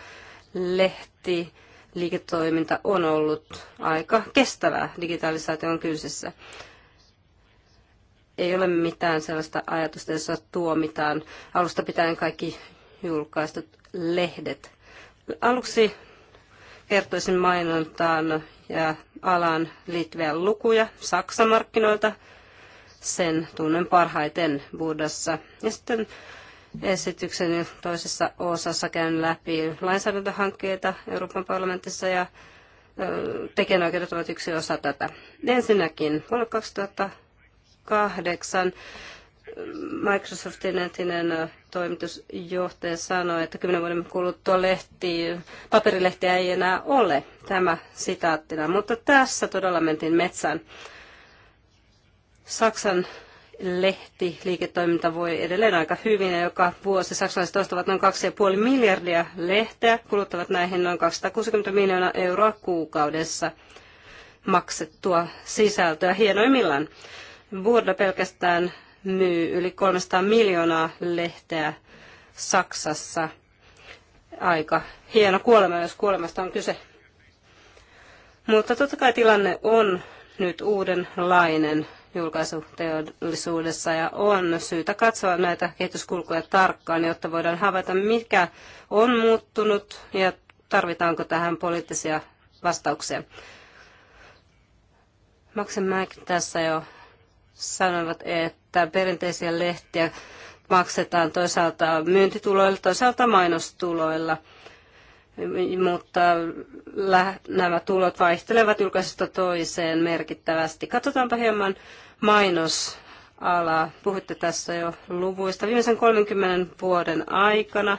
lehti, liiketoiminta on ollut aika kestävää digitalisaation kyseessä. Ei ole mitään sellaista ajatusta, jossa mitään alusta pitäen kaikki julkaistut lehdet. Aluksi kertoisin mainontaan ja alan liittyviä lukuja Saksan markkinoilta. Sen tunnen parhaiten Budassa. Ja sitten esityksen toisessa osassa käyn läpi lainsäädäntöhankkeita Euroopan parlamentissa ja tekijänoikeudet ovat yksi osa tätä. Ensinnäkin vuonna 2008 Microsoftin entinen toimitusjohtaja sanoi, että kymmenen vuoden kuluttua lehti, paperilehtiä ei enää ole, tämä sitaattina. Mutta tässä todella mentiin metsään. Saksan lehti liiketoiminta voi edelleen aika hyvin ja joka vuosi saksalaiset ostavat noin 2,5 miljardia lehteä, kuluttavat näihin noin 260 miljoonaa euroa kuukaudessa maksettua sisältöä hienoimmillaan. Vuodella pelkästään myy yli 300 miljoonaa lehteä Saksassa. Aika hieno kuolema, jos kuolemasta on kyse. Mutta totta kai tilanne on nyt uudenlainen julkaisuteollisuudessa ja on syytä katsoa näitä kehityskulkuja tarkkaan, jotta voidaan havaita, mikä on muuttunut ja tarvitaanko tähän poliittisia vastauksia. Maksen ja tässä jo sanoivat, että käytetään perinteisiä lehtiä maksetaan toisaalta myyntituloilla, toisaalta mainostuloilla. Mutta nämä tulot vaihtelevat julkaisesta toiseen merkittävästi. Katsotaanpa hieman mainosalaa. Puhutte tässä jo luvuista. Viimeisen 30 vuoden aikana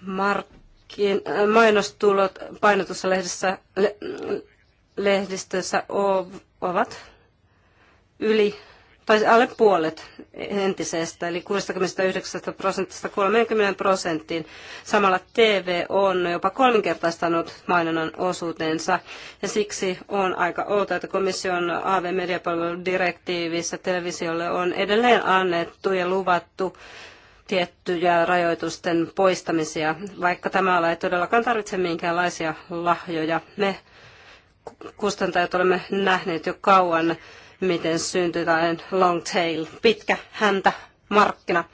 markkin, äh, mainostulot painotussa lehdessä, le, lehdistössä ovat yli tai alle puolet entisestä, eli 69 prosentista 30 prosenttiin. Samalla TV on jopa kolminkertaistanut mainonnan osuutensa, ja siksi on aika outoa, että komission AV-mediapalveludirektiivissä televisiolle on edelleen annettu ja luvattu tiettyjä rajoitusten poistamisia, vaikka tämä ala ei todellakaan tarvitse minkäänlaisia lahjoja. Me kustantajat olemme nähneet jo kauan miten syntyy tällainen long tail, pitkä häntä markkina.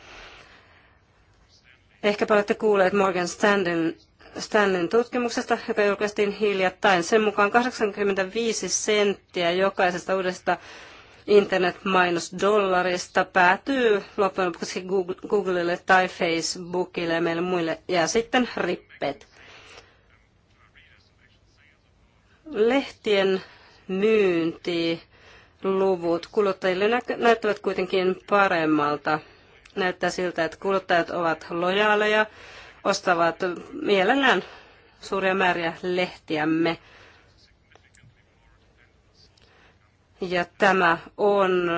Ehkäpä olette kuulleet Morgan Stanleyn, Stanleyn tutkimuksesta, joka julkaistiin hiljattain. Sen mukaan 85 senttiä jokaisesta uudesta internet -dollarista päätyy loppujen lopuksi Googlelle tai Facebookille ja meille muille, ja sitten rippeet. Lehtien myynti luvut kuluttajille näyttävät kuitenkin paremmalta. Näyttää siltä, että kuluttajat ovat lojaaleja, ostavat mielellään suuria määriä lehtiämme. Ja tämä on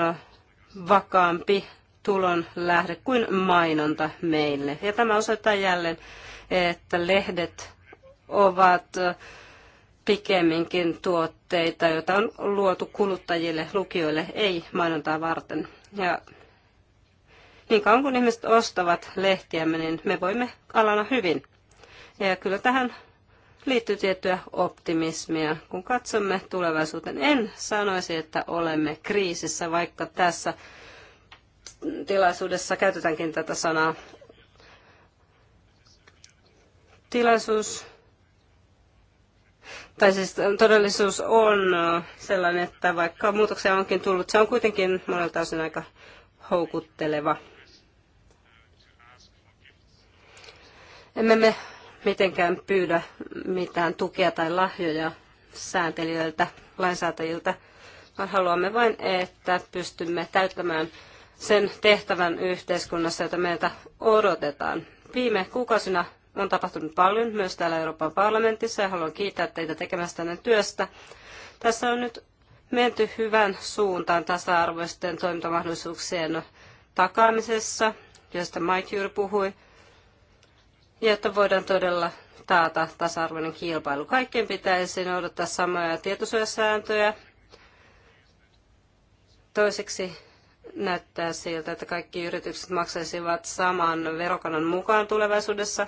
vakaampi tulon lähde kuin mainonta meille. Ja tämä osoittaa jälleen, että lehdet ovat pikemminkin tuotteita, joita on luotu kuluttajille, lukijoille, ei mainontaa varten. Ja niin kauan kun ihmiset ostavat lehtiämme, niin me voimme alana hyvin. Ja kyllä tähän liittyy tiettyä optimismia. Kun katsomme tulevaisuuteen, en sanoisi, että olemme kriisissä, vaikka tässä tilaisuudessa käytetäänkin tätä sanaa. Tilaisuus tai siis todellisuus on sellainen, että vaikka muutoksia onkin tullut, se on kuitenkin monelta osin aika houkutteleva. Emme me mitenkään pyydä mitään tukea tai lahjoja sääntelijöiltä, lainsäätäjiltä, vaan haluamme vain, että pystymme täyttämään sen tehtävän yhteiskunnassa, jota meiltä odotetaan. Viime kuukausina on tapahtunut paljon myös täällä Euroopan parlamentissa ja haluan kiittää teitä tekemästänne työstä. Tässä on nyt menty hyvän suuntaan tasa-arvoisten toimintamahdollisuuksien takaamisessa, josta Mike juuri puhui, jotta voidaan todella taata tasa-arvoinen kilpailu. Kaikkien pitäisi noudattaa samoja tietosuojasääntöjä. Toiseksi näyttää siltä, että kaikki yritykset maksaisivat saman verokannan mukaan tulevaisuudessa.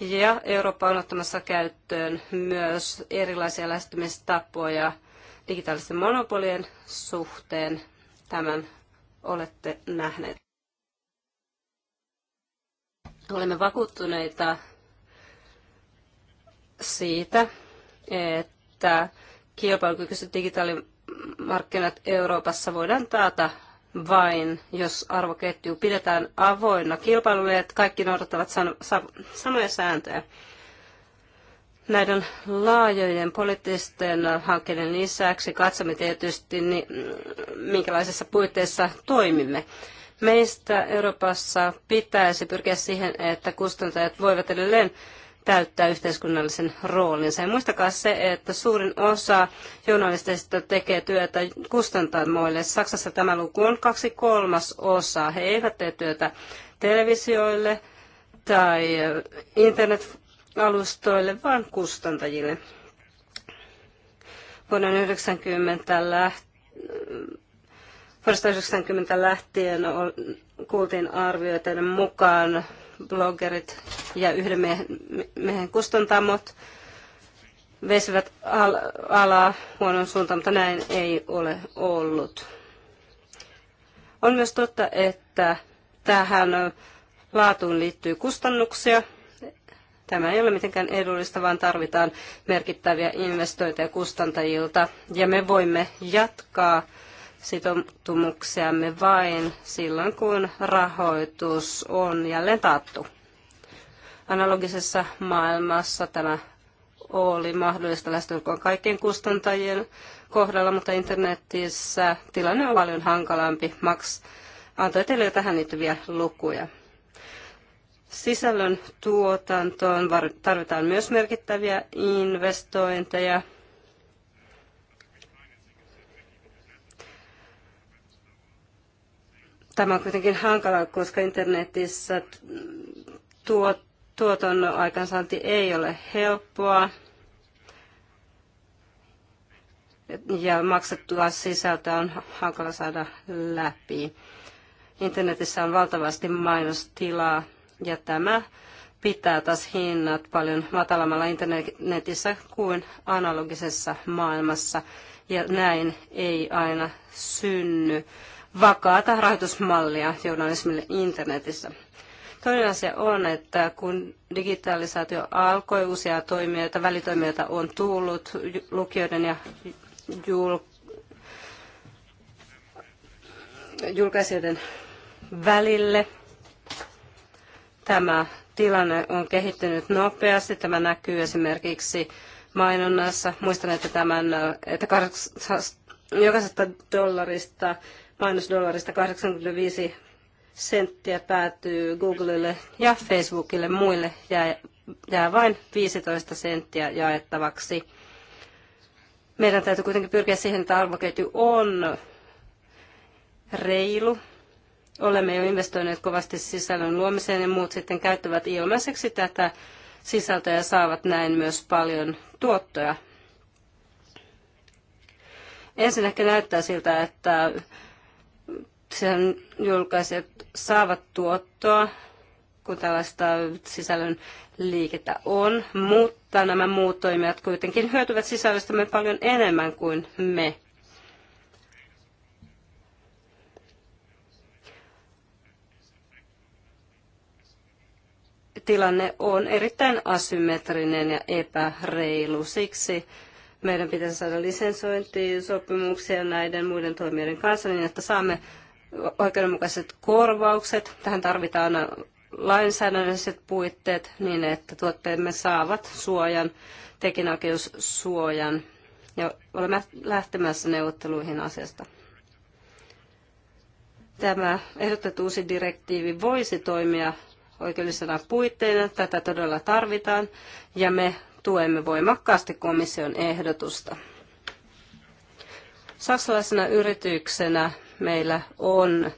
Ja Eurooppa on ottamassa käyttöön myös erilaisia lähestymistapoja digitaalisten monopolien suhteen. Tämän olette nähneet. Olemme vakuuttuneita siitä, että kilpailukykyiset digitaalimarkkinat Euroopassa voidaan taata vain, jos arvoketju pidetään avoinna kilpailulle, että kaikki noudattavat san- sa- samoja sääntöjä. Näiden laajojen poliittisten hankkeiden lisäksi katsomme tietysti, niin, minkälaisissa puitteissa toimimme. Meistä Euroopassa pitäisi pyrkiä siihen, että kustantajat voivat edelleen täyttää yhteiskunnallisen roolinsa. Ja muistakaa se, että suurin osa journalisteista tekee työtä kustantamoille. Saksassa tämä luku on kaksi kolmas osaa. He eivät tee työtä televisioille tai internetalustoille, vaan kustantajille. Vuonna 90 lähtien Vuodesta 1990 lähtien kuultiin arvioiden mukaan bloggerit ja yhden miehen, miehen kustantamot vesivät al- alaa huonon suuntaan, mutta näin ei ole ollut. On myös totta, että tähän laatuun liittyy kustannuksia. Tämä ei ole mitenkään edullista, vaan tarvitaan merkittäviä investointeja kustantajilta. Ja me voimme jatkaa sitoumuksiamme vain silloin, kun rahoitus on jälleen taattu. Analogisessa maailmassa tämä oli mahdollista lähestulkoon kaikkien kustantajien kohdalla, mutta internetissä tilanne on paljon hankalampi. Max antoi teille jo tähän liittyviä lukuja. Sisällön tuotantoon tarvitaan myös merkittäviä investointeja, Tämä on kuitenkin hankalaa, koska internetissä tuo, tuoton aikansaanti ei ole helppoa. Ja maksettua sisältöä on hankala saada läpi. Internetissä on valtavasti mainostilaa ja tämä pitää taas hinnat paljon matalammalla internetissä kuin analogisessa maailmassa. Ja näin ei aina synny vakaata rahoitusmallia journalismille internetissä. Toinen asia on, että kun digitalisaatio alkoi, uusia toimijoita, välitoimijoita on tullut lukijoiden ja jul... julkaisijoiden välille. Tämä tilanne on kehittynyt nopeasti. Tämä näkyy esimerkiksi mainonnassa. Muistan, että, tämän, että jokaisesta dollarista mainosdollarista 85 senttiä päätyy Googlelle ja Facebookille. Muille jää, jää vain 15 senttiä jaettavaksi. Meidän täytyy kuitenkin pyrkiä siihen, että arvoketju on reilu. Olemme jo investoineet kovasti sisällön luomiseen ja muut sitten käyttävät ilmaiseksi tätä sisältöä ja saavat näin myös paljon tuottoja. Ensinnäkin näyttää siltä, että sen julkaisijat saavat tuottoa, kun tällaista sisällön liikettä on, mutta nämä muut toimijat kuitenkin hyötyvät sisällöstämme paljon enemmän kuin me. Tilanne on erittäin asymmetrinen ja epäreilu. Siksi meidän pitäisi saada lisensointisopimuksia näiden muiden toimijoiden kanssa niin, että saamme oikeudenmukaiset korvaukset. Tähän tarvitaan lainsäädännölliset puitteet niin, että tuotteemme saavat suojan, tekinoikeussuojan. Ja olemme lähtemässä neuvotteluihin asiasta. Tämä ehdotettu uusi direktiivi voisi toimia oikeudellisena puitteena. Tätä todella tarvitaan ja me tuemme voimakkaasti komission ehdotusta. Saksalaisena yrityksenä meillä on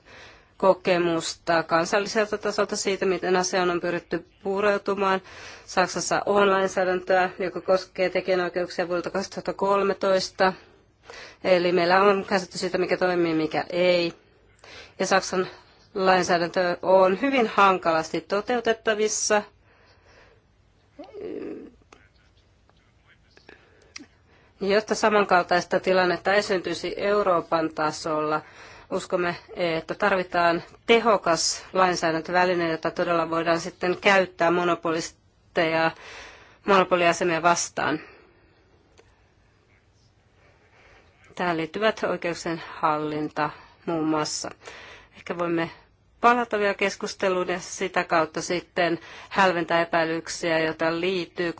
kokemusta kansalliselta tasolta siitä, miten asiaan on pyritty pureutumaan. Saksassa on lainsäädäntöä, joka koskee tekijänoikeuksia vuodelta 2013. Eli meillä on käsitys siitä, mikä toimii, mikä ei. Ja Saksan lainsäädäntö on hyvin hankalasti toteutettavissa. Jotta samankaltaista tilannetta ei syntyisi Euroopan tasolla, Uskomme, että tarvitaan tehokas lainsäädäntöväline, jota todella voidaan sitten käyttää monopolisteja monopoliasemia vastaan. Tähän liittyvät oikeuksien hallinta muun muassa. Ehkä voimme palata vielä keskusteluun ja sitä kautta sitten hälventää epäilyksiä, joita liittyy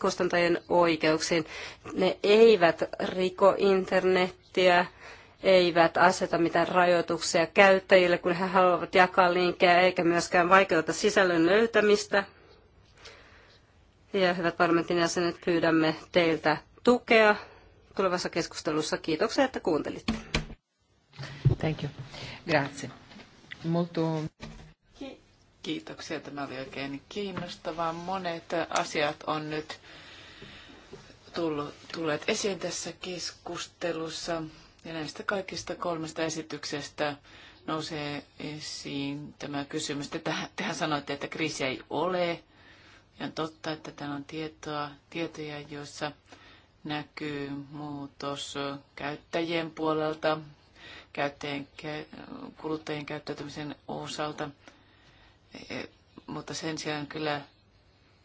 kustantajien oikeuksiin. Ne eivät riko internettiä, eivät aseta mitään rajoituksia käyttäjille, kun he haluavat jakaa linkkejä, eikä myöskään vaikeuta sisällön löytämistä. Ja hyvät parlamentin jäsenet, pyydämme teiltä tukea tulevassa keskustelussa. Kiitoksia, että kuuntelitte. Thank you. Grazie. Molto... Kiitoksia, tämä oli oikein kiinnostavaa. Monet asiat on nyt tullut, tulleet esiin tässä keskustelussa. Ja näistä kaikista kolmesta esityksestä nousee esiin tämä kysymys. että Tehän sanoitte, että kriisiä ei ole. Ja on totta, että täällä on tietoa, tietoja, joissa näkyy muutos käyttäjien puolelta, käyttäjien, kuluttajien käyttäytymisen osalta. E, mutta sen sijaan kyllä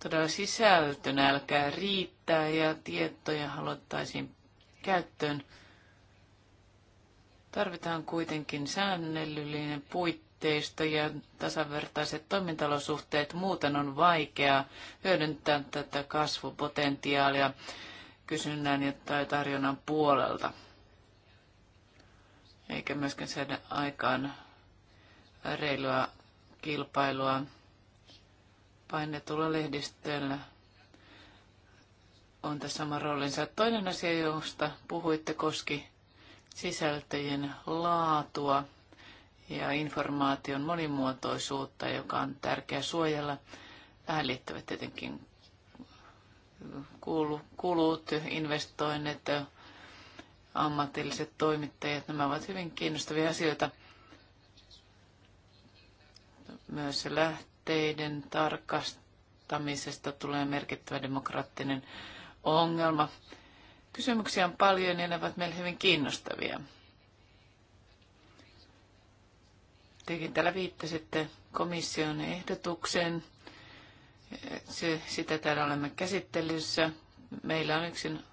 todella sisältönälkää riittää ja tietoja haluttaisiin käyttöön Tarvitaan kuitenkin säännöllinen puitteisto ja tasavertaiset toimintalosuhteet. Muuten on vaikea hyödyntää tätä kasvupotentiaalia kysynnän ja tarjonnan puolelta. Eikä myöskään saada aikaan reilua kilpailua painetulla lehdistöllä on tässä sama roolinsa. Toinen asia, josta puhuitte, koski sisältöjen laatua ja informaation monimuotoisuutta, joka on tärkeää suojella. Tähän liittyvät tietenkin kulut, investoinnit, ammatilliset toimittajat. Nämä ovat hyvin kiinnostavia asioita. Myös lähteiden tarkastamisesta tulee merkittävä demokraattinen ongelma. Kysymyksiä on paljon ja ne ovat meille hyvin kiinnostavia. Tekin täällä viittasitte komission ehdotukseen. Se, sitä täällä olemme käsittelyssä. Meillä on yksin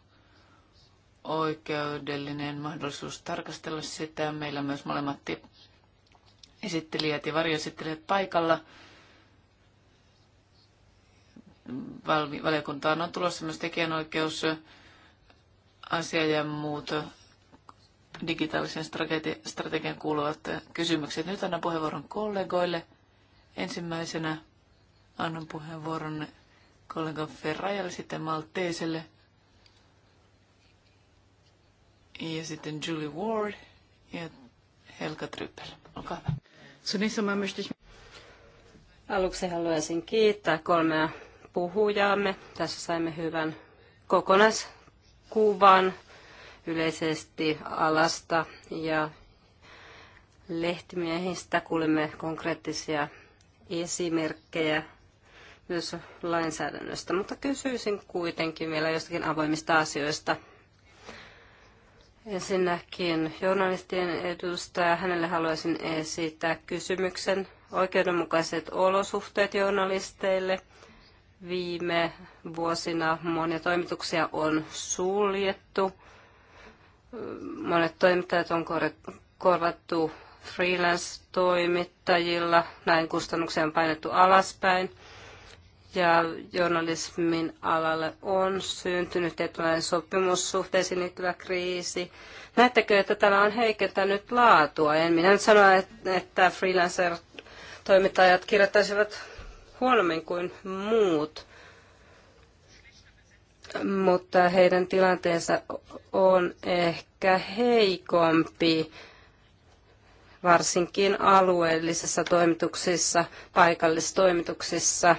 oikeudellinen mahdollisuus tarkastella sitä. Meillä on myös molemmat esittelijät ja varjoesittelijät paikalla. Valiokuntaan on tulossa myös tekijänoikeus asia ja muut digitaalisen strategian kuuluvat kysymykset. Nyt annan puheenvuoron kollegoille. Ensimmäisenä annan puheenvuoron kollega Ferrajalle, sitten Malteiselle ja sitten Julie Ward ja Helga Tryppel. Olkaa hyvä. Zunächst einmal Aluksi haluaisin kiittää kolmea puhujaamme. Tässä saimme hyvän kokonais kuvan yleisesti alasta ja lehtimiehistä. Kuulemme konkreettisia esimerkkejä myös lainsäädännöstä, mutta kysyisin kuitenkin vielä jostakin avoimista asioista. Ensinnäkin journalistien edustaja, hänelle haluaisin esittää kysymyksen oikeudenmukaiset olosuhteet journalisteille – Viime vuosina monia toimituksia on suljettu. Monet toimittajat on korvattu freelance-toimittajilla. Näin kustannuksia on painettu alaspäin. Ja journalismin alalle on syntynyt tietynlainen sopimussuhteisiin liittyvä kriisi. Näettekö, että tämä on heikentänyt laatua? En minä nyt sano, että freelancer-toimittajat kirjoittaisivat huonommin kuin muut, mutta heidän tilanteensa on ehkä heikompi, varsinkin alueellisissa toimituksissa, paikallistoimituksissa.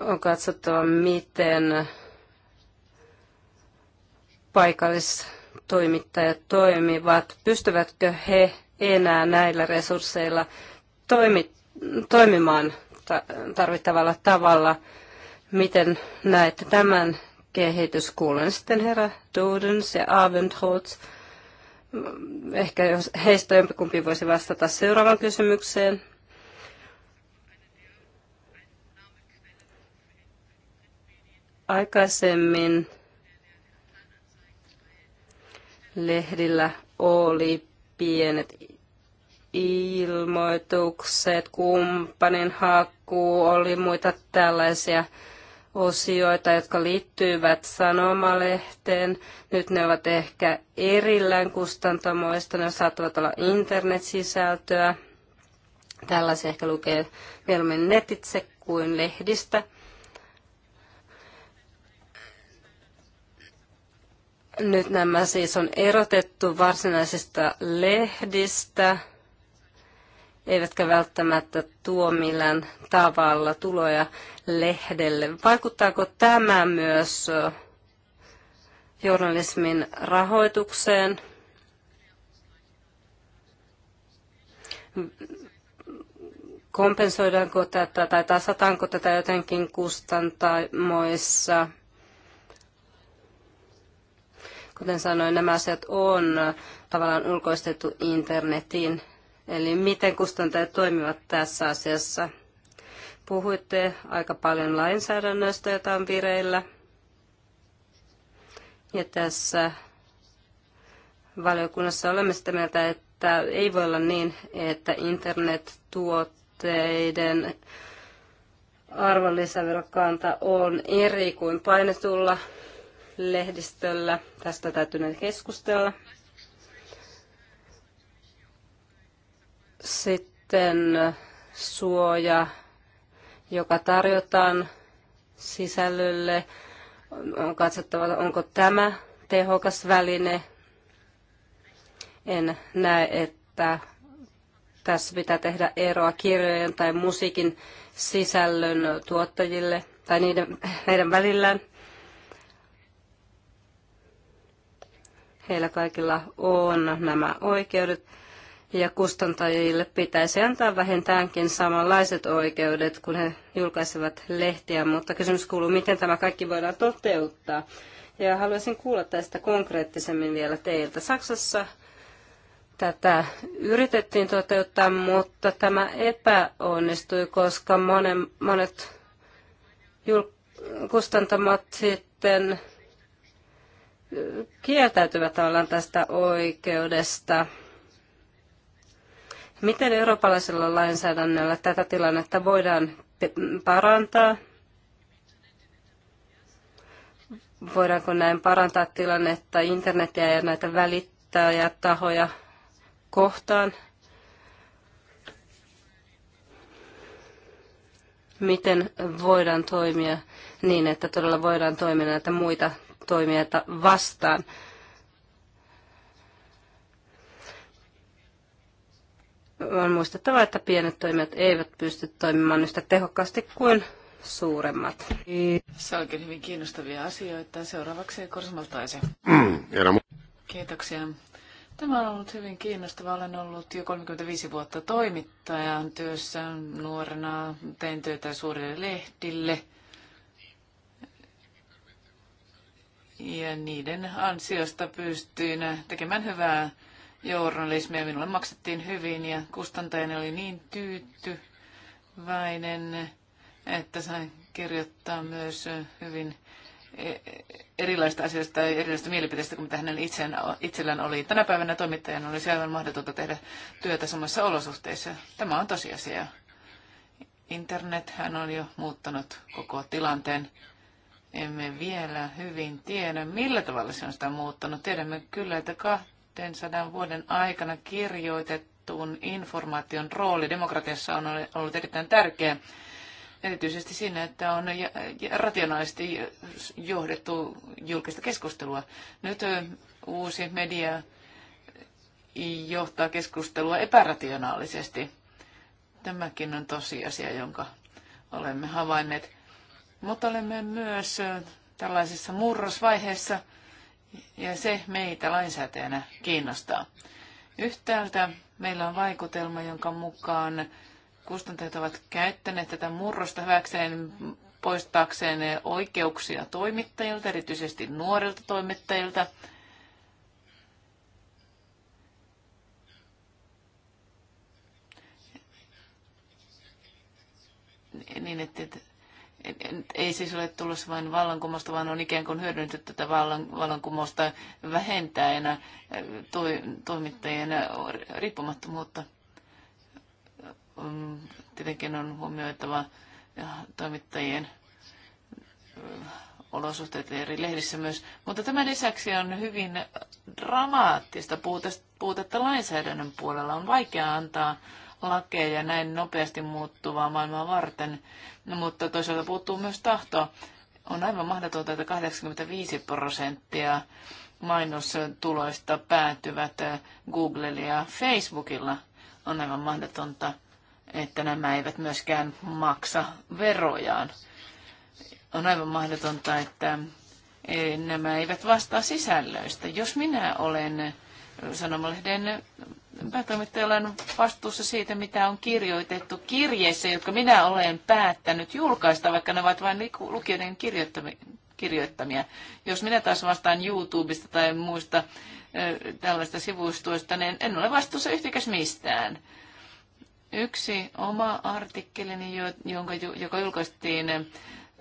On katsottava, miten paikallis toimittajat toimivat, pystyvätkö he enää näillä resursseilla toimi, toimimaan tarvittavalla tavalla. Miten näette tämän kehityskulun? Sitten herra Dudens ja Abendholz. Ehkä jos heistä jompikumpi voisi vastata seuraavaan kysymykseen. Aikaisemmin lehdillä oli pienet ilmoitukset, kumppanin hakku, oli muita tällaisia osioita, jotka liittyivät sanomalehteen. Nyt ne ovat ehkä erillään kustantamoista, ne saattavat olla internetsisältöä. Tällaisia ehkä lukee mieluummin netitse kuin lehdistä. Nyt nämä siis on erotettu varsinaisista lehdistä, eivätkä välttämättä tuo millään tavalla tuloja lehdelle. Vaikuttaako tämä myös journalismin rahoitukseen? Kompensoidaanko tätä tai tasataanko tätä jotenkin kustantamoissa? Kuten sanoin, nämä asiat on tavallaan ulkoistettu internetiin. Eli miten kustantajat toimivat tässä asiassa? Puhuitte aika paljon lainsäädännöstä, jota on vireillä. Ja tässä valiokunnassa olemme sitä mieltä, että ei voi olla niin, että internettuotteiden arvonlisäverokanta on eri kuin painetulla lehdistöllä. Tästä täytyy keskustella. Sitten suoja, joka tarjotaan sisällölle. On katsottava, onko tämä tehokas väline. En näe, että tässä pitää tehdä eroa kirjojen tai musiikin sisällön tuottajille tai niiden, heidän välillään. Heillä kaikilla on nämä oikeudet ja kustantajille pitäisi antaa vähintäänkin samanlaiset oikeudet, kun he julkaisevat lehtiä, mutta kysymys kuuluu, miten tämä kaikki voidaan toteuttaa. Ja haluaisin kuulla tästä konkreettisemmin vielä teiltä. Saksassa tätä yritettiin toteuttaa, mutta tämä epäonnistui, koska monen, monet jul- kustantamat sitten kieltäytyvät tavallaan tästä oikeudesta. Miten eurooppalaisella lainsäädännöllä tätä tilannetta voidaan parantaa? Voidaanko näin parantaa tilannetta internetiä ja näitä välittäjätahoja kohtaan? Miten voidaan toimia niin, että todella voidaan toimia näitä muita toimijoita vastaan. On muistettava, että pienet toimijat eivät pysty toimimaan yhtä tehokkaasti kuin suuremmat. Se onkin hyvin kiinnostavia asioita. Seuraavaksi Korsmaltaisen. Mm, Kiitoksia. Tämä on ollut hyvin kiinnostava. Olen ollut jo 35 vuotta toimittajan työssä nuorena. Tein töitä suurille lehdille ja niiden ansiosta pystyin tekemään hyvää journalismia. Minulle maksettiin hyvin ja kustantajani oli niin tyytyväinen, että sain kirjoittaa myös hyvin e- erilaista asioista ja erilaista mielipiteistä kuin mitä hänen itsellään oli. Tänä päivänä toimittajan olisi aivan mahdotonta tehdä työtä samassa olosuhteissa. Tämä on tosiasia. Internet hän on jo muuttanut koko tilanteen emme vielä hyvin tiedä, millä tavalla se on sitä muuttanut. Tiedämme kyllä, että 200 vuoden aikana kirjoitettuun informaation rooli demokratiassa on ollut erittäin tärkeä. Erityisesti siinä, että on rationaalisesti johdettu julkista keskustelua. Nyt uusi media johtaa keskustelua epärationaalisesti. Tämäkin on tosiasia, jonka olemme havainneet. Mutta olemme myös tällaisessa murrosvaiheessa ja se meitä lainsäätäjänä kiinnostaa. Yhtäältä meillä on vaikutelma, jonka mukaan kustantajat ovat käyttäneet tätä murrosta hyväkseen poistaakseen oikeuksia toimittajilta, erityisesti nuorilta toimittajilta. Niin, että ei siis ole tullut vain vallankumousta, vaan on ikään kuin hyödynnetty tätä vallan, vallankumousta vähentäenä to, toimittajien riippumattomuutta. Mm, tietenkin on huomioitava toimittajien olosuhteet eri lehdissä myös. Mutta tämän lisäksi on hyvin dramaattista puutetta lainsäädännön puolella. On vaikea antaa lakeja näin nopeasti muuttuvaa maailmaa varten, no, mutta toisaalta puuttuu myös tahtoa. On aivan mahdotonta, että 85 prosenttia mainostuloista päätyvät äh, Googlella ja Facebookilla. On aivan mahdotonta, että nämä eivät myöskään maksa verojaan. On aivan mahdotonta, että eh, nämä eivät vastaa sisällöistä. Jos minä olen sanomalehden päätoimittaja on vastuussa siitä, mitä on kirjoitettu kirjeissä, jotka minä olen päättänyt julkaista, vaikka ne ovat vain lukijoiden kirjoittamia. Jos minä taas vastaan YouTubesta tai muista tällaista sivustoista, niin en ole vastuussa yhtikäs mistään. Yksi oma artikkelini, jonka, joka julkaistiin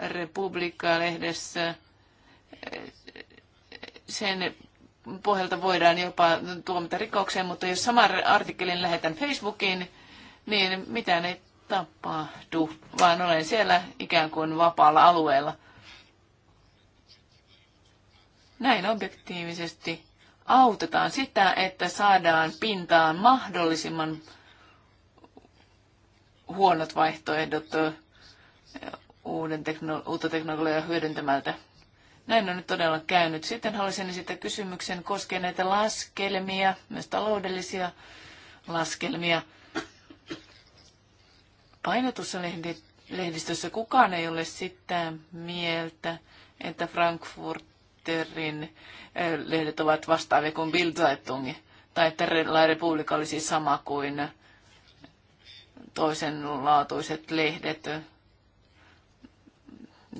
Republika-lehdessä, sen pohjalta voidaan jopa tuomita rikokseen, mutta jos saman artikkelin lähetän Facebookiin, niin mitään ei tapahdu, vaan olen siellä ikään kuin vapaalla alueella. Näin objektiivisesti autetaan sitä, että saadaan pintaan mahdollisimman huonot vaihtoehdot uuden teknolo- uutta teknologiaa hyödyntämältä. Näin on nyt todella käynyt. Sitten haluaisin esittää kysymyksen koskien näitä laskelmia, myös taloudellisia laskelmia. Painotussa lehdistössä kukaan ei ole sitä mieltä, että Frankfurterin eh, lehdet ovat vastaavia kuin Bildzeitung, tai että La Republika olisi sama kuin toisenlaatuiset lehdet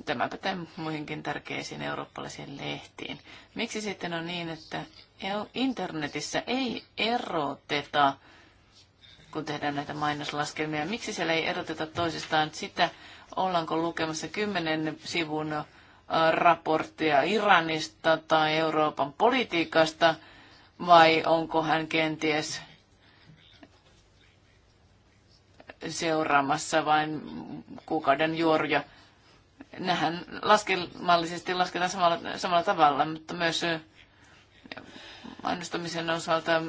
Tämä pätee muihinkin tärkeisiin eurooppalaisiin lehtiin. Miksi sitten on niin, että internetissä ei eroteta, kun tehdään näitä mainoslaskelmia, miksi siellä ei eroteta toisistaan sitä, ollaanko lukemassa kymmenen sivun äh, raporttia Iranista tai Euroopan politiikasta, vai onko hän kenties seuraamassa vain kuukauden juoruja Nähän laskelmallisesti lasketaan samalla, samalla tavalla, mutta myös mainostamisen osalta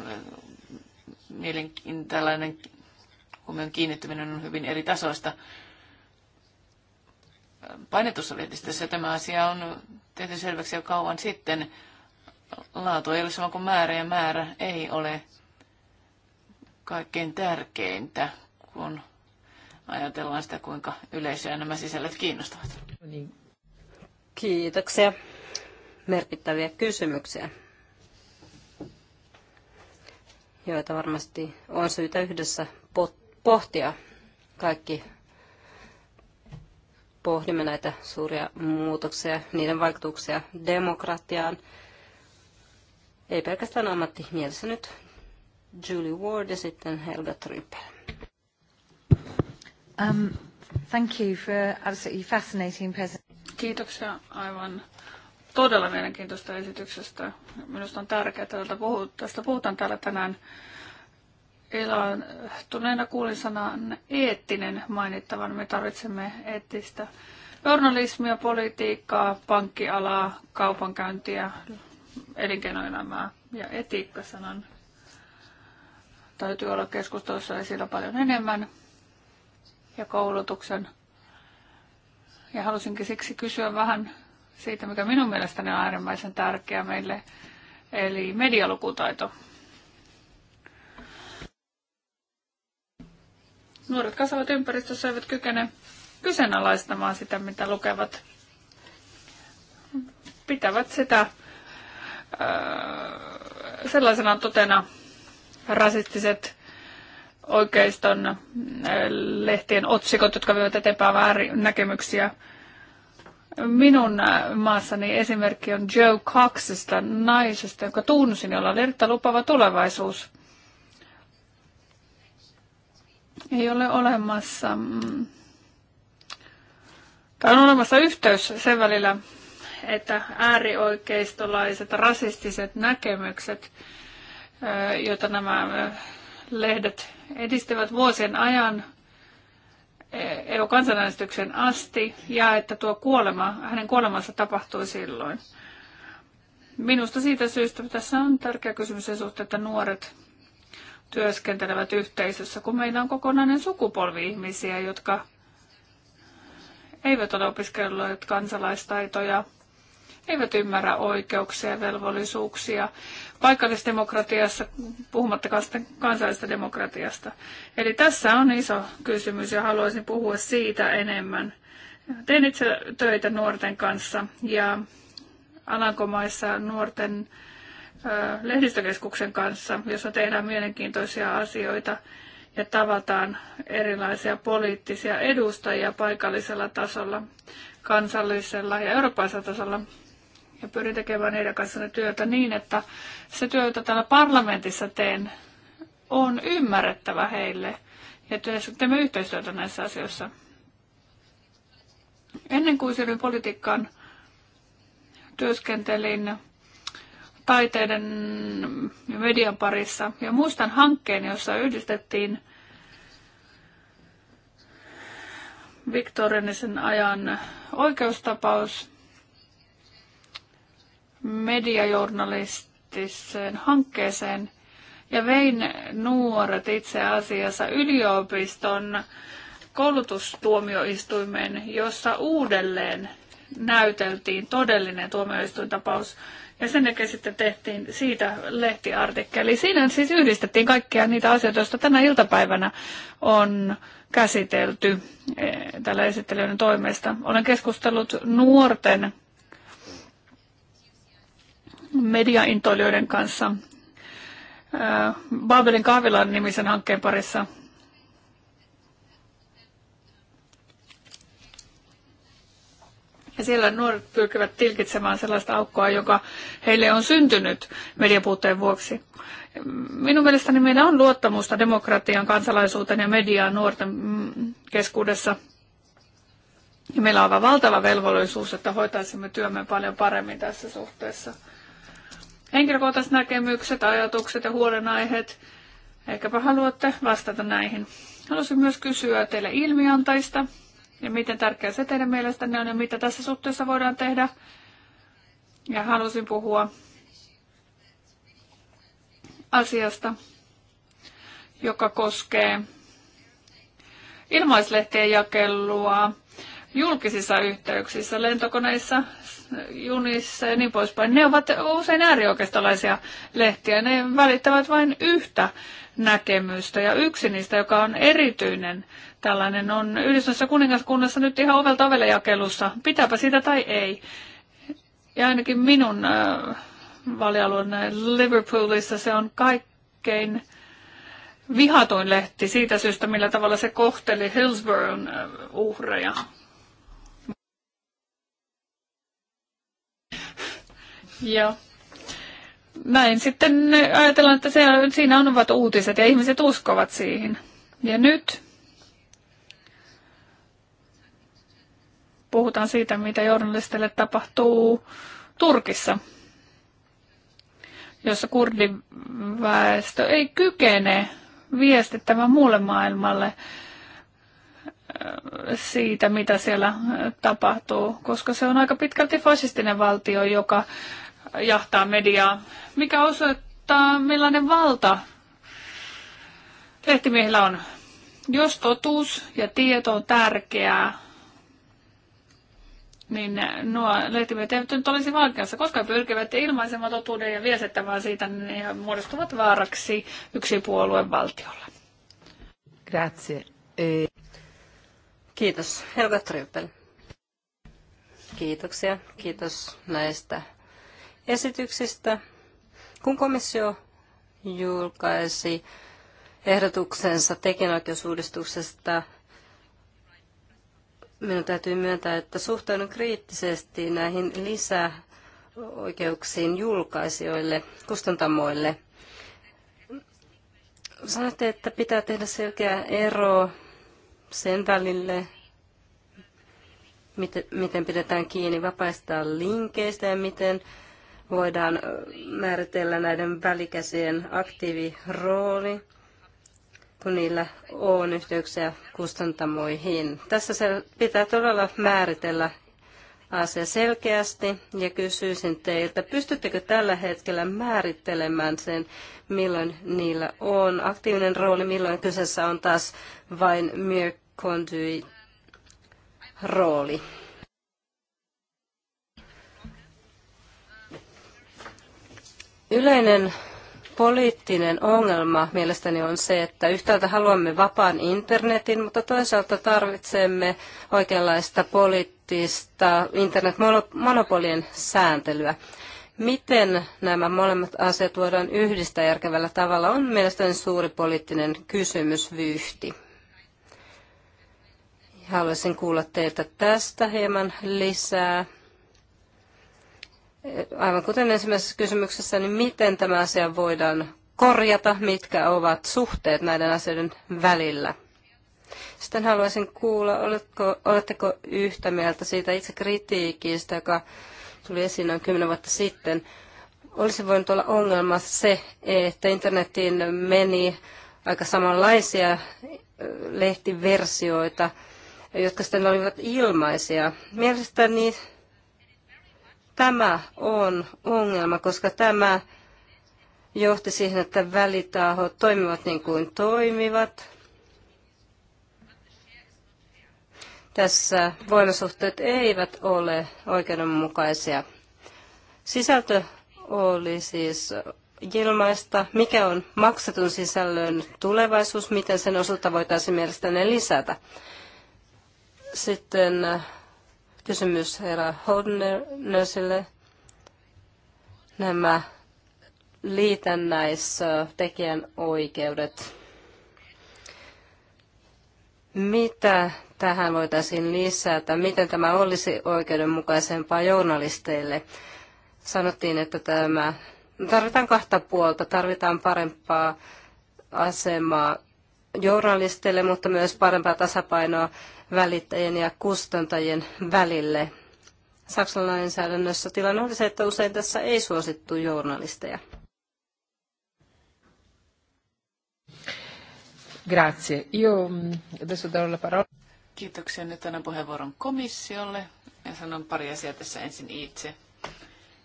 mielenkiin tällainen huomion kiinnittyminen on hyvin eri tasoista. lehdistössä tämä asia on tehty selväksi jo kauan sitten. Laatu ei ole sama kuin määrä ja määrä ei ole kaikkein tärkeintä, kun ajatellaan sitä, kuinka yleisöä nämä sisällöt kiinnostavat. Niin. Kiitoksia. Merkittäviä kysymyksiä, joita varmasti on syytä yhdessä pohtia. Kaikki pohdimme näitä suuria muutoksia, niiden vaikutuksia demokratiaan. Ei pelkästään ammattimielessä nyt Julie Ward ja sitten Helga Trippel. Um, thank you for absolutely fascinating presentation. Kiitoksia aivan todella mielenkiintoista esityksestä. Minusta on tärkeää, että tästä puhutaan täällä tänään. Ilantuneena kuulin sanan eettinen mainittavan. Me tarvitsemme eettistä journalismia, politiikkaa, pankkialaa, kaupankäyntiä, elinkeinoelämää ja etiikkasanan täytyy olla keskustelussa esillä paljon enemmän ja koulutuksen. Ja halusinkin siksi kysyä vähän siitä, mikä minun mielestäni on äärimmäisen tärkeä meille, eli medialukutaito. Nuoret kasvavat ympäristössä eivät kykene kyseenalaistamaan sitä, mitä lukevat. Pitävät sitä öö, sellaisena totena rasistiset oikeiston äh, lehtien otsikot, jotka vievät eteenpäin väärin näkemyksiä. Minun äh, maassani esimerkki on Joe Coxista, naisesta, jonka tunsin, jolla oli erittäin lupava tulevaisuus. Ei ole olemassa, mm, tai on olemassa yhteys sen välillä, että äärioikeistolaiset, rasistiset näkemykset, äh, joita nämä lehdet edistävät vuosien ajan e, EU-kansanäänestyksen asti ja että tuo kuolema, hänen kuolemansa tapahtui silloin. Minusta siitä syystä tässä on tärkeä kysymys sen suhteen, että nuoret työskentelevät yhteisössä, kun meillä on kokonainen sukupolvi ihmisiä, jotka eivät ole opiskelleet kansalaistaitoja, eivät ymmärrä oikeuksia ja velvollisuuksia, paikallisdemokratiassa, puhumattakaan sitten kansallisesta demokratiasta. Eli tässä on iso kysymys ja haluaisin puhua siitä enemmän. Teen itse töitä nuorten kanssa ja Alankomaissa nuorten lehdistökeskuksen kanssa, jossa tehdään mielenkiintoisia asioita ja tavataan erilaisia poliittisia edustajia paikallisella tasolla, kansallisella ja eurooppalaisella tasolla ja pyrin tekemään heidän kanssaan työtä niin, että se työ, jota täällä parlamentissa teen, on ymmärrettävä heille ja teemme yhteistyötä näissä asioissa. Ennen kuin siirryin politiikkaan, työskentelin taiteiden ja median parissa ja muistan hankkeen, jossa yhdistettiin Viktorinisen ajan oikeustapaus mediajournalistiseen hankkeeseen ja vein nuoret itse asiassa yliopiston koulutustuomioistuimeen, jossa uudelleen näyteltiin todellinen tuomioistuintapaus. Ja sen jälkeen sitten tehtiin siitä lehtiartikkeli. Siinä siis yhdistettiin kaikkia niitä asioita, joista tänä iltapäivänä on käsitelty eh, tällä esittelijöiden toimesta. Olen keskustellut nuorten mediaintoilijoiden kanssa äh, Babelin kahvilan nimisen hankkeen parissa. Ja siellä nuoret pyrkivät tilkitsemään sellaista aukkoa, joka heille on syntynyt mediapuutteen vuoksi. Minun mielestäni meillä on luottamusta demokratian, kansalaisuuteen ja mediaan nuorten keskuudessa. Ja meillä on valtava velvollisuus, että hoitaisimme työmme paljon paremmin tässä suhteessa henkilökohtaiset näkemykset, ajatukset ja huolenaiheet. Ehkäpä haluatte vastata näihin. Haluaisin myös kysyä teille ilmiantaista ja miten tärkeää se teidän mielestänne on ja mitä tässä suhteessa voidaan tehdä. Ja halusin puhua asiasta, joka koskee ilmaislehtien jakelua julkisissa yhteyksissä, lentokoneissa, junissa ja niin poispäin. Ne ovat usein äärioikeistolaisia lehtiä. Ne välittävät vain yhtä näkemystä ja yksi niistä, joka on erityinen tällainen, on Yhdistyneessä kuningaskunnassa nyt ihan ovelta ovelle jakelussa, pitääpä sitä tai ei. Ja ainakin minun äh, valialueen Liverpoolissa se on kaikkein vihatoin lehti siitä syystä, millä tavalla se kohteli Hillsboroughn äh, uhreja. Joo. näin sitten ajatellaan, että se, siinä on ovat uutiset ja ihmiset uskovat siihen. Ja nyt puhutaan siitä, mitä journalistille tapahtuu Turkissa, jossa kurdiväestö ei kykene viestittämään muulle maailmalle äh, siitä, mitä siellä tapahtuu, koska se on aika pitkälti fasistinen valtio, joka jahtaa mediaa, mikä osoittaa millainen valta lehtimiehillä on. Jos totuus ja tieto on tärkeää, niin nuo lehtimiehet eivät nyt olisi vaikeassa, koska pyrkivät ilmaisemaan totuuden ja viestettämään siitä, niin he muodostuvat vaaraksi puolueen valtiolle. Grazie. E- Kiitos, Helga Tryppel. Kiitoksia. Kiitos näistä esityksistä. Kun komissio julkaisi ehdotuksensa tekijänoikeusuudistuksesta, minun täytyy myöntää, että suhtaudun kriittisesti näihin lisäoikeuksiin julkaisijoille, kustantamoille. Sanoitte, että pitää tehdä selkeä ero sen välille, miten pidetään kiinni vapaista linkeistä ja miten voidaan määritellä näiden välikäsien aktiivirooli, kun niillä on yhteyksiä kustantamoihin. Tässä se pitää todella määritellä asia selkeästi ja kysyisin teiltä, pystyttekö tällä hetkellä määrittelemään sen, milloin niillä on aktiivinen rooli, milloin kyseessä on taas vain mere rooli. Yleinen poliittinen ongelma mielestäni on se, että yhtäältä haluamme vapaan internetin, mutta toisaalta tarvitsemme oikeanlaista poliittista internetmonopolien sääntelyä. Miten nämä molemmat asiat voidaan yhdistää järkevällä tavalla on mielestäni suuri poliittinen kysymysvyyhti. Haluaisin kuulla teiltä tästä hieman lisää. Aivan kuten ensimmäisessä kysymyksessä, niin miten tämä asia voidaan korjata, mitkä ovat suhteet näiden asioiden välillä. Sitten haluaisin kuulla, oletko, oletteko yhtä mieltä siitä itse kritiikistä, joka tuli esiin noin kymmenen vuotta sitten. Olisi voinut olla ongelma se, että internetiin meni aika samanlaisia lehtiversioita, jotka sitten olivat ilmaisia. Mielestäni Tämä on ongelma, koska tämä johti siihen, että välitahot toimivat niin kuin toimivat. Tässä voimasuhteet eivät ole oikeudenmukaisia. Sisältö oli siis ilmaista, mikä on maksatun sisällön tulevaisuus, miten sen osalta voitaisiin mielestäni lisätä. Sitten Kysymys herra Hodnersille. Nämä liitännäistekijän oikeudet. Mitä tähän voitaisiin lisätä? Miten tämä olisi oikeudenmukaisempaa journalisteille? Sanottiin, että tämä, tarvitaan kahta puolta, tarvitaan parempaa asemaa journalisteille, mutta myös parempaa tasapainoa välittäjien ja kustantajien välille. Saksan lainsäädännössä tilanne oli se, että usein tässä ei suosittu journalisteja. Grazie. Io mm, adesso darò la parola. Kiitoksia. Nyt annan puheenvuoron komissiolle ja sanon pari asiaa tässä ensin itse.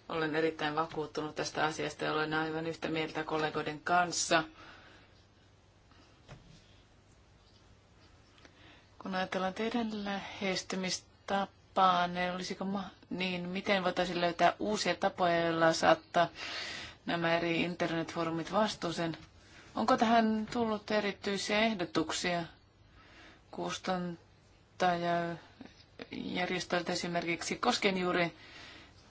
Olen erittäin vakuuttunut tästä asiasta ja olen aivan yhtä mieltä kollegoiden kanssa – Kun ajatellaan teidän lähestymistapaa, niin, olisiko ma- niin miten voitaisiin löytää uusia tapoja, joilla saattaa nämä eri internetfoorumit vastuuseen? Onko tähän tullut erityisiä ehdotuksia kustantajajärjestöiltä esimerkiksi koskien juuri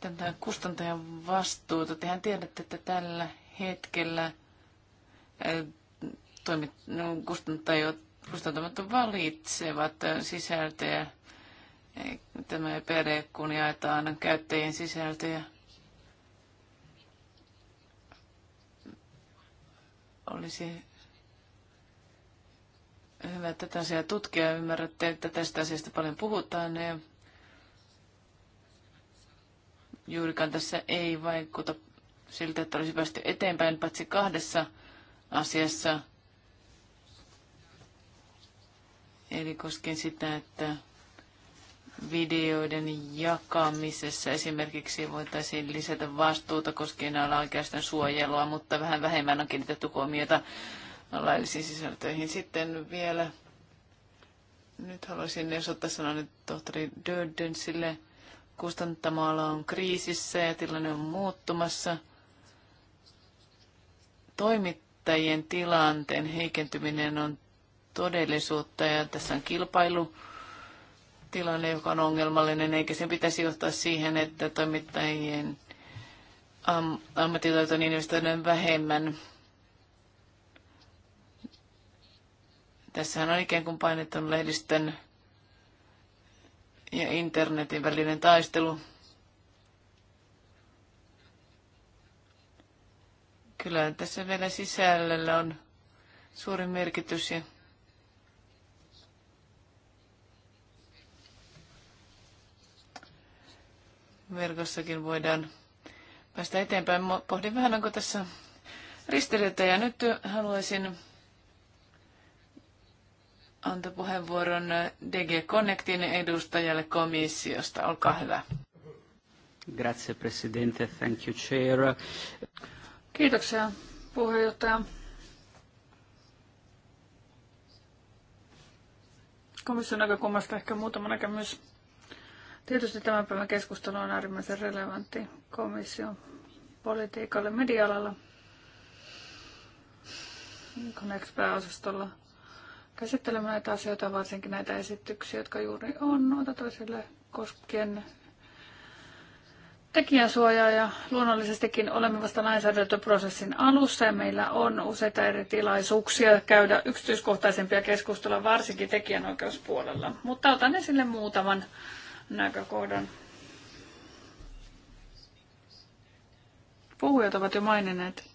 tätä kustantajan vastuuta? Tehän tiedätte, että tällä hetkellä toimit, no, kustantajat Rustotamat valitsevat äh, sisältöjä. Eh, tämä e PD kun jaetaan käyttäjien sisältöjä. Olisi hyvä tätä asiaa tutkia. Ymmärrätte, että tästä asiasta paljon puhutaan. Ja juurikaan tässä ei vaikuta siltä, että olisi päästy eteenpäin, paitsi kahdessa asiassa – Eli koskien sitä, että videoiden jakamisessa esimerkiksi voitaisiin lisätä vastuuta koskien alaikäisten suojelua, mutta vähän vähemmän on kiinnitetty huomiota laillisiin sisältöihin. Sitten vielä, nyt haluaisin ottaa sanoa nyt tohtori Dördensille, kustantamaala on kriisissä ja tilanne on muuttumassa. Toimittajien tilanteen heikentyminen on todellisuutta ja tässä on kilpailu tilanne, joka on ongelmallinen, eikä sen pitäisi johtaa siihen, että toimittajien am- on investoinut vähemmän. Tässähän on ikään kuin painetun lehdistön ja internetin välinen taistelu. Kyllä tässä vielä sisällöllä on suuri merkitys ja verkossakin voidaan päästä eteenpäin. Pohdin vähän, onko tässä ristiriita. Ja nyt haluaisin antaa puheenvuoron DG Connectin edustajalle komissiosta. Olkaa hyvä. Grazie Presidente, thank you Chair. Kiitoksia puheenjohtaja. Komission näkökulmasta ehkä muutama näkemys Tietysti tämän päivän keskustelu on äärimmäisen relevantti komission politiikalle medialalla. Connect-pääosastolla käsittelemme näitä asioita, varsinkin näitä esityksiä, jotka juuri on toisille koskien tekijänsuojaa ja luonnollisestikin olemme vasta lainsäädäntöprosessin alussa ja meillä on useita eri tilaisuuksia käydä yksityiskohtaisempia keskusteluja varsinkin tekijänoikeuspuolella. Mutta otan esille muutaman näkökohdan. Puhujat ovat jo maininneet,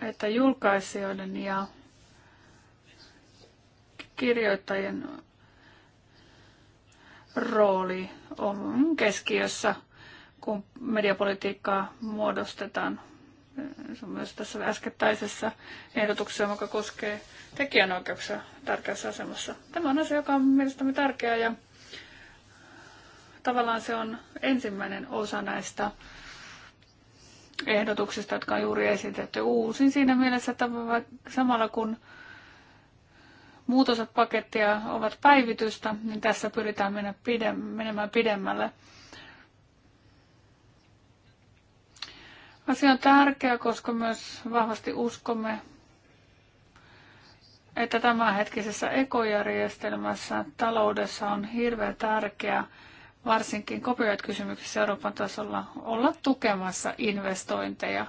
että julkaisijoiden ja kirjoittajien rooli on keskiössä, kun mediapolitiikkaa muodostetaan se on myös tässä äskettäisessä ehdotuksessa, joka koskee tekijänoikeuksia tärkeässä asemassa. Tämä on asia, joka on mielestäni tärkeä ja tavallaan se on ensimmäinen osa näistä ehdotuksista, jotka on juuri esitetty uusin siinä mielessä, että samalla kun muutosat pakettia ovat päivitystä, niin tässä pyritään mennä pidem- menemään pidemmälle Asia on tärkeä, koska myös vahvasti uskomme, että tämänhetkisessä ekojärjestelmässä taloudessa on hirveän tärkeää, varsinkin copyright-kysymyksissä Euroopan tasolla, olla tukemassa investointeja,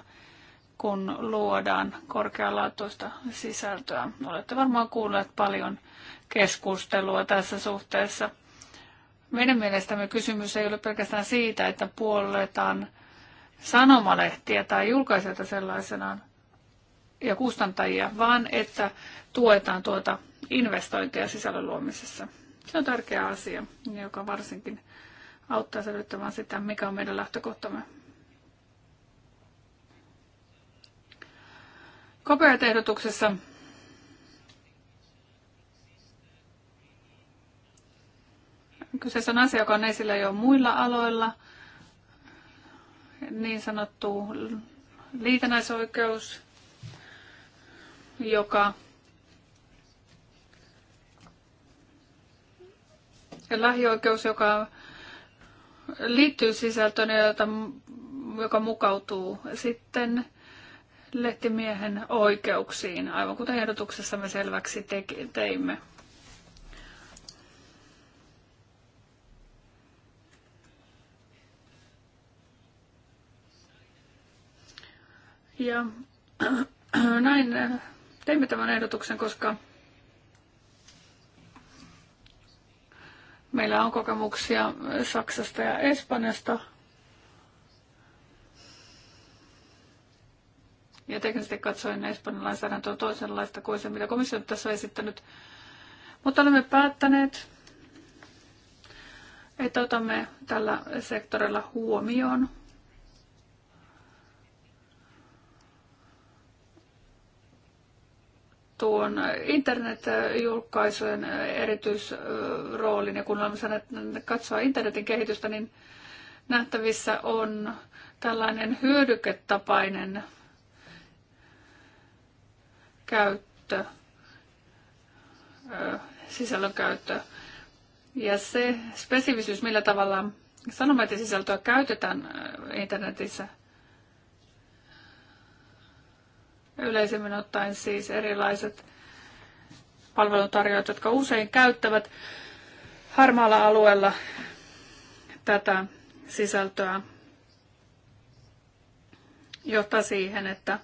kun luodaan korkealaatuista sisältöä. Olette varmaan kuulleet paljon keskustelua tässä suhteessa. Meidän mielestämme kysymys ei ole pelkästään siitä, että puolletaan sanomalehtiä tai julkaisijoita sellaisenaan ja kustantajia, vaan että tuetaan tuota investointia sisällön luomisessa. Se on tärkeä asia, joka varsinkin auttaa selvittämään sitä, mikä on meidän lähtökohtamme. Copyright-ehdotuksessa kyseessä on asia, joka on esillä jo muilla aloilla – niin sanottu liitännäisoikeus, joka lähioikeus, joka liittyy sisältöön ja joka mukautuu sitten lehtimiehen oikeuksiin, aivan kuten ehdotuksessa me selväksi teimme. Ja näin äh, teimme tämän ehdotuksen, koska meillä on kokemuksia Saksasta ja Espanjasta. Ja teknisesti katsoen Espanjan lainsäädäntö on toisenlaista kuin se, mitä komissio tässä on esittänyt. Mutta olemme päättäneet, että otamme tällä sektorilla huomioon tuon internetjulkaisujen erityisroolin ja kun olemme saaneet katsoa internetin kehitystä, niin nähtävissä on tällainen hyödyketapainen käyttö, sisällön käyttö. Ja se spesifisyys, millä tavalla sanomatisisältöä käytetään internetissä – Yleisemmin ottaen siis erilaiset palveluntarjoajat, jotka usein käyttävät harmaalla alueella tätä sisältöä, johtaa siihen, että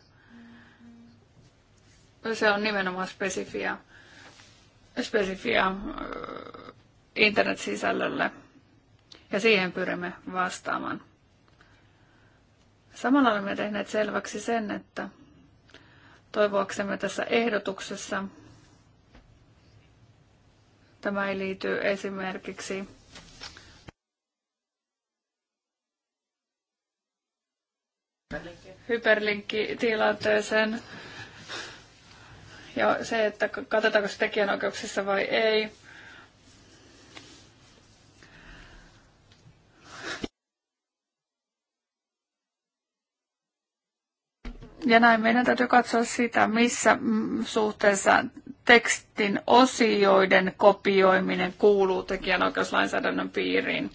se on nimenomaan spesifiä, spesifiä internetsisällölle ja siihen pyrimme vastaamaan. Samalla olemme tehneet selväksi sen, että toivoaksemme tässä ehdotuksessa. Tämä ei liity esimerkiksi hyperlinkkitilanteeseen ja se, että katsotaanko se tekijänoikeuksissa vai ei. Ja näin meidän täytyy katsoa sitä, missä mm, suhteessa tekstin osioiden kopioiminen kuuluu tekijänoikeuslainsäädännön piiriin.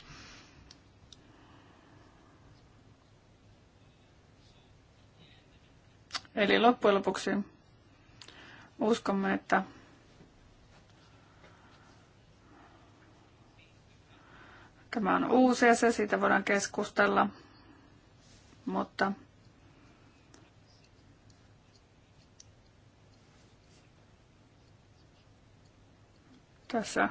Eli loppujen lopuksi uskomme, että tämä on uusi ja se siitä voidaan keskustella, mutta Tässä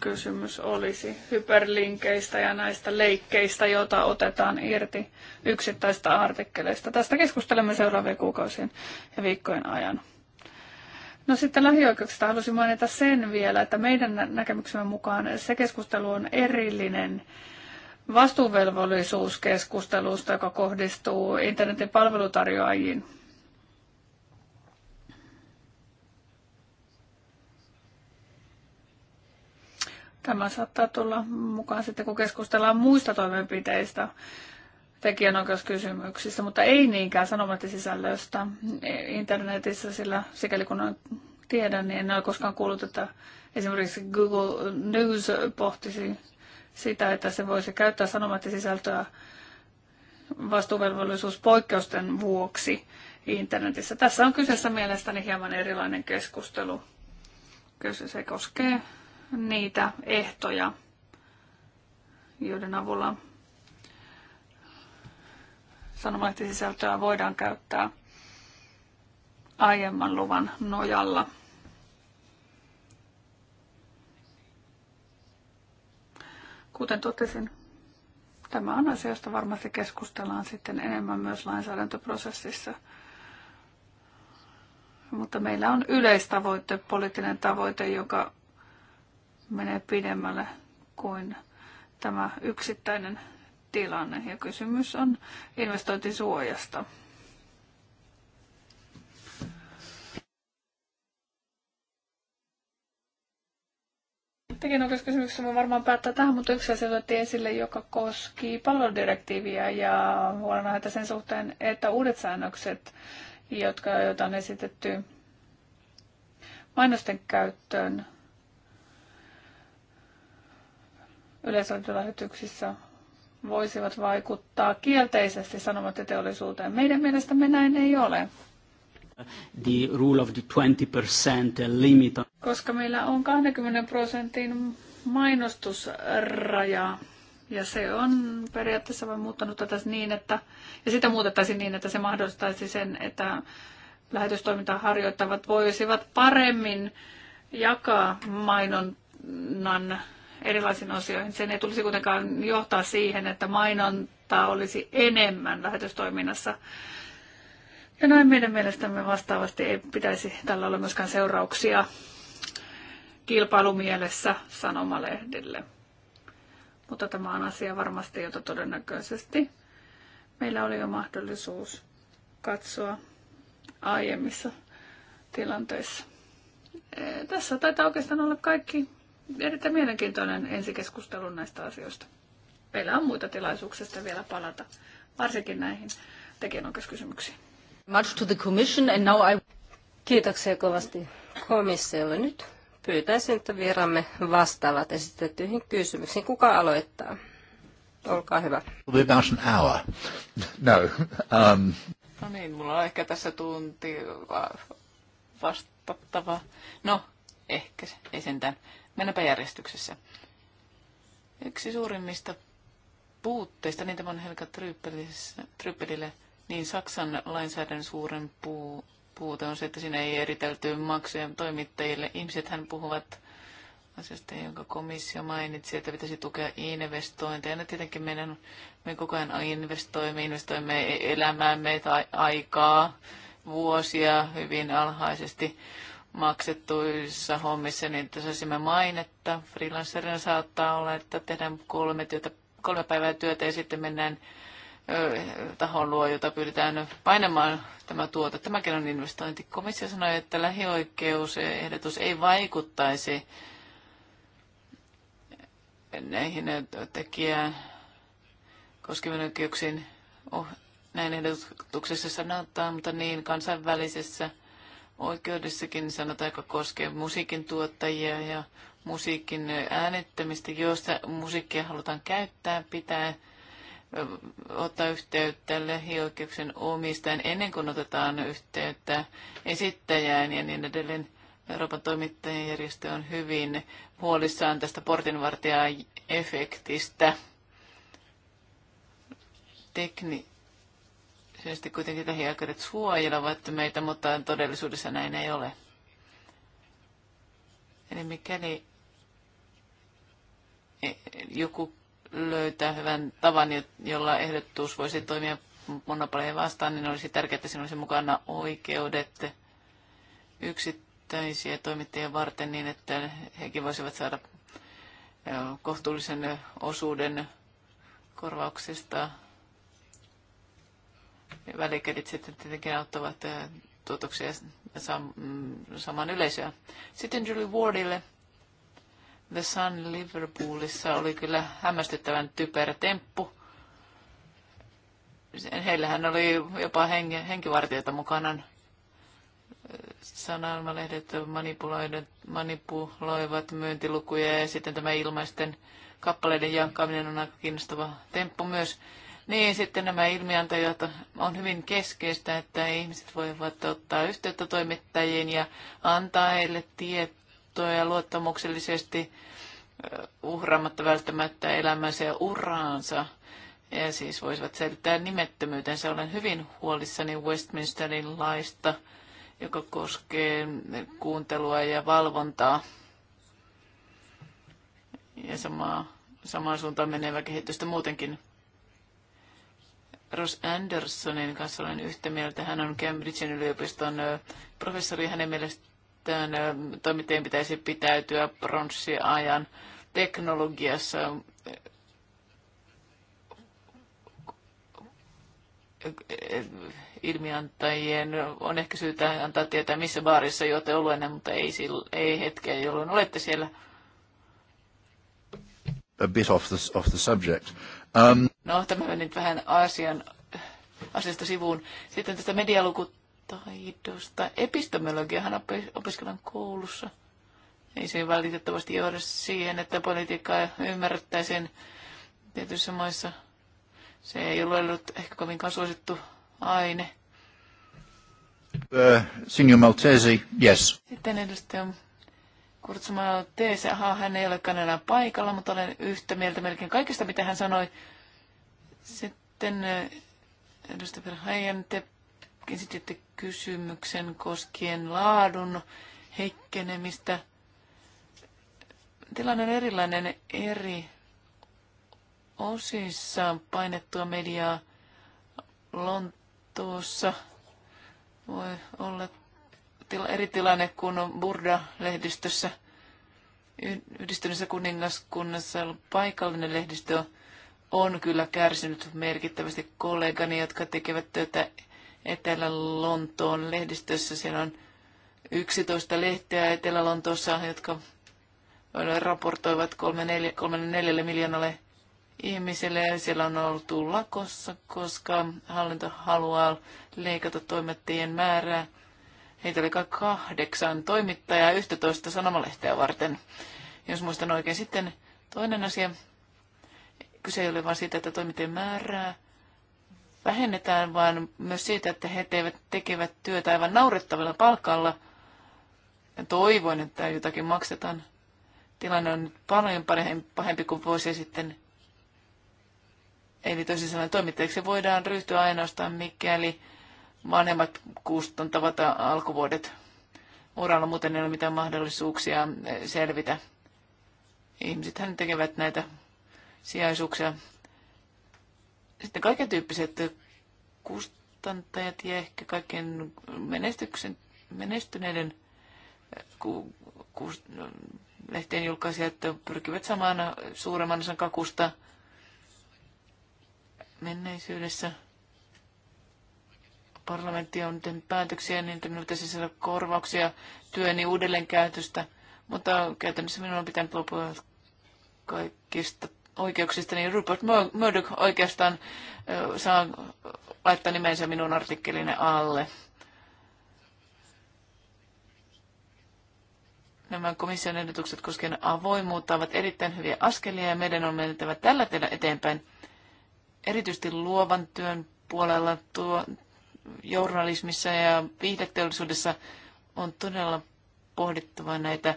kysymys olisi hyperlinkeistä ja näistä leikkeistä, joita otetaan irti yksittäistä artikkeleista. Tästä keskustelemme seuraavien kuukausien ja viikkojen ajan. No sitten lähioikeuksista halusin mainita sen vielä, että meidän näkemyksemme mukaan se keskustelu on erillinen vastuuvelvollisuuskeskustelusta, joka kohdistuu internetin palvelutarjoajiin Tämä saattaa tulla mukaan sitten, kun keskustellaan muista toimenpiteistä, tekijänoikeuskysymyksissä, mutta ei niinkään sanomattisisällöstä internetissä, sillä sikäli kun on tiedän, niin en ole koskaan kuullut, että esimerkiksi Google News pohtisi sitä, että se voisi käyttää sanomattisisältöä vastuuvelvollisuuspoikkeusten vuoksi internetissä. Tässä on kyseessä mielestäni hieman erilainen keskustelu. Kyllä se koskee niitä ehtoja, joiden avulla sanomalehtisisältöä voidaan käyttää aiemman luvan nojalla. Kuten totesin, tämä on asia, josta varmasti keskustellaan sitten enemmän myös lainsäädäntöprosessissa. Mutta meillä on yleistavoite, poliittinen tavoite, joka menee pidemmälle kuin tämä yksittäinen tilanne ja kysymys on investointisuojasta. kysymyksessä, mä varmaan päättää tähän, mutta yksi asia otettiin esille, joka koski palveludirektiiviä ja huolenaiheita sen suhteen, että uudet säännökset, jotka, joita on esitetty mainosten käyttöön, yleisradiolähetyksissä voisivat vaikuttaa kielteisesti sanomateteollisuuteen. Meidän mielestämme näin ei ole. The rule of the 20% limit. Koska meillä on 20 prosentin mainostusraja. Ja se on periaatteessa vain muuttanut tätä niin, että, ja sitä muutettaisiin niin, että se mahdollistaisi sen, että lähetystoimintaa harjoittavat voisivat paremmin jakaa mainonnan erilaisiin osioihin. Sen ei tulisi kuitenkaan johtaa siihen, että mainontaa olisi enemmän lähetystoiminnassa. Ja näin meidän mielestämme vastaavasti ei pitäisi tällä olla myöskään seurauksia kilpailumielessä sanomalehdille. Mutta tämä on asia varmasti, jota todennäköisesti meillä oli jo mahdollisuus katsoa aiemmissa tilanteissa. Tässä taitaa oikeastaan olla kaikki erittäin mielenkiintoinen ensikeskustelu näistä asioista. Meillä on muita tilaisuuksia vielä palata, varsinkin näihin tekijänoikeuskysymyksiin. Much to the commission and now I... Kiitoksia kovasti komissiolle. Nyt pyytäisin, että vieramme vastaavat esitettyihin kysymyksiin. Kuka aloittaa? Olkaa hyvä. We'll about an hour. No. Um... No niin, mulla on ehkä tässä tunti vastattava. No, ehkä se, ei sentään. Mennäpä järjestyksessä. Yksi suurimmista puutteista, niin tämä on Helga Tryppelille, niin Saksan lainsäädännön suuren puu, puute on se, että siinä ei eritelty maksujen toimittajille. Ihmiset hän puhuvat asiasta, jonka komissio mainitsi, että pitäisi tukea investointeja. Ja tietenkin meidän, me koko ajan investoimme, investoimme elämäämme tai aikaa, vuosia hyvin alhaisesti maksettuissa hommissa, niin että mainetta. Freelancerina saattaa olla, että tehdään kolme, työtä, kolme päivää työtä ja sitten mennään tahon luo, jota pyritään painamaan tämä tuote. Tämäkin on investointi. Komissio sanoi, että lähioikeusehdotus ei vaikuttaisi näihin tekijään, koskevien oikeuksiin. Oh, näin ehdotuksessa sanotaan, mutta niin kansainvälisessä – oikeudessakin sanotaan, joka koskee musiikin tuottajia ja musiikin äänettämistä. joista musiikkia halutaan käyttää, pitää ottaa yhteyttä lähioikeuksien omistajan ennen kuin otetaan yhteyttä esittäjään ja niin edelleen. Euroopan toimittajien järjestö on hyvin huolissaan tästä portinvartija-efektistä. Tekni- Tietysti kuitenkin lähiaikeudet suojelevat meitä, mutta todellisuudessa näin ei ole. Eli mikäli joku löytää hyvän tavan, jolla ehdotus voisi toimia monopoleja vastaan, niin olisi tärkeää, että siinä olisi mukana oikeudet yksittäisiä toimittajia varten niin, että hekin voisivat saada kohtuullisen osuuden korvauksesta välikädit sitten tietenkin auttavat äh, tuotoksia saman mm, yleisöä. Sitten Julie Wardille. The Sun Liverpoolissa oli kyllä hämmästyttävän typerä temppu. Heillähän oli jopa henki, henkivartijoita mukana. Äh, Sanalmalehdet manipuloivat myyntilukuja ja sitten tämä ilmaisten kappaleiden jakaminen on aika kiinnostava temppu myös. Niin, sitten nämä ilmiantajat on hyvin keskeistä, että ihmiset voivat ottaa yhteyttä toimittajiin ja antaa heille tietoja luottamuksellisesti uhraamatta välttämättä elämänsä ja uraansa. Ja siis voisivat selittää nimettömyytensä. Olen hyvin huolissani Westminsterin laista, joka koskee kuuntelua ja valvontaa. Ja samaa, samaan suuntaan menevä kehitystä muutenkin. Ross Andersonin kanssa olen yhtä mieltä. Hän on Cambridgein yliopiston professori. Hänen mielestään toimittajien pitäisi pitäytyä pronssiajan teknologiassa ilmiantajien on ehkä syytä antaa tietää, missä baarissa juotte oluenne, mutta ei, sillä, ei hetkeä, jolloin olette siellä. A bit off the, off the subject. Um. No, tämä meni vähän asian, asiasta sivuun. Sitten tästä medialukutaidosta. Epistemologiahan opiskellaan koulussa. Ei se valitettavasti johda siihen, että politiikkaa ymmärrettäisiin tietyissä maissa. Se ei ole ollut ehkä kovin suosittu aine. Uh, Signor Maltesi, yes. Sitten edustaja teesi, aha, Hän ei olekaan enää paikalla, mutta olen yhtä mieltä melkein kaikesta, mitä hän sanoi. Sitten edustaja Verhaajan, te esititte kysymyksen koskien laadun heikkenemistä. Tilanne on erilainen eri osissa painettua mediaa Lontoossa. Voi olla eri tilanne kuin on Burda-lehdistössä. Yhdistyneessä kuningaskunnassa paikallinen lehdistö on kyllä kärsinyt merkittävästi kollegani, jotka tekevät työtä Etelä-Lontoon lehdistössä. Siellä on 11 lehteä Etelä-Lontoossa, jotka raportoivat 3-4 miljoonalle ihmiselle. siellä on ollut lakossa, koska hallinto haluaa leikata toimittajien määrää. Niitä oli kahdeksan toimittajaa 11 sanomalehteä varten, jos muistan oikein. Sitten toinen asia, kyse ei ole vain siitä, että toimittajien määrää vähennetään, vaan myös siitä, että he teivät, tekevät työtä aivan naurettavilla palkalla. Ja toivoin, että jotakin maksetaan. Tilanne on nyt paljon pahempi kuin vuosia sitten. Eli toisin sanoen toimittajaksi voidaan ryhtyä ainoastaan, mikäli vanhemmat kustantavat alkuvuodet. Uralla muuten ei ole mitään mahdollisuuksia eh, selvitä. Ihmisethän tekevät näitä sijaisuuksia. Sitten kaiken tyyppiset kustantajat ja ehkä kaiken menestyksen, menestyneiden eh, ku, ku, lehtien julkaisijat pyrkivät samaan suuremman osan kakusta menneisyydessä – parlamentti on tehnyt päätöksiä, niin että minulta pitäisi saada korvauksia työni uudelleenkäytöstä. Mutta käytännössä minun on pitänyt lopua kaikista oikeuksista, niin Rupert Murdoch oikeastaan saa laittaa nimensä minun artikkelinen alle. Nämä komission ehdotukset koskien avoimuutta ovat erittäin hyviä askelia ja meidän on mennettävä tällä tehdä eteenpäin. Erityisesti luovan työn puolella tuo, journalismissa ja viihdeteollisuudessa on todella pohdittava näitä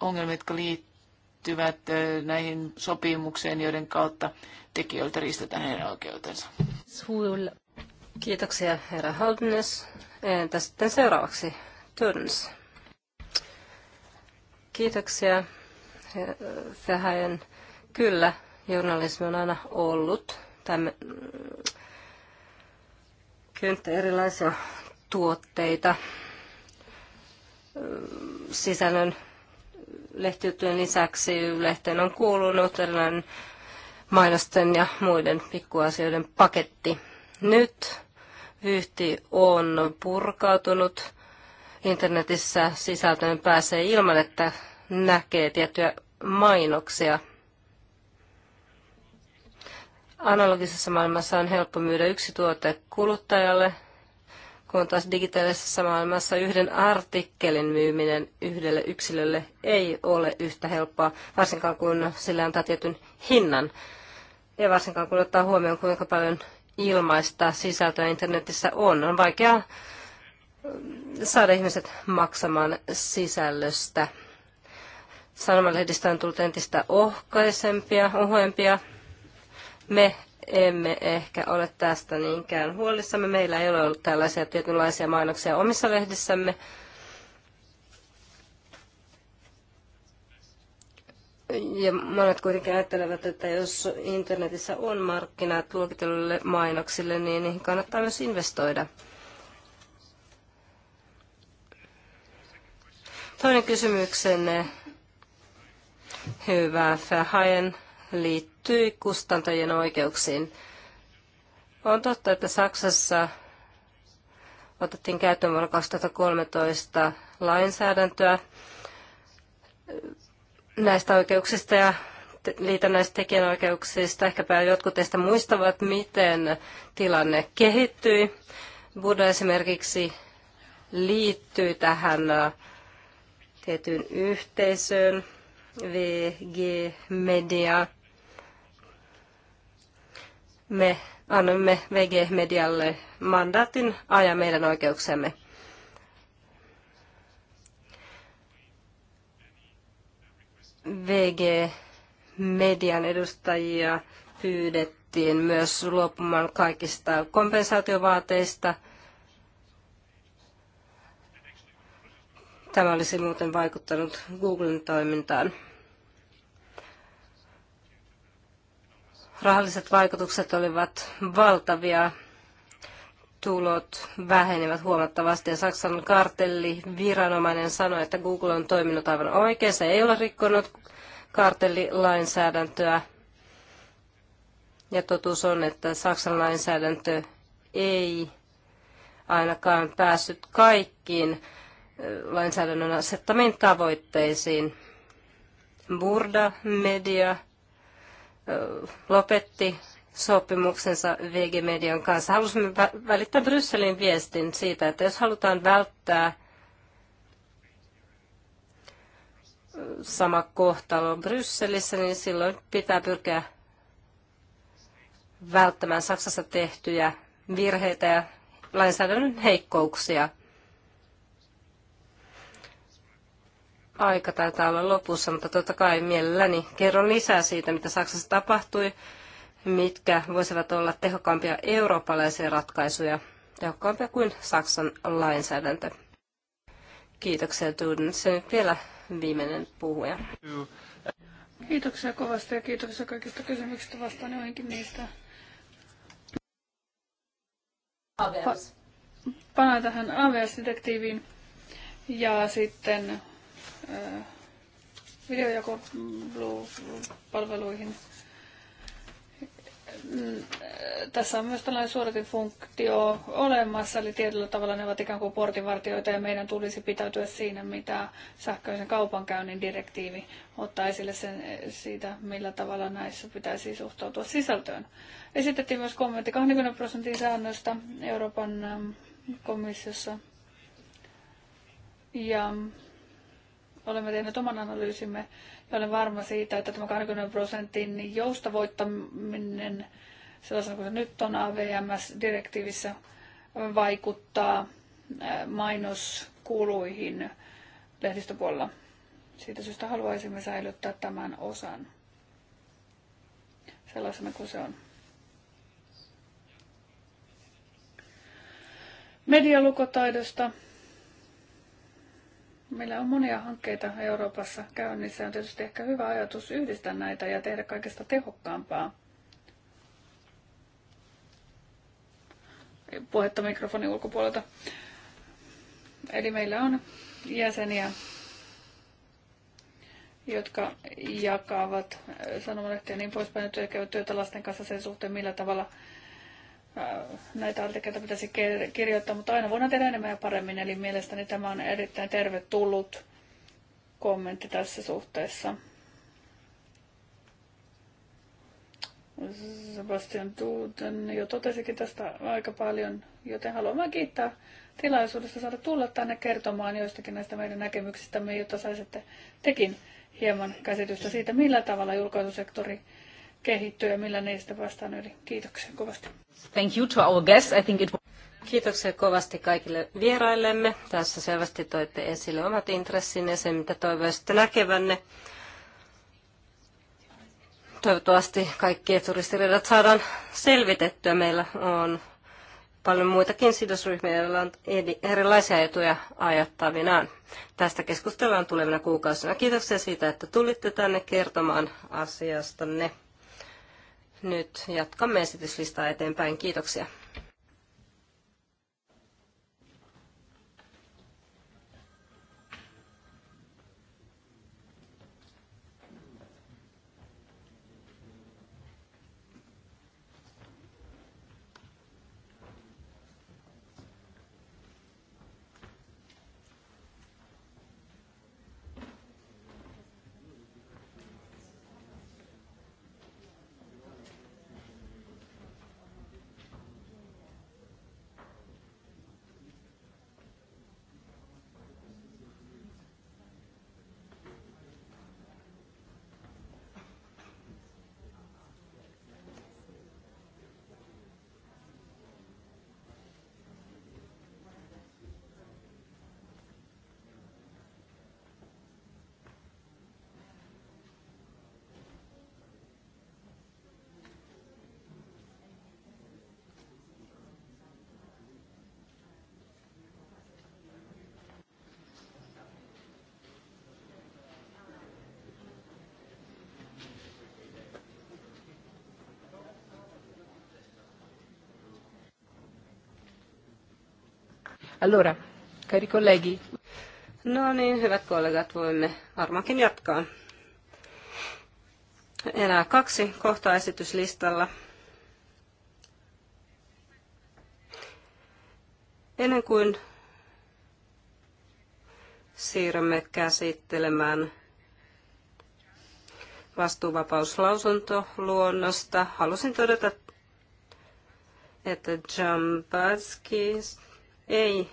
ongelmia, jotka liittyvät näihin sopimukseen, joiden kautta tekijöiltä riistetään heidän oikeutensa. Kiitoksia herra Haldnes. Entä sitten seuraavaksi Turns? Kiitoksia vähän. Kyllä, journalismi on aina ollut tämän, kenttä erilaisia tuotteita sisällön lehtijutujen lisäksi lehteen on kuulunut erilainen mainosten ja muiden pikkuasioiden paketti. Nyt yhti on purkautunut. Internetissä sisältöön pääsee ilman, että näkee tiettyjä mainoksia – Analogisessa maailmassa on helppo myydä yksi tuote kuluttajalle, kun taas digitaalisessa maailmassa yhden artikkelin myyminen yhdelle yksilölle ei ole yhtä helppoa, varsinkaan kun sillä antaa tietyn hinnan. Ja varsinkaan kun ottaa huomioon, kuinka paljon ilmaista sisältöä internetissä on. On vaikea mm, saada ihmiset maksamaan sisällöstä. Sanomalehdistä on tullut entistä ohkaisempia, ohuempia me emme ehkä ole tästä niinkään huolissamme. Meillä ei ole ollut tällaisia tietynlaisia mainoksia omissa lehdissämme. Ja monet kuitenkin ajattelevat, että jos internetissä on markkinat luokitelluille mainoksille, niin niihin kannattaa myös investoida. Toinen kysymyksenne, hyvä Verhaen, liittyy liittyy kustantajien oikeuksiin. On totta, että Saksassa otettiin käyttöön vuonna 2013 lainsäädäntöä näistä oikeuksista ja tekijänoikeuksista. Ehkäpä jotkut teistä muistavat, miten tilanne kehittyi. Buddha esimerkiksi liittyy tähän äh, tietyn yhteisöön, VG Media – me annamme VG-medialle mandaatin ajaa meidän oikeuksemme. VG-median edustajia pyydettiin myös luopumaan kaikista kompensaatiovaateista. Tämä olisi muuten vaikuttanut Googlen toimintaan. Rahalliset vaikutukset olivat valtavia. Tulot vähenivät huomattavasti ja Saksan viranomainen sanoi, että Google on toiminut aivan oikein. Se ei ole rikkonut kartellilainsäädäntöä. Ja totuus on, että Saksan lainsäädäntö ei ainakaan päässyt kaikkiin lainsäädännön asettamiin tavoitteisiin. Burda Media lopetti sopimuksensa VG-median kanssa. Halusimme välittää Brysselin viestin siitä, että jos halutaan välttää sama kohtalo Brysselissä, niin silloin pitää pyrkiä välttämään Saksassa tehtyjä virheitä ja lainsäädännön heikkouksia – aika taitaa olla lopussa, mutta totta kai mielelläni kerron lisää siitä, mitä Saksassa tapahtui, mitkä voisivat olla tehokkaampia eurooppalaisia ratkaisuja, tehokkaampia kuin Saksan lainsäädäntö. Kiitoksia, Tuuden. Se vielä viimeinen puhuja. Kiitoksia kovasti ja kiitoksia kaikista kysymyksistä. Vastaan joihinkin niistä. Pa- palaan tähän AVS-detektiiviin ja sitten Äh, videojakopalveluihin. Mm, palveluihin mm, äh, Tässä on myös tällainen suoratinfunktio olemassa, eli tietyllä tavalla ne ovat ikään kuin portinvartioita ja meidän tulisi pitäytyä siinä, mitä sähköisen kaupankäynnin direktiivi ottaa esille sen, eh, siitä, millä tavalla näissä pitäisi suhtautua sisältöön. Esitettiin myös kommentti 20 prosentin säännöstä Euroopan komissiossa. Ja olemme tehneet oman analyysimme ja olen varma siitä, että tämä 20 prosentin joustavoittaminen sellaisena kuin se nyt on AVMS-direktiivissä vaikuttaa mainoskuluihin lehdistöpuolella. Siitä syystä haluaisimme säilyttää tämän osan sellaisena kuin se on. Medialukotaidosta Meillä on monia hankkeita Euroopassa käynnissä. On tietysti ehkä hyvä ajatus yhdistää näitä ja tehdä kaikesta tehokkaampaa. Puhetta mikrofonin ulkopuolelta. Eli meillä on jäseniä, jotka jakavat sanomalehtiä ja niin poispäin, että tekevät työtä lasten kanssa sen suhteen, millä tavalla Äh, näitä artikkeleita pitäisi kirjoittaa, mutta aina voidaan tehdä enemmän ja paremmin, eli mielestäni tämä on erittäin tervetullut kommentti tässä suhteessa. Sebastian Tuuten jo totesikin tästä aika paljon, joten haluamme kiittää tilaisuudesta saada tulla tänne kertomaan joistakin näistä meidän näkemyksistämme, jotta saisitte tekin hieman käsitystä siitä, millä tavalla julkaisusektori kehittyy ja millä niistä vastaan yli. Kiitoksia kovasti. Thank you to our guests. I think it... Kiitoksia kovasti kaikille vieraillemme. Tässä selvästi toitte esille omat intressinne ja sen, mitä toivoisitte näkevänne. Toivottavasti kaikki turistiriidat saadaan selvitettyä. Meillä on paljon muitakin sidosryhmiä, joilla on erilaisia etuja ajattavinaan. Tästä keskustellaan tulevina kuukausina. Kiitoksia siitä, että tulitte tänne kertomaan asiastanne nyt jatkamme esityslistaa eteenpäin. Kiitoksia. Allora, cari colleghi. No niin, hyvät kollegat, voimme varmaankin jatkaa. Enää kaksi kohtaa esityslistalla. Ennen kuin siirrymme käsittelemään vastuuvapauslausuntoluonnosta, halusin todeta, että John Jambatskis ei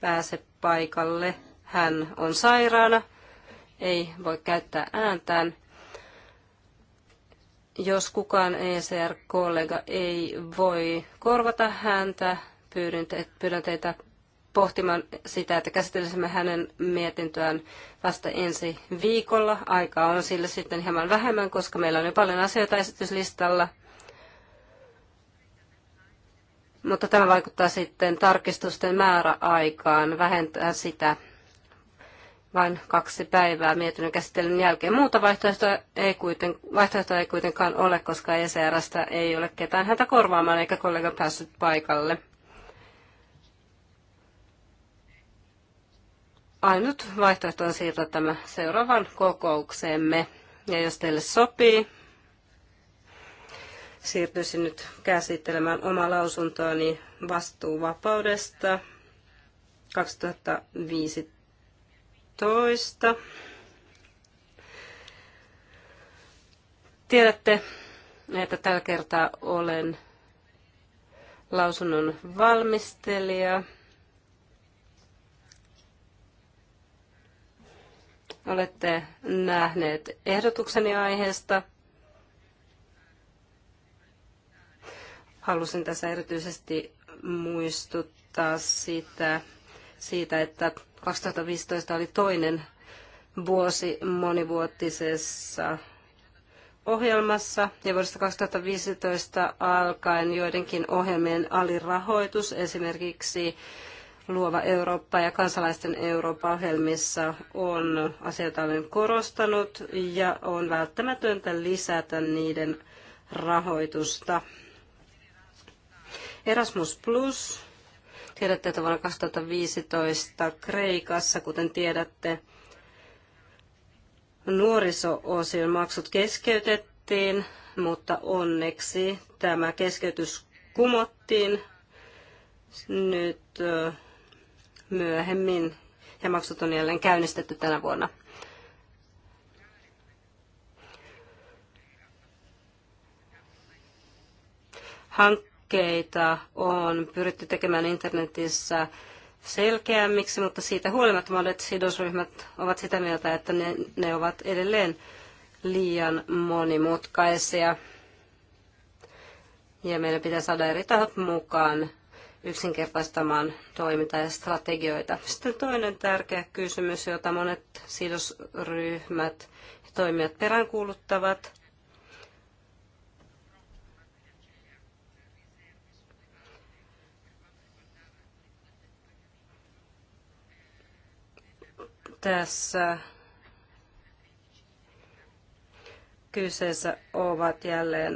pääse paikalle. Hän on sairaana, ei voi käyttää ääntään. Jos kukaan ECR-kollega ei voi korvata häntä, pyydän teitä pohtimaan sitä, että käsittelisimme hänen mietintöään vasta ensi viikolla. Aikaa on sille sitten hieman vähemmän, koska meillä on jo paljon asioita esityslistalla – mutta tämä vaikuttaa sitten tarkistusten määräaikaan, vähentää sitä vain kaksi päivää mietinnön käsittelyn jälkeen. Muuta vaihtoehtoa ei, kuiten, vaihtoehtoa ei kuitenkaan ole, koska ECRstä ei ole ketään häntä korvaamaan eikä kollega päässyt paikalle. Ainut vaihtoehto on siirtää tämä seuraavan kokoukseemme. Ja jos teille sopii, Siirtyisin nyt käsittelemään omaa lausuntoani vastuuvapaudesta 2015. Tiedätte, että tällä kertaa olen lausunnon valmistelija. Olette nähneet ehdotukseni aiheesta – Halusin tässä erityisesti muistuttaa siitä, siitä, että 2015 oli toinen vuosi monivuotisessa ohjelmassa ja vuodesta 2015 alkaen joidenkin ohjelmien alirahoitus, esimerkiksi Luova Eurooppa ja kansalaisten Eurooppa-ohjelmissa on asioita olen korostanut ja on välttämätöntä lisätä niiden rahoitusta. Erasmus Plus. Tiedätte, että vuonna 2015 Kreikassa, kuten tiedätte, nuoriso-osion maksut keskeytettiin, mutta onneksi tämä keskeytys kumottiin nyt myöhemmin ja maksut on jälleen käynnistetty tänä vuonna. Hank- hankkeita on pyritty tekemään internetissä selkeämmiksi, mutta siitä huolimatta monet sidosryhmät ovat sitä mieltä, että ne, ne ovat edelleen liian monimutkaisia. Ja meidän pitää saada eri tahot mukaan yksinkertaistamaan toimintaa ja strategioita. Sitten toinen tärkeä kysymys, jota monet sidosryhmät ja toimijat peräänkuuluttavat, Tässä kyseessä ovat jälleen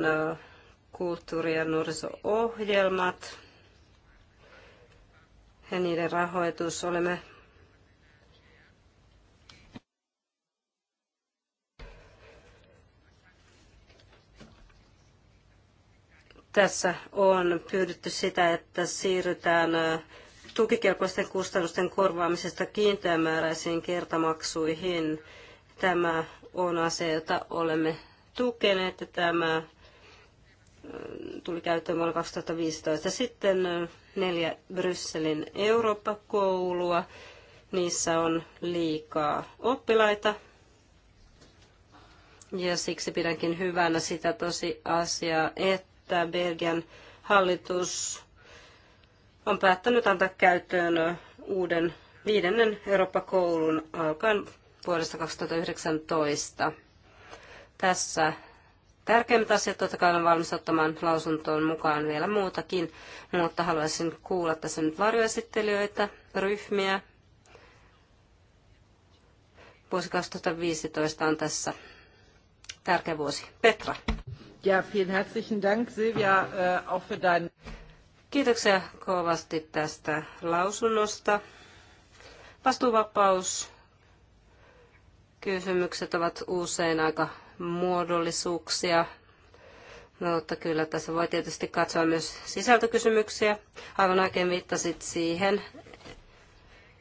kulttuuri- ja nuoriso-ohjelmat ja niiden rahoitus. Olemme Tässä on pyydetty sitä, että siirrytään tukikelpoisten kustannusten korvaamisesta kiinteämääräisiin kertamaksuihin. Tämä on asia, jota olemme tukeneet ja tämä äh, tuli käyttöön vuonna 2015. Sitten äh, neljä Brysselin Eurooppa-koulua. Niissä on liikaa oppilaita. Ja siksi pidänkin hyvänä sitä tosi asiaa, että Belgian hallitus on päättänyt antaa käyttöön uuden viidennen Eurooppa-koulun alkaen vuodesta 2019. Tässä tärkeimmät asiat totta kai olen valmis ottamaan lausuntoon mukaan vielä muutakin, mutta haluaisin kuulla tässä nyt varjoesittelijöitä, ryhmiä. Vuosi 2015 on tässä tärkeä vuosi. Petra. Ja, vielen herzlichen Dank Silvia, äh, auch für dein... Kiitoksia kovasti tästä lausunnosta. Vastuuvapaus kysymykset ovat usein aika muodollisuuksia, no, mutta kyllä tässä voi tietysti katsoa myös sisältökysymyksiä. Aivan oikein viittasit siihen,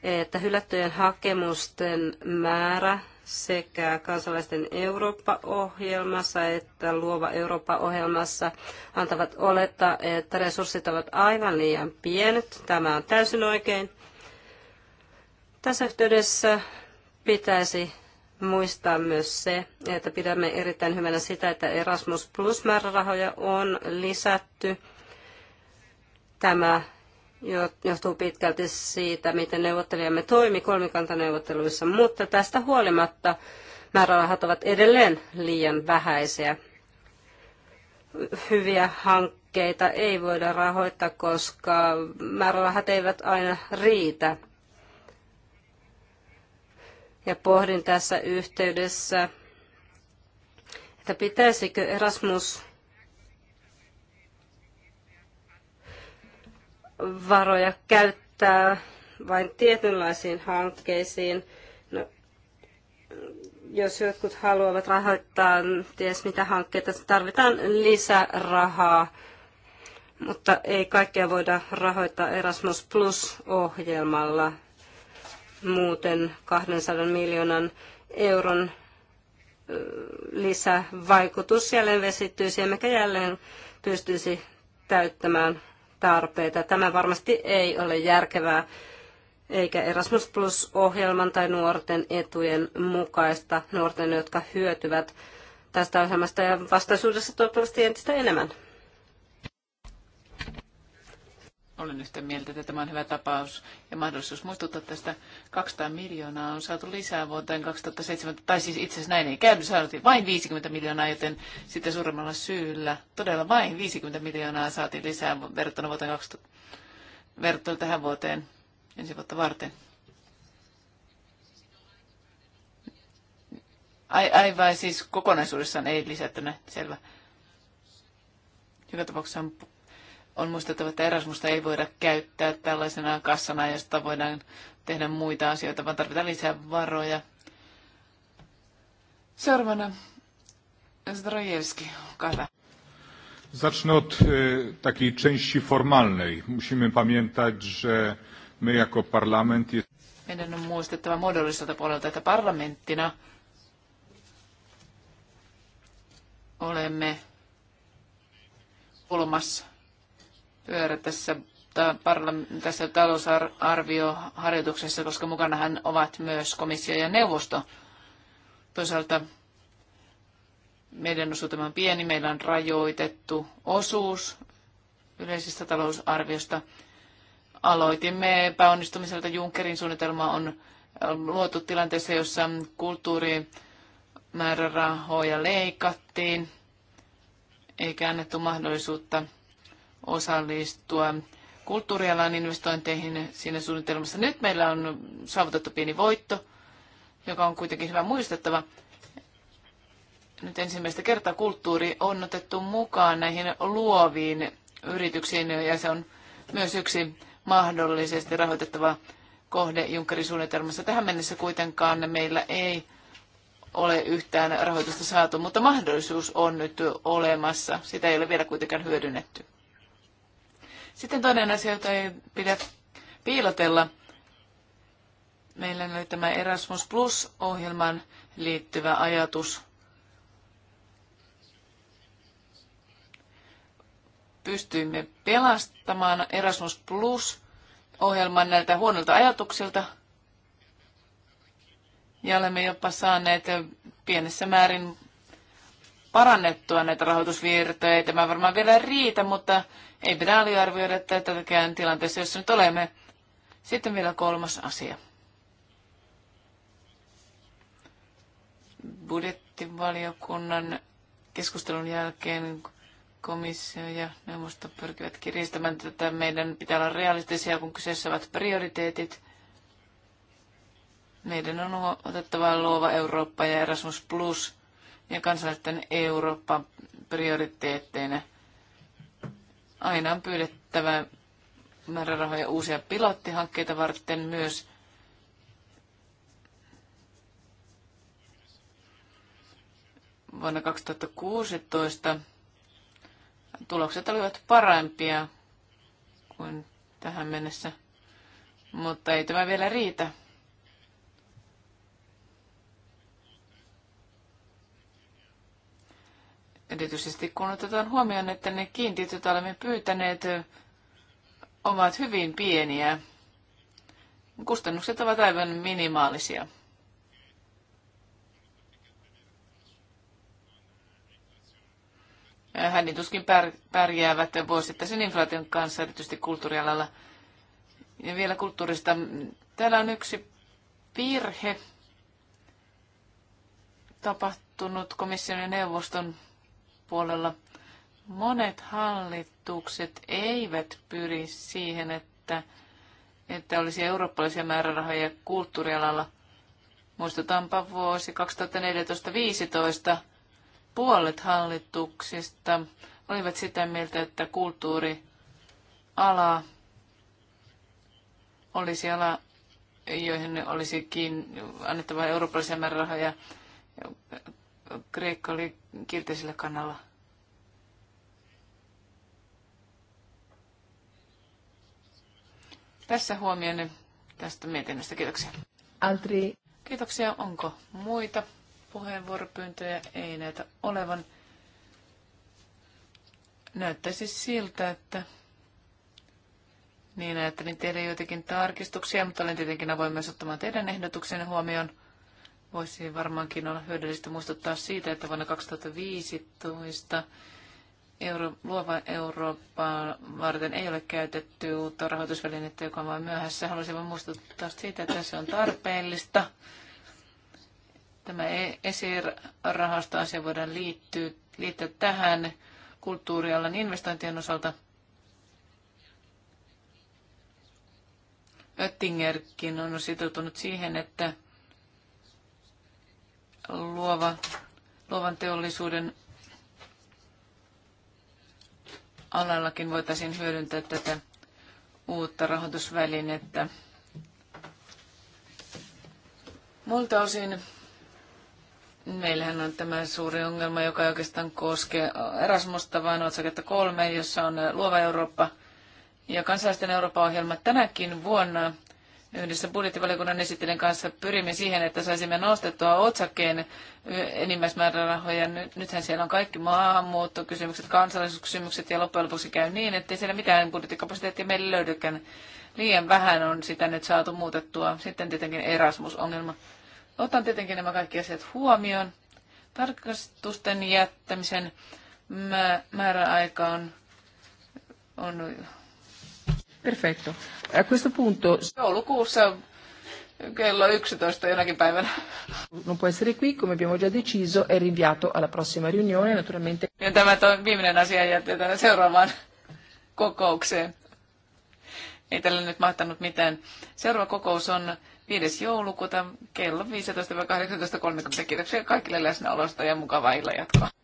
että hylättyjen hakemusten määrä sekä kansalaisten Eurooppa-ohjelmassa että Luova Eurooppa-ohjelmassa antavat olettaa, että resurssit ovat aivan liian pienet. Tämä on täysin oikein. Tässä yhteydessä pitäisi muistaa myös se, että pidämme erittäin hyvänä sitä, että Erasmus Plus-määrärahoja on lisätty. Tämä johtuu pitkälti siitä, miten neuvottelijamme toimi kolmikantaneuvotteluissa, mutta tästä huolimatta määrärahat ovat edelleen liian vähäisiä. Hyviä hankkeita ei voida rahoittaa, koska määrärahat eivät aina riitä. Ja pohdin tässä yhteydessä, että pitäisikö Erasmus varoja käyttää vain tietynlaisiin hankkeisiin. No, jos jotkut haluavat rahoittaa ties mitä hankkeita, tarvitaan lisärahaa, mutta ei kaikkea voida rahoittaa Erasmus Plus-ohjelmalla. Muuten 200 miljoonan euron lisävaikutus jälleen vesittyisi, emmekä jälleen pystyisi täyttämään tarpeita. Tämä varmasti ei ole järkevää eikä Erasmus Plus-ohjelman tai nuorten etujen mukaista nuorten, jotka hyötyvät tästä ohjelmasta ja vastaisuudessa toivottavasti entistä enemmän. Olen yhtä mieltä, että tämä on hyvä tapaus ja mahdollisuus muistuttaa tästä 200 miljoonaa on saatu lisää vuoteen 2007, tai siis itse asiassa näin ei käynyt, saatiin vain 50 miljoonaa, joten sitten suuremmalla syyllä todella vain 50 miljoonaa saatiin lisää verrattuna, vuoteen 2000, verrattuna tähän vuoteen ensi vuotta varten. Ai, ai vai siis kokonaisuudessaan ei lisättynä, selvä. Joka tapauksessa on on muistettava, että Erasmusta ei voida käyttää tällaisena kassana, josta voidaan tehdä muita asioita, vaan tarvitaan lisää varoja. Seuraavana Zdrojewski, kata. Zacznę od e, takiej części formalnej. Musimy pamiętać, że my jako parlament... Jest... Meidän on muistettava muodolliselta puolelta, että parlamenttina olemme kulmas pyörä tässä, tässä talousarvioharjoituksessa, koska mukanahan ovat myös komissio ja neuvosto. Toisaalta meidän osuutemme on pieni, meillä on rajoitettu osuus yleisestä talousarviosta. Aloitimme epäonnistumiselta. Junckerin suunnitelma on luotu tilanteessa, jossa kulttuurimäärärahoja leikattiin, eikä annettu mahdollisuutta osallistua kulttuurialan investointeihin siinä suunnitelmassa. Nyt meillä on saavutettu pieni voitto, joka on kuitenkin hyvä muistettava. Nyt ensimmäistä kertaa kulttuuri on otettu mukaan näihin luoviin yrityksiin ja se on myös yksi mahdollisesti rahoitettava kohde Junckerin suunnitelmassa. Tähän mennessä kuitenkaan meillä ei ole yhtään rahoitusta saatu, mutta mahdollisuus on nyt olemassa. Sitä ei ole vielä kuitenkaan hyödynnetty. Sitten toinen asia, jota ei pidä piilotella. Meillä oli tämä Erasmus Plus-ohjelman liittyvä ajatus. Pystyimme pelastamaan Erasmus Plus-ohjelman näiltä huonolta ajatuksilta. Ja olemme jopa saaneet pienessä määrin parannettua näitä rahoitusvirtoja. Ei tämä varmaan vielä riitä, mutta ei pidä aliarvioida tätäkään tilanteessa, jossa nyt olemme. Sitten vielä kolmas asia. Budjettivaliokunnan keskustelun jälkeen komissio ja neuvosto pyrkivät kiristämään tätä. Meidän pitää olla realistisia, kun kyseessä ovat prioriteetit. Meidän on otettava luova Eurooppa ja Erasmus Plus – ja kansalaisten Eurooppa prioriteetteina. Aina on pyydettävä määrärahoja uusia pilottihankkeita varten myös. Vuonna 2016 tulokset olivat parempia kuin tähän mennessä, mutta ei tämä vielä riitä. Erityisesti kun otetaan huomioon, että ne kiintiöt, joita olemme pyytäneet, ovat hyvin pieniä. Kustannukset ovat aivan minimaalisia. Hänin tuskin pärjäävät vuosittaisen inflaation kanssa, erityisesti kulttuurialalla. Ja vielä kulttuurista. Täällä on yksi virhe tapahtunut komission ja neuvoston puolella monet hallitukset eivät pyri siihen, että, että olisi eurooppalaisia määrärahoja kulttuurialalla. Muistutaanpa vuosi 2014-2015 puolet hallituksista olivat sitä mieltä, että kulttuuriala olisi ala, joihin olisikin annettava eurooppalaisia määrärahoja. Kreikka oli kielteisellä kannalla. Tässä huomioon tästä mietinnöstä. Kiitoksia. Altri. Kiitoksia. Onko muita puheenvuoropyyntöjä? Ei näitä olevan. Näyttäisi siltä, että niin ajattelin tehdä joitakin tarkistuksia, mutta olen tietenkin avoin myös ottamaan teidän ehdotuksenne huomioon. Voisi varmaankin olla hyödyllistä muistuttaa siitä, että vuonna 2015 Euro, luova Eurooppaa varten ei ole käytetty uutta rahoitusvälinettä, joka on vain myöhässä. Haluaisin vain muistuttaa siitä, että se on tarpeellista. Tämä e- ESIR-rahastoasia voidaan liittyä, liittää tähän kulttuurialan investointien osalta. Oettingerkin on sitoutunut siihen, että luova, luovan teollisuuden alallakin voitaisiin hyödyntää tätä uutta rahoitusvälinettä. Muilta osin meillähän on tämä suuri ongelma, joka ei oikeastaan koskee Erasmusta, vaan otsaketta kolme, jossa on Luova Eurooppa ja kansalaisten Eurooppa-ohjelma tänäkin vuonna yhdessä budjettivaliokunnan esittelijän kanssa pyrimme siihen, että saisimme nostettua otsakkeen enimmäismäärärahoja. Nythän siellä on kaikki maahanmuuttokysymykset, kansallisuuskysymykset ja loppujen lopuksi käy niin, että siellä mitään budjettikapasiteettia meille löydykään. Liian vähän on sitä nyt saatu muutettua. Sitten tietenkin Erasmus-ongelma. Otan tietenkin nämä kaikki asiat huomioon. Tarkastusten jättämisen määräaika on, on Perfetto. A questo punto... Joulukuussa kello 11 jonakin päivänä. Non può essere qui, come abbiamo già deciso, è rinviato alla prossima riunione, naturalmente. Ja tämä on viimeinen asia jätetään seuraavaan kokoukseen. Ei tällä nyt mahtanut mitään. Seuraava kokous on 5. joulukuuta kello 15-18.30. Kiitoksia kaikille läsnäolosta ja mukavaa illan jatkoa.